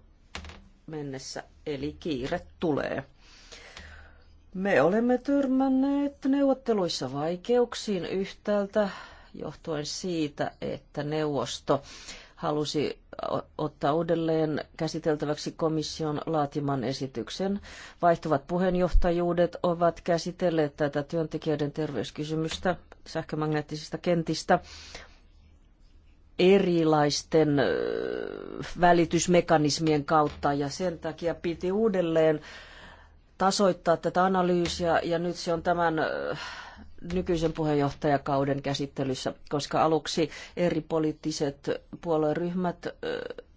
mennessä, eli kiire tulee. Me olemme tyrmänneet neuvotteluissa vaikeuksiin yhtäältä johtuen siitä, että neuvosto halusi ottaa uudelleen käsiteltäväksi komission laatiman esityksen. Vaihtuvat puheenjohtajuudet ovat käsitelleet tätä työntekijöiden terveyskysymystä sähkömagneettisista kentistä erilaisten välitysmekanismien kautta ja sen takia piti uudelleen tasoittaa tätä analyysiä ja nyt se on tämän nykyisen puheenjohtajakauden käsittelyssä, koska aluksi eri poliittiset puolueryhmät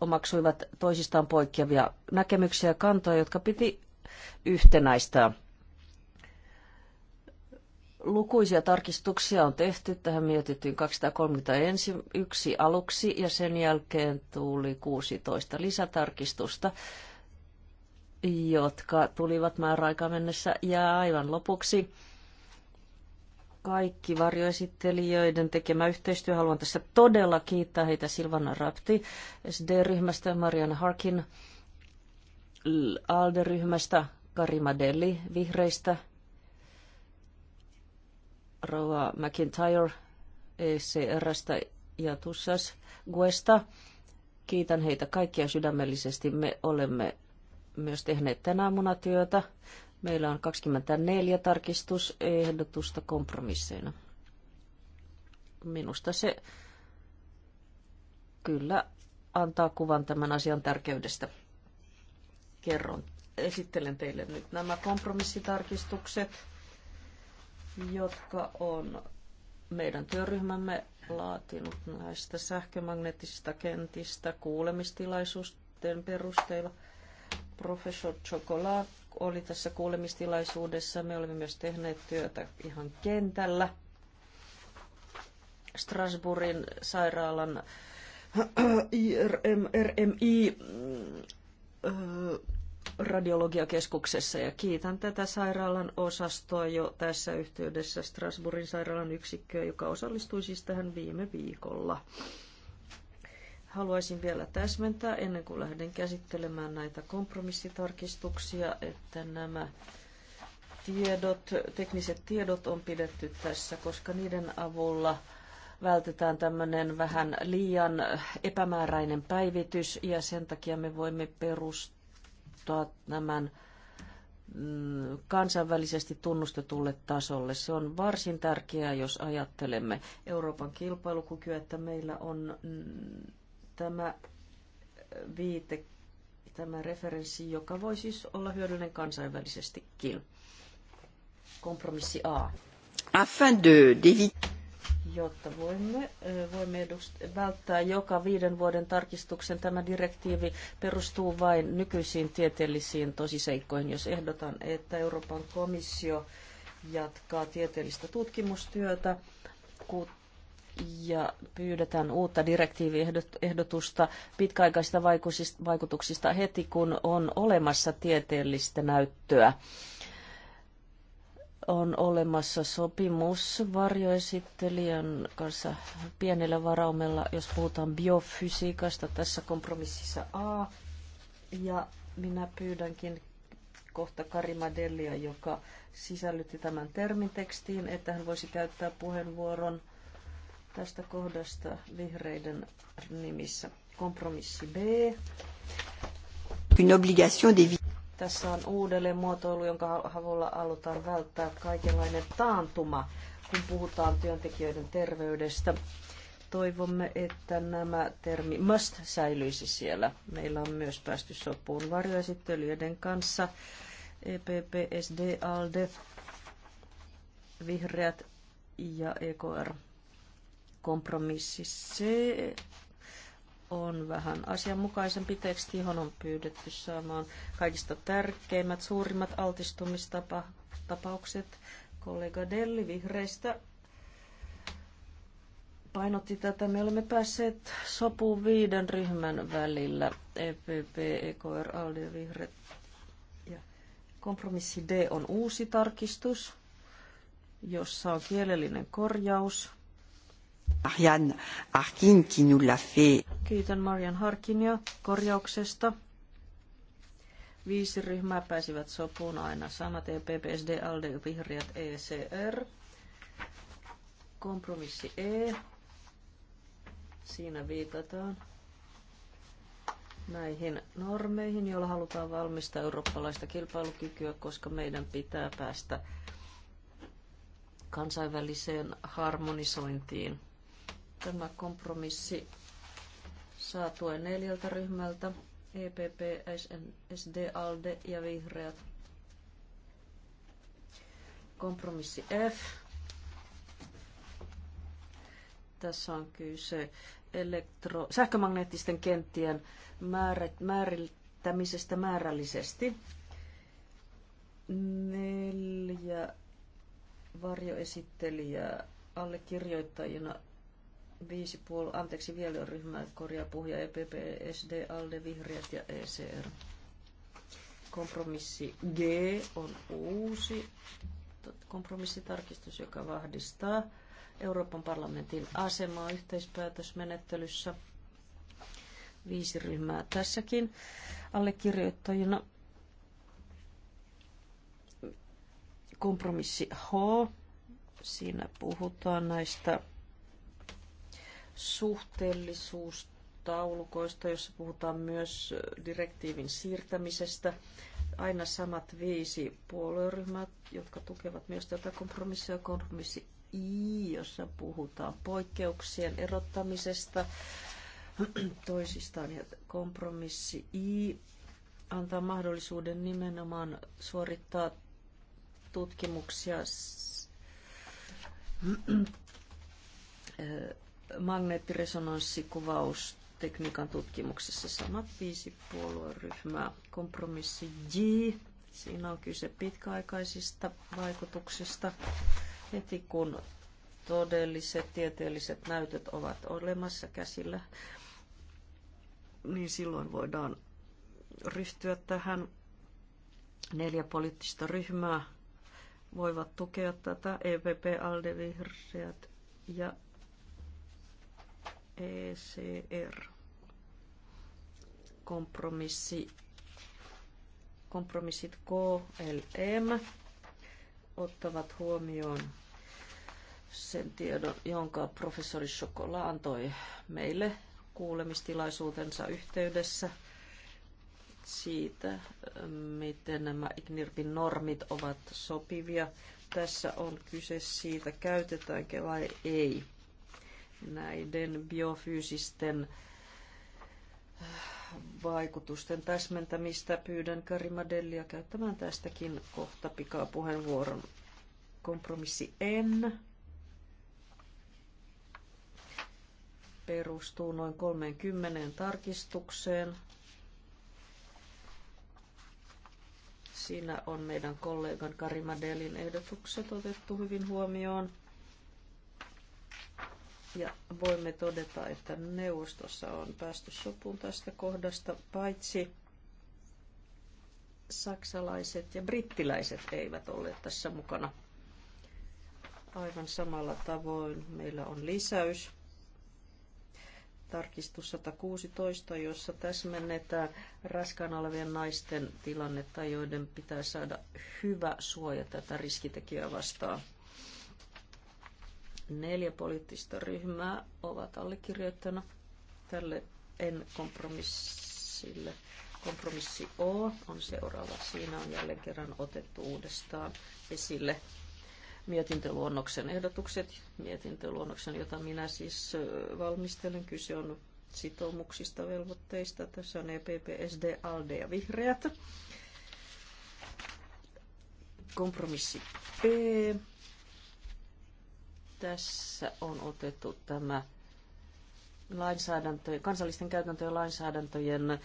omaksuivat toisistaan poikkeavia näkemyksiä ja kantoja, jotka piti yhtenäistää. Lukuisia tarkistuksia on tehty. Tähän mietittiin 231 aluksi ja sen jälkeen tuli 16 lisätarkistusta jotka tulivat määräaikaan mennessä. Ja aivan lopuksi kaikki varjoesittelijöiden tekemä yhteistyö. Haluan tässä todella kiittää heitä Silvana Rapti SD-ryhmästä, Marian Harkin ALDE-ryhmästä, Karima Delli vihreistä, Rova McIntyre ECRstä ja Tussas Guesta. Kiitän heitä kaikkia sydämellisesti. Me olemme myös tehneet tänä aamuna työtä Meillä on 24 tarkistusehdotusta kompromisseina. Minusta se kyllä antaa kuvan tämän asian tärkeydestä. Kerron, esittelen teille nyt nämä kompromissitarkistukset, jotka on meidän työryhmämme laatinut näistä sähkömagneettisista kentistä kuulemistilaisuusten perusteella. Professor Chocolat oli tässä kuulemistilaisuudessa. Me olemme myös tehneet työtä ihan kentällä. Strasbourgin sairaalan IRM, RMI äh, radiologiakeskuksessa ja kiitän tätä sairaalan osastoa jo tässä yhteydessä Strasbourgin sairaalan yksikköä, joka osallistui siis tähän viime viikolla. Haluaisin vielä täsmentää ennen kuin lähden käsittelemään näitä kompromissitarkistuksia, että nämä tiedot, tekniset tiedot on pidetty tässä, koska niiden avulla vältetään tämmöinen vähän liian epämääräinen päivitys ja sen takia me voimme perustaa tämän mm, kansainvälisesti tunnustetulle tasolle. Se on varsin tärkeää, jos ajattelemme Euroopan kilpailukykyä, että meillä on mm, tämä viite, tämä referenssi, joka voi siis olla hyödyllinen kansainvälisestikin. Kompromissi A. Afin de, d'éviter jotta voimme, voimme edust- välttää joka viiden vuoden tarkistuksen. Tämä direktiivi perustuu vain nykyisiin tieteellisiin tosiseikkoihin, jos ehdotan, että Euroopan komissio jatkaa tieteellistä tutkimustyötä ja pyydetään uutta direktiiviehdotusta pitkäaikaisista vaikutuksista heti, kun on olemassa tieteellistä näyttöä. On olemassa sopimus varjoesittelijän kanssa pienellä varaumella, jos puhutaan biofysiikasta tässä kompromississa A. Ja minä pyydänkin kohta Karimadellia, joka sisällytti tämän termin tekstiin, että hän voisi käyttää puheenvuoron – tästä kohdasta vihreiden nimissä. Kompromissi B. Une obligation des Tässä on uudelleen muotoilu, jonka avulla halutaan välttää kaikenlainen taantuma, kun puhutaan työntekijöiden terveydestä. Toivomme, että nämä termi must säilyisi siellä. Meillä on myös päästy sopuun varjoesittelyiden kanssa. EPP, SD, ALDE, Vihreät ja EKR. Kompromissi Se on vähän asianmukaisempi teksti, johon on pyydetty saamaan kaikista tärkeimmät, suurimmat altistumistapaukset. Kollega Delli vihreistä painotti tätä. Me olemme päässeet sopuun viiden ryhmän välillä. EPP, EKR, ALDE ja Vihre. Ja kompromissi D on uusi tarkistus, jossa on kielellinen korjaus – Marianne Harkin, qui nous l'a fait. Kiitän Marian Harkinia korjauksesta. Viisi ryhmää pääsivät sopuun aina samat EPP, SD, ALDE, Vihreät, ECR. Kompromissi E. Siinä viitataan näihin normeihin, joilla halutaan valmistaa eurooppalaista kilpailukykyä, koska meidän pitää päästä kansainväliseen harmonisointiin Tämä kompromissi saa tuen neljältä ryhmältä, EPP, SD, ALDE ja Vihreät. Kompromissi F. Tässä on kyse elektro- sähkömagneettisten kenttien määrät, määrittämisestä määrällisesti. Neljä varjoesittelijää allekirjoittajina Viisi puol, anteeksi, vielä ryhmä korjaa puhuja EPP, SD, ALDE, Vihreät ja ECR. Kompromissi G on uusi kompromissitarkistus, joka vahvistaa Euroopan parlamentin asemaa yhteispäätösmenettelyssä. Viisi ryhmää tässäkin allekirjoittajina. Kompromissi H. Siinä puhutaan näistä suhteellisuustaulukoista, jossa puhutaan myös direktiivin siirtämisestä. Aina samat viisi puolueryhmää, jotka tukevat myös tätä kompromissia, kompromissi I, jossa puhutaan poikkeuksien erottamisesta toisistaan. Ja kompromissi I antaa mahdollisuuden nimenomaan suorittaa tutkimuksia äh, magneettiresonanssikuvaustekniikan tutkimuksessa samat viisi puolueryhmää. Kompromissi J. Siinä on kyse pitkäaikaisista vaikutuksista. Heti kun todelliset tieteelliset näytöt ovat olemassa käsillä, niin silloin voidaan ryhtyä tähän. Neljä poliittista ryhmää voivat tukea tätä, EPP, ALDE, Vihreät ja ECR. Kompromissi, kompromissit KLM ottavat huomioon sen tiedon, jonka professori Chocola antoi meille kuulemistilaisuutensa yhteydessä siitä, miten nämä IGNIRPin normit ovat sopivia. Tässä on kyse siitä, käytetäänkö vai ei näiden biofyysisten äh, vaikutusten täsmentämistä. Pyydän Karimadellia käyttämään tästäkin kohta pikaa puheenvuoron. Kompromissi N perustuu noin 30 tarkistukseen. Siinä on meidän kollegan Karimadelin ehdotukset otettu hyvin huomioon. Ja voimme todeta, että neuvostossa on päästy sopuun tästä kohdasta, paitsi saksalaiset ja brittiläiset eivät ole tässä mukana. Aivan samalla tavoin meillä on lisäys tarkistus 116, jossa täsmennetään raskaan olevien naisten tilannetta, joiden pitää saada hyvä suoja tätä riskitekijää vastaan. Neljä poliittista ryhmää ovat allekirjoittana tälle en kompromissille Kompromissi O on seuraava. Siinä on jälleen kerran otettu uudestaan esille mietintöluonnoksen ehdotukset. Mietintöluonnoksen, jota minä siis valmistelen. Kyse on sitoumuksista, velvoitteista. Tässä on EPP, SD, ALD ja vihreät. Kompromissi P tässä on otettu tämä lainsäädäntö, kansallisten käytäntöjen lainsäädäntöjen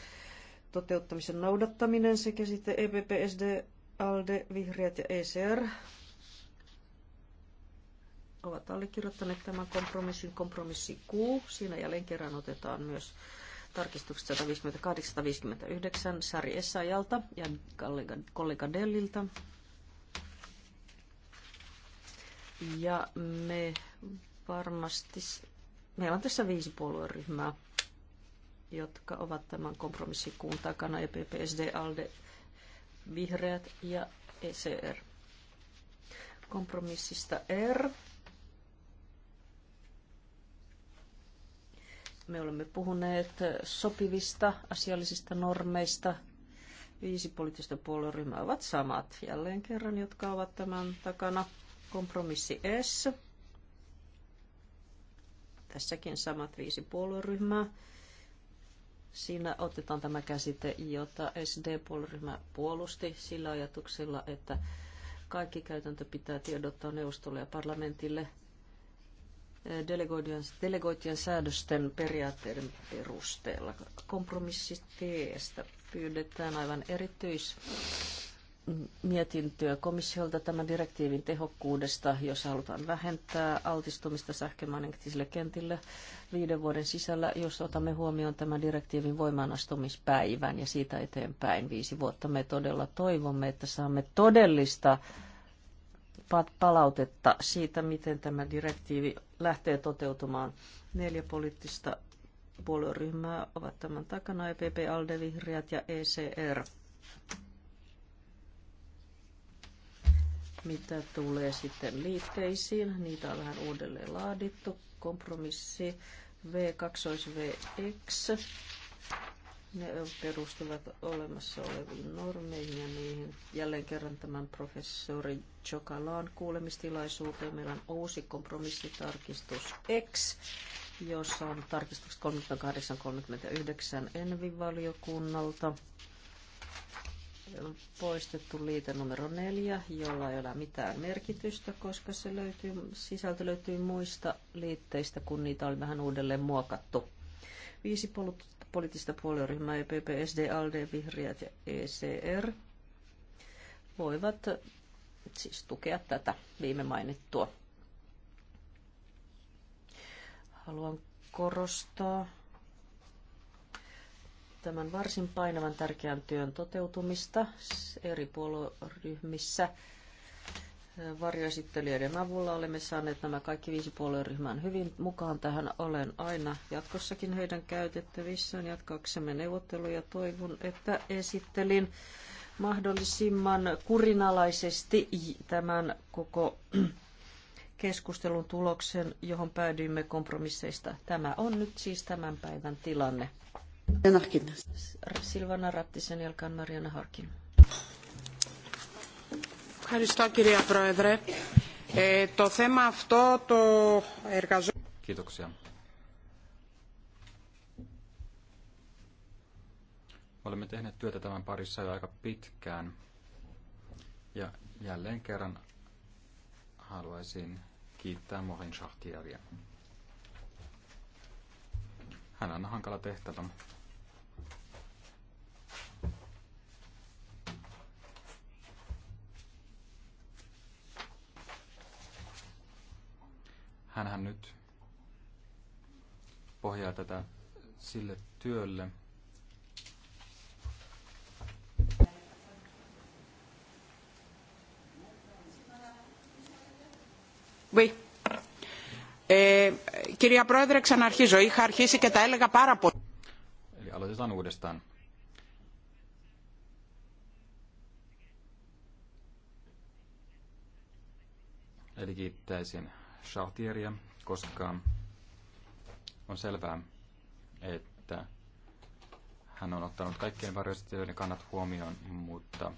toteuttamisen noudattaminen sekä sitten EPP, SD, ALDE, Vihreät ja ECR ovat allekirjoittaneet tämän kompromissin, kompromissi Q. Siinä jälleen kerran otetaan myös tarkistukset 158-159 Sari Essajalta ja kollega Delliltä ja me varmasti, meillä on tässä viisi puolueryhmää, jotka ovat tämän kompromissikuun takana, EPP, SD, ALDE, Vihreät ja ECR. Kompromissista R. Me olemme puhuneet sopivista asiallisista normeista. Viisi poliittista puolueryhmää ovat samat jälleen kerran, jotka ovat tämän takana. Kompromissi S. Tässäkin samat viisi puolueryhmää. Siinä otetaan tämä käsite, jota SD-puolueryhmä puolusti sillä ajatuksella, että kaikki käytäntö pitää tiedottaa neuvostolle ja parlamentille delegoitujen, delegoitujen säädösten periaatteiden perusteella. Kompromissi T pyydetään aivan erityis mietintöä komissiolta tämän direktiivin tehokkuudesta, jos halutaan vähentää altistumista sähkömagneettisille kentille viiden vuoden sisällä, jos otamme huomioon tämän direktiivin voimaanastumispäivän ja siitä eteenpäin viisi vuotta. Me todella toivomme, että saamme todellista palautetta siitä, miten tämä direktiivi lähtee toteutumaan. Neljä poliittista puolueryhmää ovat tämän takana, EPP, ALDE, Vihreät ja ECR. Mitä tulee sitten liitteisiin, niitä on vähän uudelleen laadittu. Kompromissi V2VX. Ne perustuvat olemassa oleviin normeihin ja niihin. Jälleen kerran tämän professori Chokalaan kuulemistilaisuuteen meillä on uusi kompromissitarkistus X, jossa on tarkistukset 38-39 Envivaliokunnalta. valiokunnalta poistettu liite numero neljä, jolla ei ole mitään merkitystä, koska se löytyy, sisältö löytyy muista liitteistä, kun niitä oli vähän uudelleen muokattu. Viisi poliittista puolueryhmää, EPP, SD, ALDE, Vihreät ja ECR, voivat siis tukea tätä viime mainittua. Haluan korostaa tämän varsin painavan tärkeän työn toteutumista eri puolueryhmissä. Varjoesittelijöiden avulla olemme saaneet nämä kaikki viisi puolueryhmää hyvin mukaan tähän. Olen aina jatkossakin heidän käytettävissään jatkaaksemme neuvotteluja. Toivon, että esittelin mahdollisimman kurinalaisesti tämän koko keskustelun tuloksen, johon päädyimme kompromisseista. Tämä on nyt siis tämän päivän tilanne. Silvana Rattisen jälkeen Mariana Harkin. Ευχαριστώ κυρία Πρόεδρε. Ε, το θέμα αυτό το εργαζόμενο... Olemme tehneet työtä tämän parissa jo aika pitkään. Ja jälleen kerran haluaisin kiittää Morin Schachtiaria. Hän on hankala tehtävä, Hänhän nyt pohjaa tätä sille työlle, Oui. Ε, κυρία Πρόεδρε, ξαναρχίζω. Είχα αρχίσει και τα έλεγα πάρα πολύ. Eli aloitetaan uudestaan. Eli kiittäisin Chartieria, koska on selvää, että hän on ottanut kaikkien varjoesittelijöiden kannat huomioon, mutta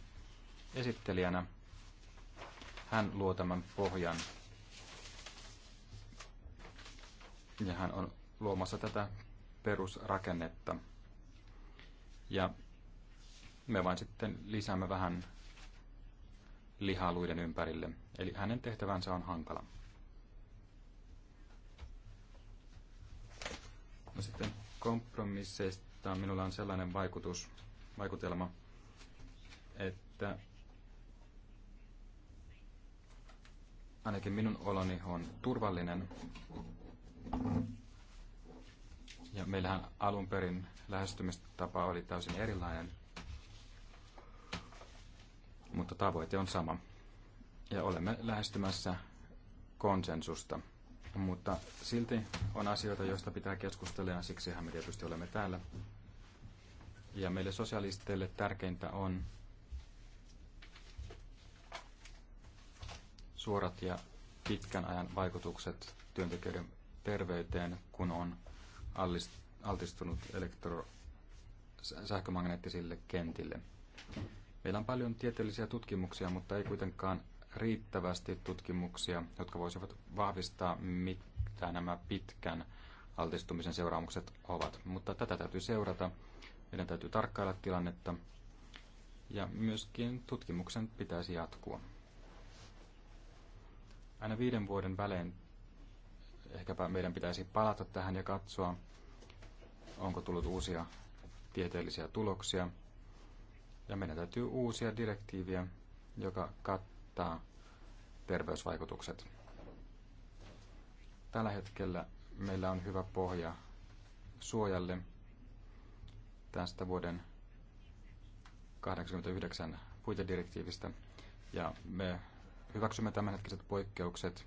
esittelijänä hän luo tämän pohjan ja hän on luomassa tätä perusrakennetta. Ja me vain sitten lisäämme vähän lihaluiden ympärille. Eli hänen tehtävänsä on hankala. No sitten kompromisseista minulla on sellainen vaikutus, vaikutelma, että ainakin minun oloni on turvallinen. Ja meillähän alun perin lähestymistapa oli täysin erilainen, mutta tavoite on sama. Ja olemme lähestymässä konsensusta. Mutta silti on asioita, joista pitää keskustella ja siksihän me tietysti olemme täällä. Ja meille sosialisteille tärkeintä on suorat ja pitkän ajan vaikutukset työntekijöiden terveyteen, kun on altistunut elektro- sähkömagneettisille kentille. Meillä on paljon tieteellisiä tutkimuksia, mutta ei kuitenkaan riittävästi tutkimuksia, jotka voisivat vahvistaa, mitä nämä pitkän altistumisen seuraamukset ovat. Mutta tätä täytyy seurata. Meidän täytyy tarkkailla tilannetta. Ja myöskin tutkimuksen pitäisi jatkua. Aina viiden vuoden välein ehkäpä meidän pitäisi palata tähän ja katsoa, onko tullut uusia tieteellisiä tuloksia. Ja meidän täytyy uusia direktiiviä, joka katsoo, kattaa terveysvaikutukset. Tällä hetkellä meillä on hyvä pohja suojalle tästä vuoden 89 puitedirektiivistä. Ja me hyväksymme tämänhetkiset poikkeukset.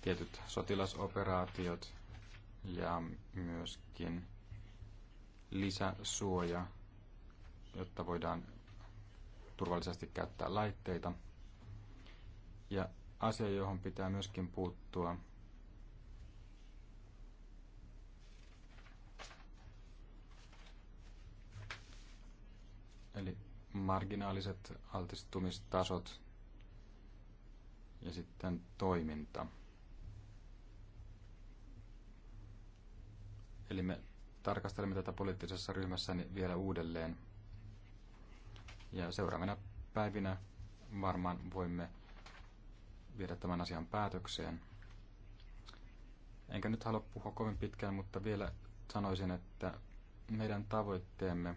Tietyt sotilasoperaatiot ja myöskin lisäsuoja, jotta voidaan turvallisesti käyttää laitteita. Ja asia, johon pitää myöskin puuttua, eli marginaaliset altistumistasot ja sitten toiminta. Eli me tarkastelemme tätä poliittisessa ryhmässäni vielä uudelleen. Ja seuraavina päivinä varmaan voimme viedä tämän asian päätökseen. Enkä nyt halua puhua kovin pitkään, mutta vielä sanoisin, että meidän tavoitteemme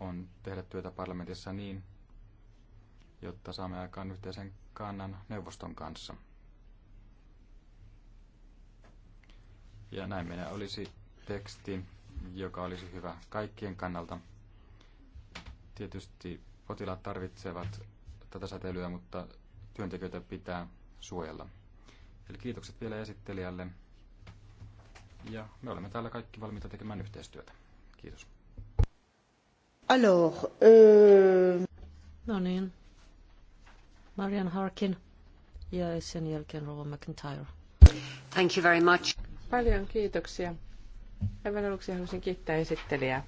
on tehdä työtä parlamentissa niin, jotta saamme aikaan yhteisen kannan neuvoston kanssa – Ja näin meillä olisi teksti, joka olisi hyvä kaikkien kannalta. Tietysti potilaat tarvitsevat tätä säteilyä, mutta työntekijöitä pitää suojella. Eli kiitokset vielä esittelijälle. Ja me olemme täällä kaikki valmiita tekemään yhteistyötä. Kiitos. Alors, euh... No niin. Marian Harkin ja sen jälkeen Rova McIntyre. Thank you very much. Paljon kiitoksia. Aivan aluksi haluaisin kiittää esittelijää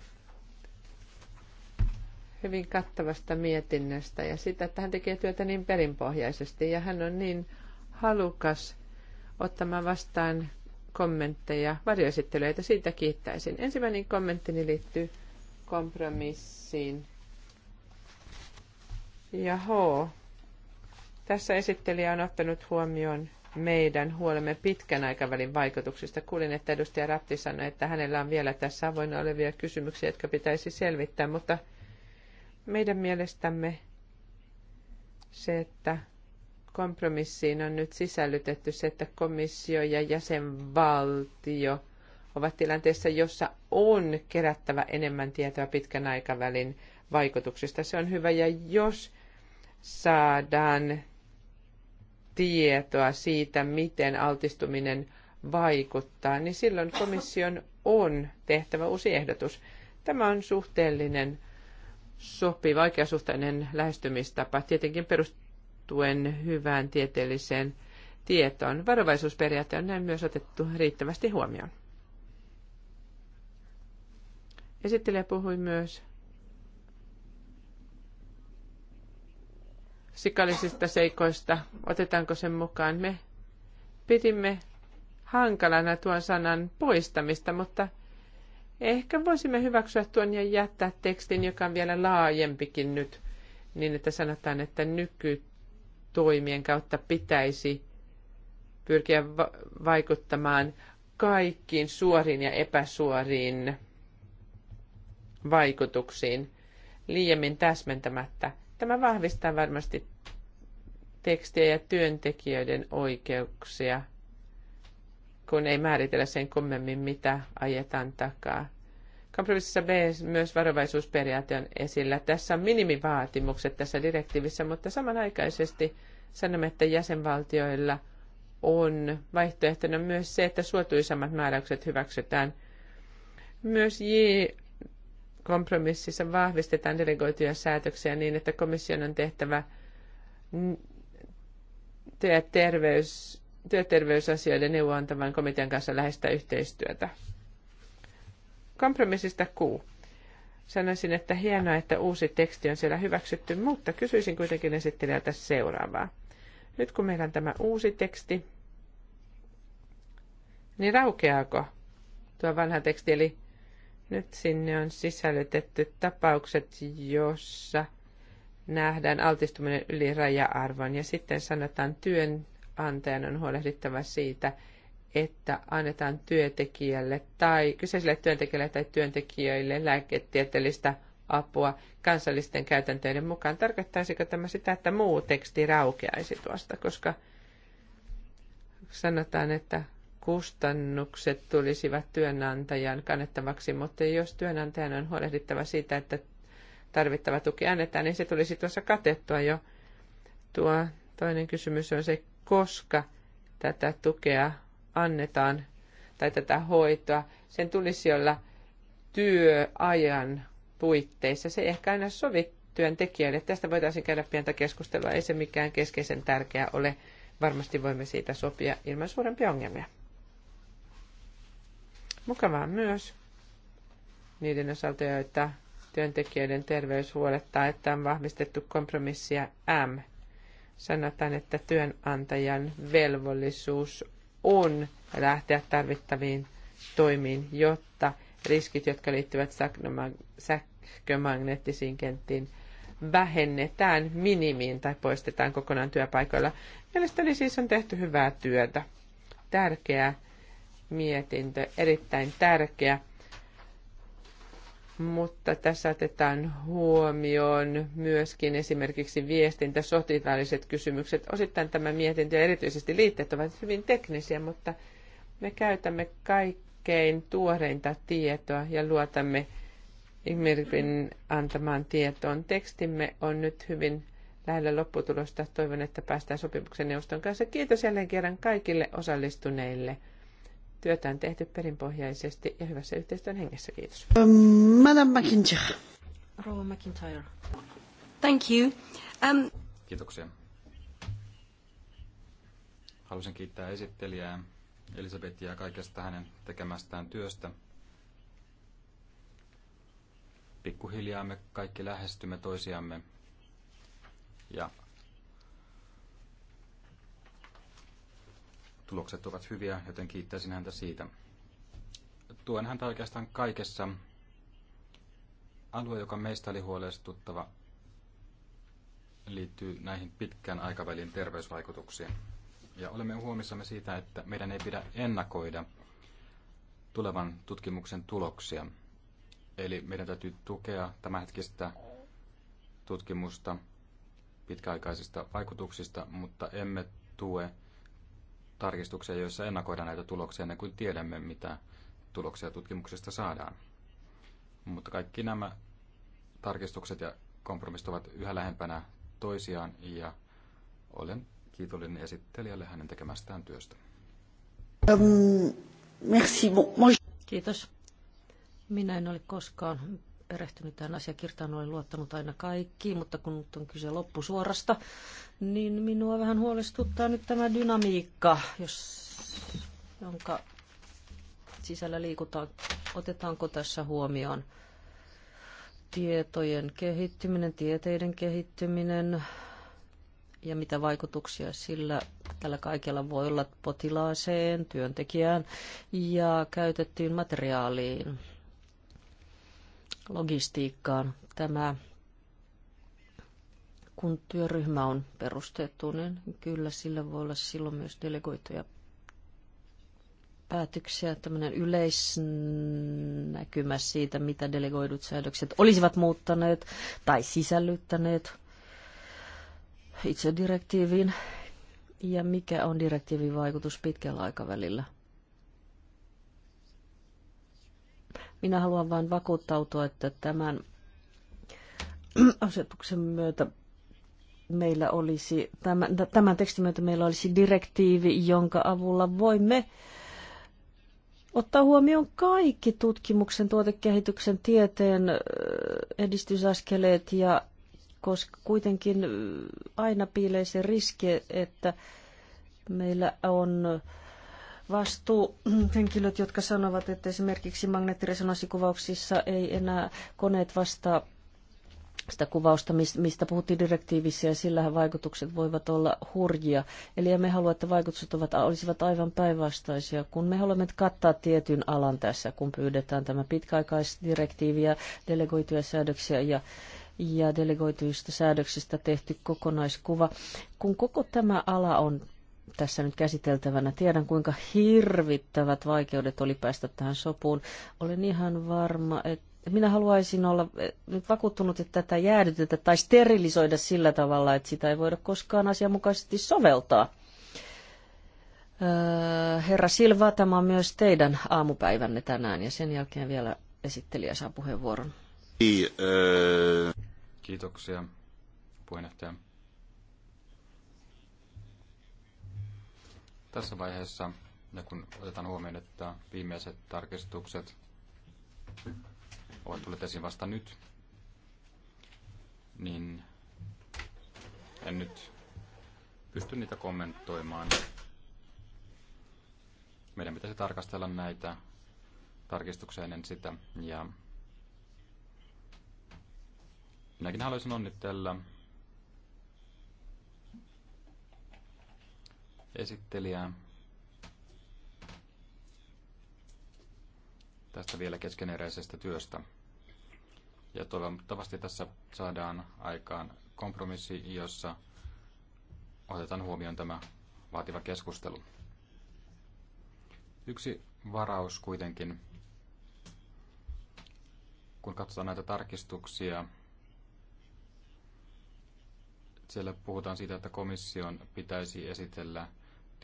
hyvin kattavasta mietinnöstä ja sitä, että hän tekee työtä niin perinpohjaisesti ja hän on niin halukas ottamaan vastaan kommentteja, varjoesittelyitä, siitä kiittäisin. Ensimmäinen kommenttini liittyy kompromissiin. Ja H. Tässä esittelijä on ottanut huomioon meidän huolemme pitkän aikavälin vaikutuksista. Kuulin, että edustaja Ratti sanoi, että hänellä on vielä tässä avoinna olevia kysymyksiä, jotka pitäisi selvittää, mutta meidän mielestämme se, että kompromissiin on nyt sisällytetty se, että komissio ja jäsenvaltio ovat tilanteessa, jossa on kerättävä enemmän tietoa pitkän aikavälin vaikutuksista. Se on hyvä, ja jos saadaan tietoa siitä, miten altistuminen vaikuttaa, niin silloin komission on tehtävä uusi ehdotus. Tämä on suhteellinen, sopiva, vaikeasuhtainen lähestymistapa, tietenkin perustuen hyvään tieteelliseen tietoon. Varovaisuusperiaate on näin myös otettu riittävästi huomioon. Esittelijä puhui myös sikallisista seikoista, otetaanko sen mukaan. Me pidimme hankalana tuon sanan poistamista, mutta ehkä voisimme hyväksyä tuon ja jättää tekstin, joka on vielä laajempikin nyt, niin että sanotaan, että nykytoimien kautta pitäisi pyrkiä va- vaikuttamaan kaikkiin suoriin ja epäsuoriin vaikutuksiin liiemmin täsmentämättä – Tämä vahvistaa varmasti tekstiä ja työntekijöiden oikeuksia, kun ei määritellä sen kummemmin, mitä ajetaan takaa. Kompromississa B myös varovaisuusperiaate on esillä. Tässä on minimivaatimukset tässä direktiivissä, mutta samanaikaisesti sanomme, että jäsenvaltioilla on vaihtoehtona myös se, että suotuisammat määräykset hyväksytään. Myös j kompromississa vahvistetaan delegoituja säätöksiä niin, että komission on tehtävä työterveys, työterveysasioiden neuvontavan komitean kanssa lähestää yhteistyötä. Kompromissista Q. Sanoisin, että hienoa, että uusi teksti on siellä hyväksytty, mutta kysyisin kuitenkin esittelijältä seuraavaa. Nyt kun meillä on tämä uusi teksti, niin raukeaako tuo vanha teksti, eli nyt sinne on sisällytetty tapaukset, jossa nähdään altistuminen yli raja-arvon ja sitten sanotaan työnantajan on huolehdittava siitä, että annetaan työntekijälle tai kyseiselle työntekijälle tai työntekijöille lääketieteellistä apua kansallisten käytäntöiden mukaan. Tarkoittaisiko tämä sitä, että muu teksti raukeaisi tuosta, koska sanotaan, että kustannukset tulisivat työnantajan kannettavaksi, mutta jos työnantajan on huolehdittava siitä, että tarvittava tuki annetaan, niin se tulisi tuossa katettua jo. Tuo toinen kysymys on se, koska tätä tukea annetaan tai tätä hoitoa. Sen tulisi olla työajan puitteissa. Se ei ehkä aina sovi työntekijöille. Tästä voitaisiin käydä pientä keskustelua. Ei se mikään keskeisen tärkeä ole. Varmasti voimme siitä sopia ilman suurempia ongelmia. Mukavaa myös niiden osalta, joita työntekijöiden terveys huolettaa, että on vahvistettu kompromissia M. Sanotaan, että työnantajan velvollisuus on lähteä tarvittaviin toimiin, jotta riskit, jotka liittyvät sähkömagneettisiin kenttiin, vähennetään minimiin tai poistetaan kokonaan työpaikoilla. Mielestäni siis on tehty hyvää työtä. Tärkeää, mietintö, erittäin tärkeä. Mutta tässä otetaan huomioon myöskin esimerkiksi viestintä, sotilaalliset kysymykset. Osittain tämä mietintö ja erityisesti liitteet ovat hyvin teknisiä, mutta me käytämme kaikkein tuoreinta tietoa ja luotamme Imirpin antamaan tietoon. Tekstimme on nyt hyvin lähellä lopputulosta. Toivon, että päästään sopimuksen neuvoston kanssa. Kiitos jälleen kerran kaikille osallistuneille. Työtä on tehty perinpohjaisesti ja hyvässä yhteistyön hengessä. Kiitos. Ähm, Madam McIntyre. Rouva McIntyre. Thank you. Um... Kiitoksia. Haluaisin kiittää esittelijää Elisabetia kaikesta hänen tekemästään työstä. Pikkuhiljaa me kaikki lähestymme toisiamme ja tulokset ovat hyviä, joten kiittäisin häntä siitä. Tuen häntä oikeastaan kaikessa. Alue, joka meistä oli huolestuttava, liittyy näihin pitkän aikavälin terveysvaikutuksiin. Ja olemme huomissamme siitä, että meidän ei pidä ennakoida tulevan tutkimuksen tuloksia. Eli meidän täytyy tukea tämänhetkistä tutkimusta pitkäaikaisista vaikutuksista, mutta emme tue tarkistuksia, joissa ennakoidaan näitä tuloksia ennen kuin tiedämme, mitä tuloksia tutkimuksesta saadaan. Mutta kaikki nämä tarkistukset ja kompromissit ovat yhä lähempänä toisiaan ja olen kiitollinen esittelijälle hänen tekemästään työstä. Ähm, Kiitos. Minä en ole koskaan erehtynyt tähän asiakirtaan, olen luottanut aina kaikkiin, mutta kun nyt on kyse loppusuorasta, niin minua vähän huolestuttaa nyt tämä dynamiikka, jos, jonka sisällä liikutaan. Otetaanko tässä huomioon tietojen kehittyminen, tieteiden kehittyminen ja mitä vaikutuksia sillä tällä kaikella voi olla potilaaseen, työntekijään ja käytettyyn materiaaliin? logistiikkaan. Tämä, kun työryhmä on perustettu, niin kyllä sillä voi olla silloin myös delegoituja päätöksiä, tämmöinen yleisnäkymä siitä, mitä delegoidut säädökset olisivat muuttaneet tai sisällyttäneet itse direktiiviin ja mikä on direktiivin vaikutus pitkällä aikavälillä. Minä haluan vain vakuuttautua, että tämän asetuksen myötä meillä olisi, tämän, tämän tekstin myötä meillä olisi direktiivi, jonka avulla voimme ottaa huomioon kaikki tutkimuksen, tuotekehityksen, tieteen edistysaskeleet ja koska kuitenkin aina piilee se riski, että meillä on äh, vastuuhenkilöt, jotka sanovat, että esimerkiksi magneettiresonanssikuvauksissa ei enää koneet vastaa sitä kuvausta, mistä puhuttiin direktiivissä, ja sillähän vaikutukset voivat olla hurjia. Eli emme halua, että vaikutukset ovat, olisivat aivan päinvastaisia, kun me haluamme kattaa tietyn alan tässä, kun pyydetään tämä pitkäaikaisdirektiivi ja delegoituja säädöksiä ja ja delegoituista säädöksistä tehty kokonaiskuva. Kun koko tämä ala on tässä nyt käsiteltävänä. Tiedän, kuinka hirvittävät vaikeudet oli päästä tähän sopuun. Olen ihan varma, että minä haluaisin olla eh, nyt vakuuttunut, että tätä jäädytetä tai sterilisoida sillä tavalla, että sitä ei voida koskaan asianmukaisesti soveltaa. Öö, herra Silva, tämä on myös teidän aamupäivänne tänään ja sen jälkeen vielä esittelijä saa puheenvuoron. Niin, öö. Kiitoksia puheenjohtaja. Tässä vaiheessa, ja kun otetaan huomioon, että viimeiset tarkistukset ovat tulleet esiin vasta nyt, niin en nyt pysty niitä kommentoimaan. Meidän pitäisi tarkastella näitä tarkistuksia ennen sitä. Ja minäkin haluaisin onnitella esittelijää. tästä vielä keskeneräisestä työstä. Ja toivottavasti tässä saadaan aikaan kompromissi, jossa otetaan huomioon tämä vaativa keskustelu. Yksi varaus kuitenkin, kun katsotaan näitä tarkistuksia, siellä puhutaan siitä, että komission pitäisi esitellä –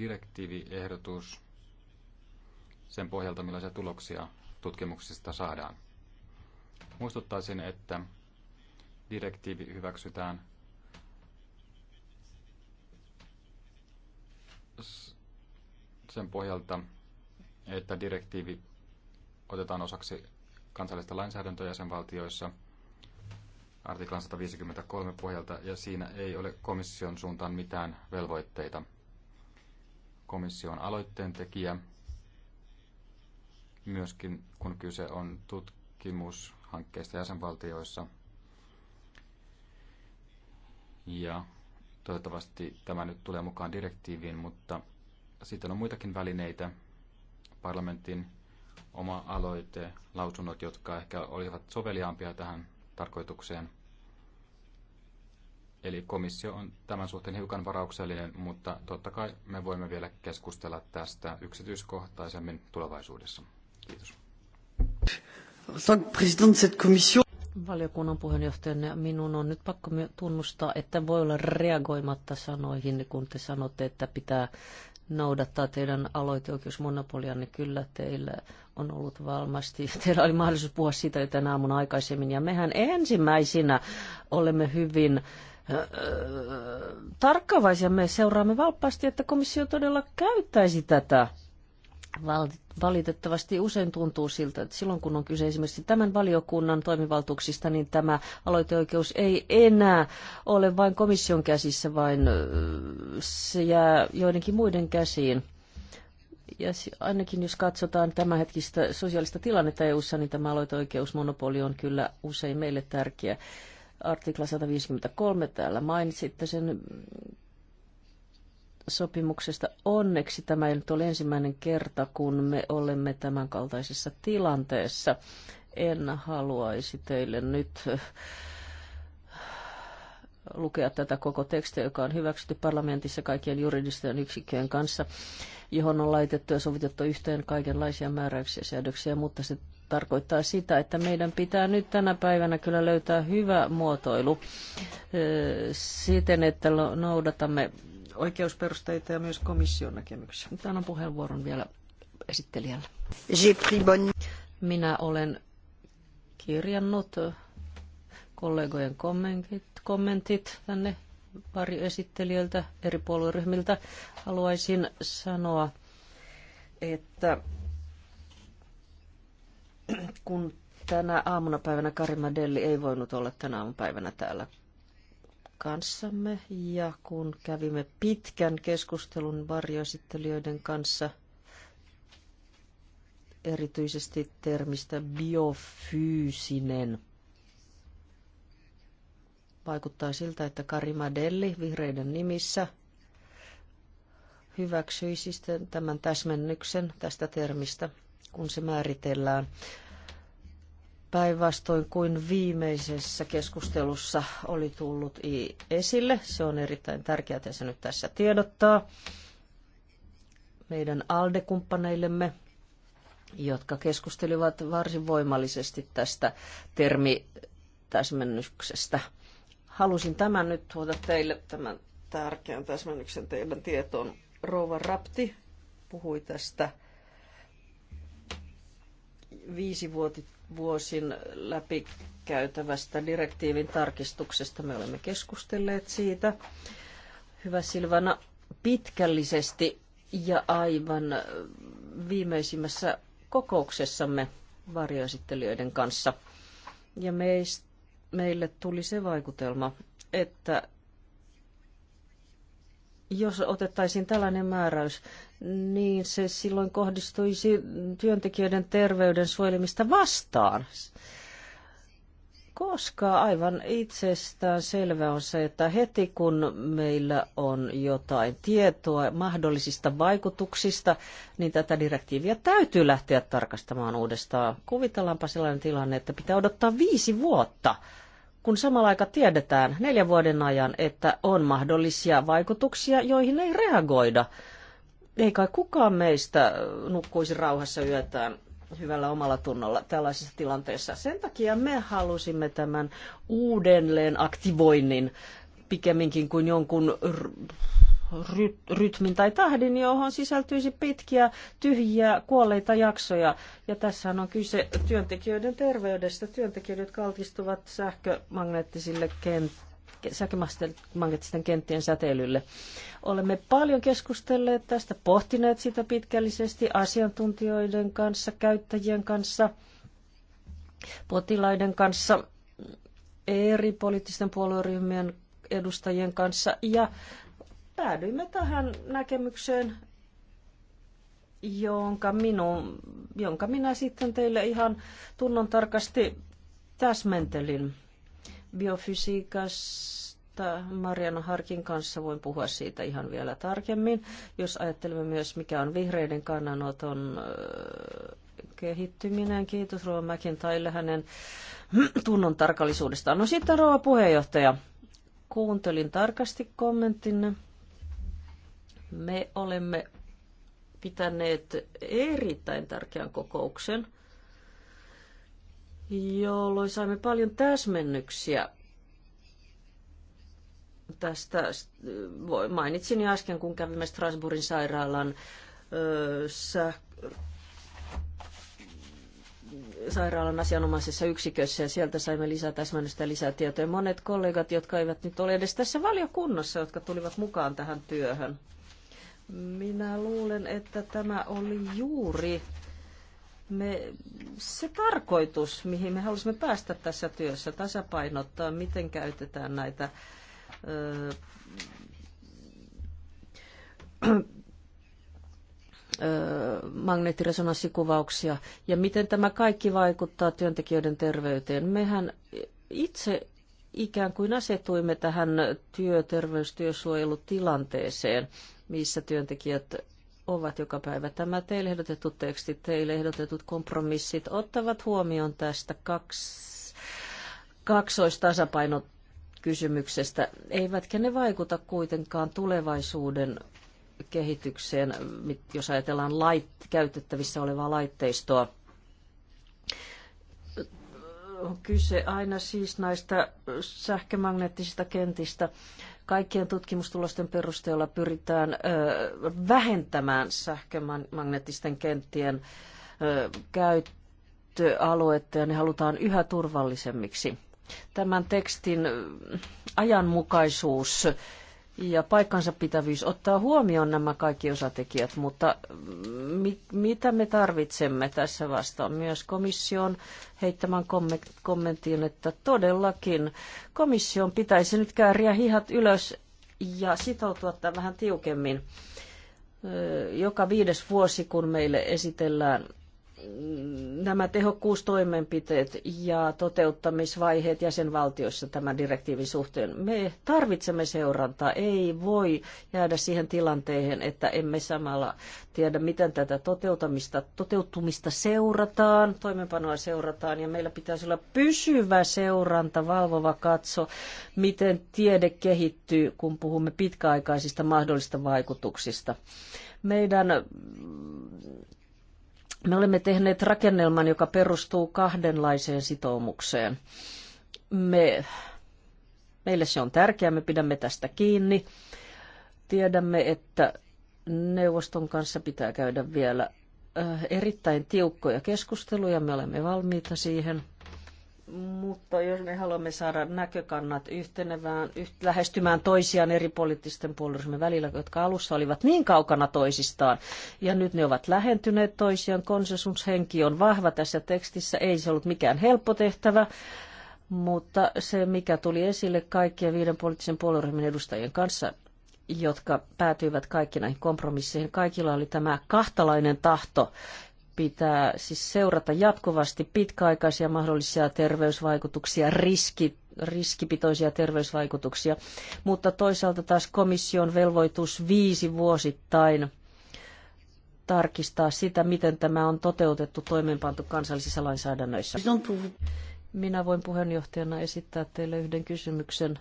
direktiiviehdotus sen pohjalta, millaisia tuloksia tutkimuksista saadaan. Muistuttaisin, että direktiivi hyväksytään sen pohjalta, että direktiivi otetaan osaksi kansallista lainsäädäntöä jäsenvaltioissa artiklan 153 pohjalta, ja siinä ei ole komission suuntaan mitään velvoitteita. Komissio on aloitteen tekijä, myöskin kun kyse on tutkimushankkeista jäsenvaltioissa. Ja toivottavasti tämä nyt tulee mukaan direktiiviin, mutta sitten on muitakin välineitä. Parlamentin oma aloite, lausunnot, jotka ehkä olivat soveliaampia tähän tarkoitukseen – Eli komissio on tämän suhteen hiukan varauksellinen, mutta totta kai me voimme vielä keskustella tästä yksityiskohtaisemmin tulevaisuudessa. Kiitos. Valiokunnan puheenjohtajana minun on nyt pakko tunnustaa, että voi olla reagoimatta sanoihin, kun te sanotte, että pitää noudattaa teidän aloiteoikeusmonopolianne. Niin kyllä teillä on ollut valmasti teillä oli mahdollisuus puhua siitä jo tänä aamuna aikaisemmin. Ja mehän ensimmäisinä olemme hyvin äh, tarkkavaisia. Me seuraamme valppaasti, että komissio todella käyttäisi tätä. Valitettavasti usein tuntuu siltä, että silloin kun on kyse esimerkiksi tämän valiokunnan toimivaltuuksista, niin tämä aloiteoikeus ei enää ole vain komission käsissä, vaan se jää joidenkin muiden käsiin ja ainakin jos katsotaan tämänhetkistä sosiaalista tilannetta EU-ssa, niin tämä aloiteoikeusmonopoli on kyllä usein meille tärkeä. Artikla 153 täällä mainitsitte sen sopimuksesta. Onneksi tämä ei nyt ole ensimmäinen kerta, kun me olemme tämänkaltaisessa tilanteessa. En haluaisi teille nyt lukea tätä koko tekstiä, joka on hyväksytty parlamentissa kaikkien juridisten yksikköjen kanssa, johon on laitettu ja sovitettu yhteen kaikenlaisia määräyksiä ja säädöksiä, mutta se tarkoittaa sitä, että meidän pitää nyt tänä päivänä kyllä löytää hyvä muotoilu eh, siten, että noudatamme oikeusperusteita ja myös komission näkemyksiä. Tämä on puheenvuoron vielä esittelijällä. Minä olen kirjannut kollegojen kommentit, kommentit tänne pari esittelijöiltä eri puolueryhmiltä. Haluaisin sanoa, että kun tänä aamuna päivänä Karima Delli ei voinut olla tänä aamupäivänä täällä kanssamme ja kun kävimme pitkän keskustelun varjoesittelijöiden kanssa erityisesti termistä biofyysinen – Vaikuttaa siltä, että Karima Delli vihreiden nimissä hyväksyisi sitten tämän täsmennyksen tästä termistä, kun se määritellään päinvastoin kuin viimeisessä keskustelussa oli tullut esille. Se on erittäin tärkeää että se nyt tässä tiedottaa meidän ALDE-kumppaneillemme, jotka keskustelivat varsin voimallisesti tästä termitäsmennyksestä. Halusin tämän nyt tuoda teille tämän tärkeän täsmennyksen teidän tietoon. Rouva Rapti puhui tästä viisi vuosin läpikäytävästä direktiivin tarkistuksesta. Me olemme keskustelleet siitä. Hyvä Silvana, pitkällisesti ja aivan viimeisimmässä kokouksessamme varjoesittelijöiden kanssa. Ja meistä meille tuli se vaikutelma, että jos otettaisiin tällainen määräys, niin se silloin kohdistuisi työntekijöiden terveyden suojelemista vastaan koska aivan itsestään selvä on se, että heti kun meillä on jotain tietoa mahdollisista vaikutuksista, niin tätä direktiiviä täytyy lähteä tarkastamaan uudestaan. Kuvitellaanpa sellainen tilanne, että pitää odottaa viisi vuotta, kun samalla aika tiedetään neljän vuoden ajan, että on mahdollisia vaikutuksia, joihin ei reagoida. Ei kai kukaan meistä nukkuisi rauhassa yötään hyvällä omalla tunnolla tällaisessa tilanteessa. Sen takia me halusimme tämän uudelleen aktivoinnin pikemminkin kuin jonkun rytmin tai tahdin, johon sisältyisi pitkiä, tyhjiä, kuolleita jaksoja. Ja tässä on kyse työntekijöiden terveydestä, työntekijöiden, jotka altistuvat sähkömagneettisille kentille säkemäisten kenttien säteilylle. Olemme paljon keskustelleet tästä, pohtineet sitä pitkällisesti asiantuntijoiden kanssa, käyttäjien kanssa, potilaiden kanssa, eri poliittisten puolueryhmien edustajien kanssa ja päädyimme tähän näkemykseen, jonka, minun, jonka minä sitten teille ihan tunnon tarkasti täsmentelin biofysiikasta. Mariana Harkin kanssa voin puhua siitä ihan vielä tarkemmin. Jos ajattelemme myös, mikä on vihreiden kannanoton kehittyminen. Kiitos Rova McIntyre hänen tunnon tarkallisuudestaan. No sitten Rova puheenjohtaja, kuuntelin tarkasti kommenttinne. Me olemme pitäneet erittäin tärkeän kokouksen – jolloin saimme paljon täsmennyksiä tästä. Mainitsin jo äsken, kun kävimme Strasbourgin sairaalan sä, sairaalan asianomaisessa yksikössä ja sieltä saimme lisää täsmennystä ja lisää tietoja. Monet kollegat, jotka eivät nyt ole edes tässä valiokunnassa, jotka tulivat mukaan tähän työhön. Minä luulen, että tämä oli juuri me, se tarkoitus, mihin me halusimme päästä tässä työssä, tasapainottaa, miten käytetään näitä öö, magneettiresonanssikuvauksia ja miten tämä kaikki vaikuttaa työntekijöiden terveyteen. Mehän itse ikään kuin asetuimme tähän työterveystyösuojelutilanteeseen, missä työntekijät ovat joka päivä. Tämä teille ehdotettu tekstit, teille ehdotetut kompromissit ottavat huomioon tästä kaksi, kaksoistasapainokysymyksestä, eivätkä ne vaikuta kuitenkaan tulevaisuuden kehitykseen, jos ajatellaan lait, käytettävissä olevaa laitteistoa on kyse aina siis näistä sähkömagneettisista kentistä. Kaikkien tutkimustulosten perusteella pyritään vähentämään sähkömagneettisten kenttien käyttöaluetta ja ne halutaan yhä turvallisemmiksi. Tämän tekstin ajanmukaisuus ja paikkansa pitävyys ottaa huomioon nämä kaikki osatekijät, mutta mm, mi- mitä me tarvitsemme tässä vastaan? Myös komission heittämän kommentin, että todellakin komission pitäisi nyt kääriä hihat ylös ja sitoutua tähän vähän tiukemmin. Joka viides vuosi, kun meille esitellään nämä tehokkuustoimenpiteet ja toteuttamisvaiheet jäsenvaltioissa tämän direktiivin suhteen. Me tarvitsemme seurantaa. Ei voi jäädä siihen tilanteeseen, että emme samalla tiedä, miten tätä toteutumista, toteutumista seurataan, toimenpanoa seurataan. Ja meillä pitäisi olla pysyvä seuranta, valvova katso, miten tiede kehittyy, kun puhumme pitkäaikaisista mahdollisista vaikutuksista. Meidän me olemme tehneet rakennelman, joka perustuu kahdenlaiseen sitoumukseen. Me, meille se on tärkeää, me pidämme tästä kiinni. Tiedämme, että neuvoston kanssa pitää käydä vielä erittäin tiukkoja keskusteluja, me olemme valmiita siihen – mutta jos me haluamme saada näkökannat yhtenevään, yht, lähestymään toisiaan eri poliittisten puolueiden välillä, jotka alussa olivat niin kaukana toisistaan, ja nyt ne ovat lähentyneet toisiaan, konsensushenki on vahva tässä tekstissä, ei se ollut mikään helppo tehtävä, mutta se, mikä tuli esille kaikkien viiden poliittisen puolueen edustajien kanssa, jotka päätyivät kaikki näihin kompromisseihin, kaikilla oli tämä kahtalainen tahto pitää siis seurata jatkuvasti pitkäaikaisia mahdollisia terveysvaikutuksia, riski, riskipitoisia terveysvaikutuksia, mutta toisaalta taas komission velvoitus viisi vuosittain tarkistaa sitä, miten tämä on toteutettu toimeenpantu kansallisissa lainsäädännöissä. Minä voin puheenjohtajana esittää teille yhden kysymyksen.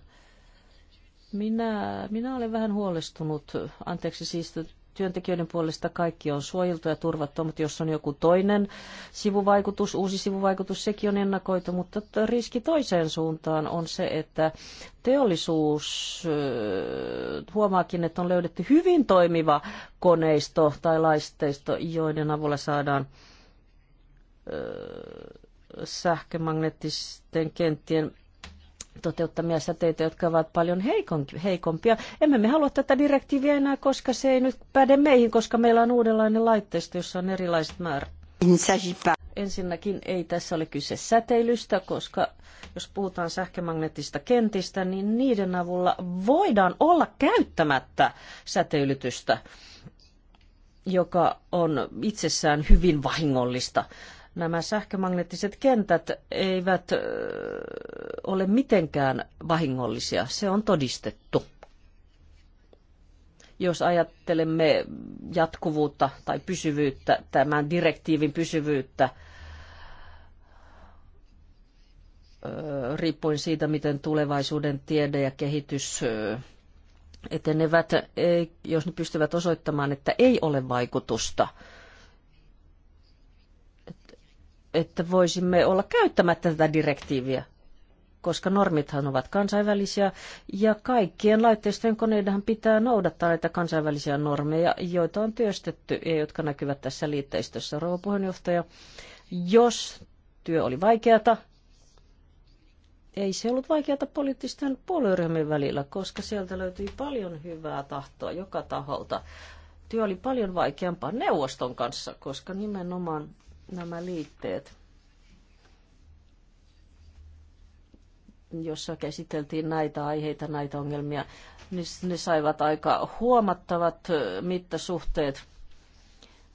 Minä, minä olen vähän huolestunut, anteeksi siis työntekijöiden puolesta kaikki on suojeltu ja turvattu, mutta jos on joku toinen sivuvaikutus, uusi sivuvaikutus, sekin on ennakoitu, mutta riski toiseen suuntaan on se, että teollisuus huomaakin, että on löydetty hyvin toimiva koneisto tai laisteisto, joiden avulla saadaan sähkömagneettisten kenttien toteuttamia säteitä, jotka ovat paljon heikon, heikompia. Emme me halua tätä direktiiviä enää, koska se ei nyt päde meihin, koska meillä on uudenlainen laitteisto, jossa on erilaiset määrät. Ensinnäkin ei tässä ole kyse säteilystä, koska jos puhutaan sähkömagneettisista kentistä, niin niiden avulla voidaan olla käyttämättä säteilytystä, joka on itsessään hyvin vahingollista Nämä sähkömagneettiset kentät eivät ole mitenkään vahingollisia, se on todistettu. Jos ajattelemme jatkuvuutta tai pysyvyyttä, tämän direktiivin pysyvyyttä, riippuen siitä, miten tulevaisuuden tiede ja kehitys etenevät, jos ne pystyvät osoittamaan, että ei ole vaikutusta että voisimme olla käyttämättä tätä direktiiviä, koska normithan ovat kansainvälisiä ja kaikkien laitteistojen koneidenhan pitää noudattaa näitä kansainvälisiä normeja, joita on työstetty ja jotka näkyvät tässä liitteistössä. Rouva puheenjohtaja, jos työ oli vaikeata, ei se ollut vaikeata poliittisten puolueryhmien välillä, koska sieltä löytyi paljon hyvää tahtoa joka taholta. Työ oli paljon vaikeampaa neuvoston kanssa, koska nimenomaan nämä liitteet, jossa käsiteltiin näitä aiheita, näitä ongelmia, niin ne saivat aika huomattavat mittasuhteet.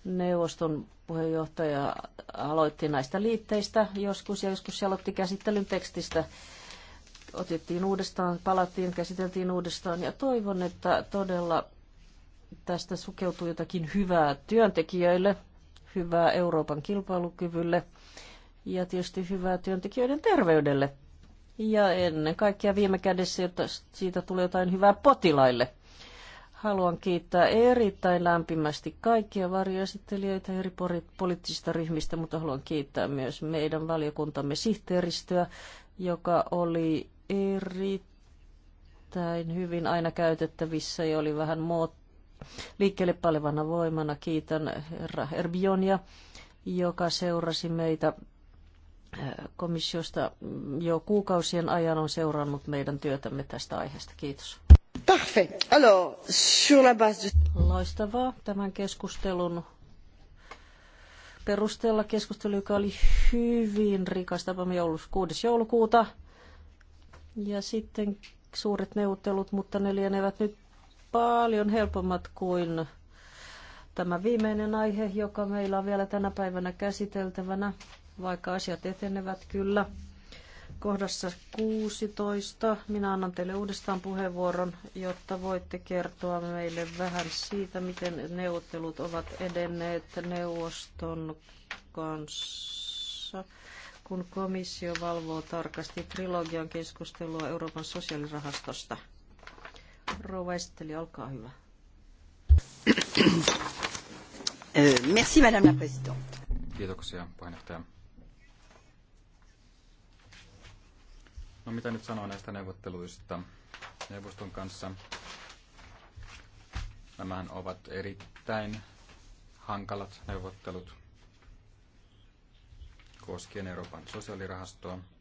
Neuvoston puheenjohtaja aloitti näistä liitteistä joskus ja joskus se aloitti käsittelyn tekstistä. Otettiin uudestaan, palattiin, käsiteltiin uudestaan ja toivon, että todella tästä sukeutuu jotakin hyvää työntekijöille, hyvää Euroopan kilpailukyvylle ja tietysti hyvää työntekijöiden terveydelle. Ja ennen kaikkea viime kädessä, jotta siitä tulee jotain hyvää potilaille. Haluan kiittää erittäin lämpimästi kaikkia varjoesittelijöitä eri poliittisista ryhmistä, mutta haluan kiittää myös meidän valiokuntamme sihteeristöä, joka oli erittäin hyvin aina käytettävissä ja oli vähän moottori liikkeelle palevana voimana. Kiitän herra Herbionia, joka seurasi meitä eh, komissiosta jo kuukausien ajan on seurannut meidän työtämme tästä aiheesta. Kiitos. Parfait. Alors, sur la base de... Loistavaa tämän keskustelun perusteella keskustelu, joka oli hyvin rikas tapamme joulussa 6. joulukuuta. Ja sitten suuret neuvottelut, mutta ne lienevät nyt paljon helpommat kuin tämä viimeinen aihe, joka meillä on vielä tänä päivänä käsiteltävänä, vaikka asiat etenevät kyllä. Kohdassa 16 minä annan teille uudestaan puheenvuoron, jotta voitte kertoa meille vähän siitä, miten neuvottelut ovat edenneet neuvoston kanssa, kun komissio valvoo tarkasti trilogian keskustelua Euroopan sosiaalirahastosta. Rouva esitteli, olkaa hyvä. Merci, madame la présidente. Kiitoksia, puheenjohtaja. No mitä nyt sanoa näistä neuvotteluista neuvoston kanssa? Nämähän ovat erittäin hankalat neuvottelut koskien Euroopan sosiaalirahastoa –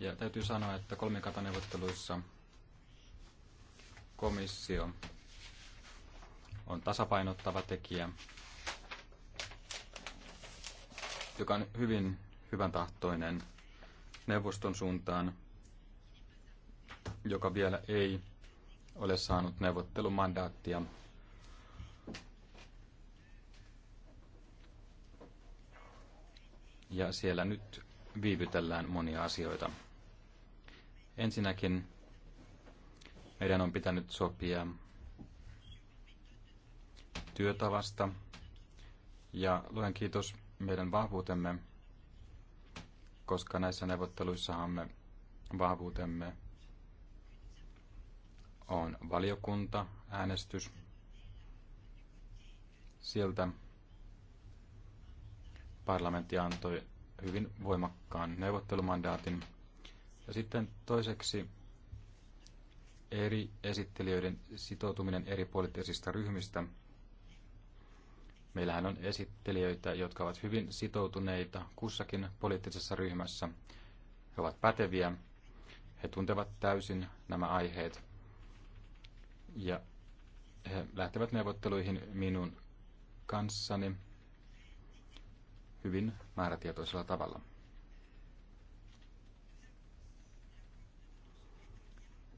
Ja täytyy sanoa, että kolmikantaneuvotteluissa komissio on tasapainottava tekijä, joka on hyvin hyvän tahtoinen neuvoston suuntaan, joka vielä ei ole saanut neuvottelumandaattia. Ja siellä nyt viivytellään monia asioita. Ensinnäkin meidän on pitänyt sopia työtavasta ja luen kiitos meidän vahvuutemme, koska näissä neuvotteluissahan me vahvuutemme on valiokunta, äänestys. Sieltä parlamentti antoi hyvin voimakkaan neuvottelumandaatin. Ja sitten toiseksi eri esittelijöiden sitoutuminen eri poliittisista ryhmistä. Meillähän on esittelijöitä, jotka ovat hyvin sitoutuneita kussakin poliittisessa ryhmässä. He ovat päteviä, he tuntevat täysin nämä aiheet ja he lähtevät neuvotteluihin minun kanssani hyvin määrätietoisella tavalla.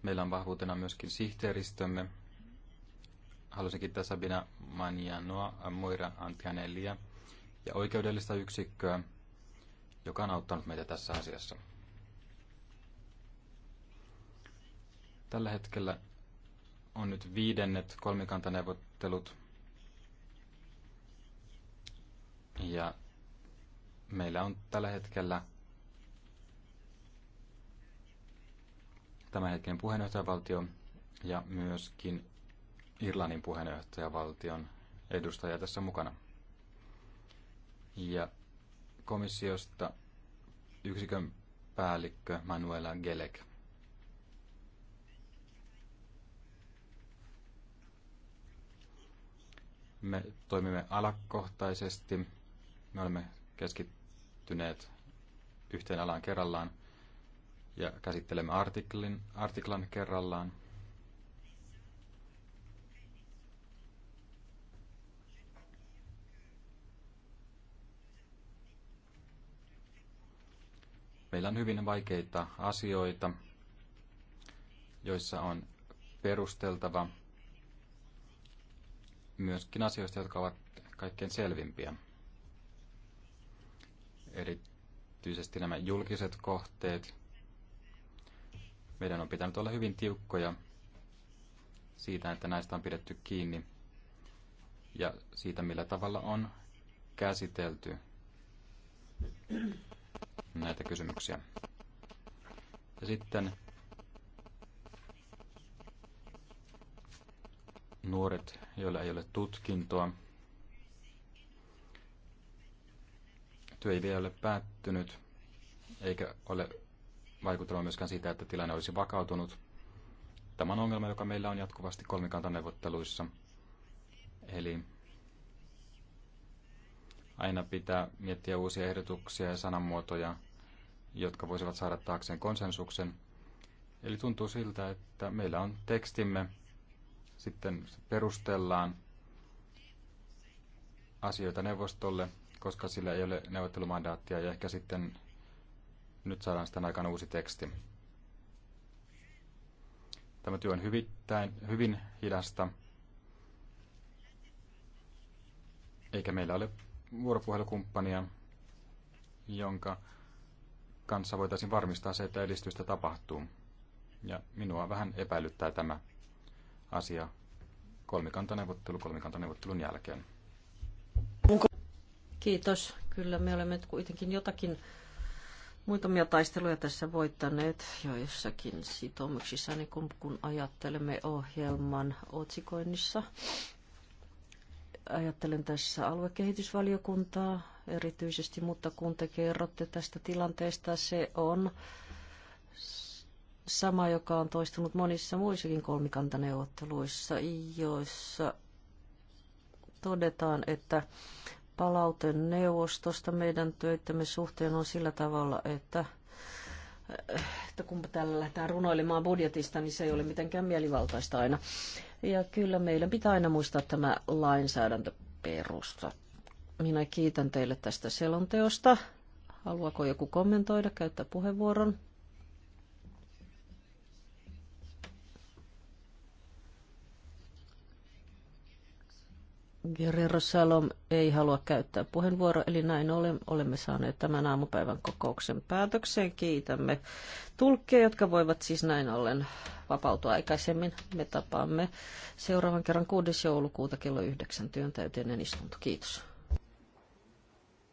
Meillä on vahvuutena myöskin sihteeristömme. Haluaisin kiittää Sabina Manianoa, äh, Moira Antianellia ja oikeudellista yksikköä, joka on auttanut meitä tässä asiassa. Tällä hetkellä on nyt viidennet kolmikantaneuvottelut. Ja meillä on tällä hetkellä hetken puheenjohtajavaltio ja myöskin Irlannin puheenjohtajavaltion edustaja tässä mukana. Ja komissiosta yksikön päällikkö Manuela Gelek. Me toimimme alakohtaisesti. Me olemme keskittyneet keskittyneet yhteen alaan kerrallaan ja käsittelemme artiklin, artiklan kerrallaan. Meillä on hyvin vaikeita asioita, joissa on perusteltava myöskin asioista, jotka ovat kaikkein selvimpiä erityisesti nämä julkiset kohteet. Meidän on pitänyt olla hyvin tiukkoja siitä, että näistä on pidetty kiinni ja siitä, millä tavalla on käsitelty näitä kysymyksiä. Ja sitten nuoret, joilla ei ole tutkintoa, Työ ei vielä ole päättynyt, eikä ole vaikutelma myöskään sitä, että tilanne olisi vakautunut. Tämä on ongelma, joka meillä on jatkuvasti kolmikantaneuvotteluissa. Eli aina pitää miettiä uusia ehdotuksia ja sanamuotoja, jotka voisivat saada taakseen konsensuksen. Eli tuntuu siltä, että meillä on tekstimme, sitten perustellaan asioita neuvostolle koska sillä ei ole neuvottelumandaattia ja ehkä sitten nyt saadaan sitten aikaan uusi teksti. Tämä työ on hyvittäin, hyvin hidasta, eikä meillä ole vuoropuhelukumppania, jonka kanssa voitaisiin varmistaa se, että edistystä tapahtuu. Ja minua vähän epäilyttää tämä asia kolmikantaneuvottelu kolmikantaneuvottelun jälkeen. Kiitos. Kyllä me olemme kuitenkin jotakin muutamia taisteluja tässä voittaneet joissakin sitoumuksissa, niin kun, kun ajattelemme ohjelman otsikoinnissa. Ajattelen tässä aluekehitysvaliokuntaa erityisesti, mutta kun te kerrotte tästä tilanteesta, se on sama, joka on toistunut monissa muissakin kolmikantaneuvotteluissa, joissa todetaan, että Palauten neuvostosta meidän töittämme suhteen on sillä tavalla, että, että kun täällä lähdetään runoilemaan budjetista, niin se ei ole mitenkään mielivaltaista aina. Ja kyllä meidän pitää aina muistaa tämä lainsäädäntöperusta. Minä kiitän teille tästä selonteosta. Haluaako joku kommentoida, käyttää puheenvuoron? Guerrero Salom ei halua käyttää puheenvuoroa, eli näin ollen olemme saaneet tämän aamupäivän kokouksen päätökseen. Kiitämme tulkkeja, jotka voivat siis näin ollen vapautua aikaisemmin. Me tapaamme seuraavan kerran 6. joulukuuta kello 9 työntäyteinen istunto. Kiitos.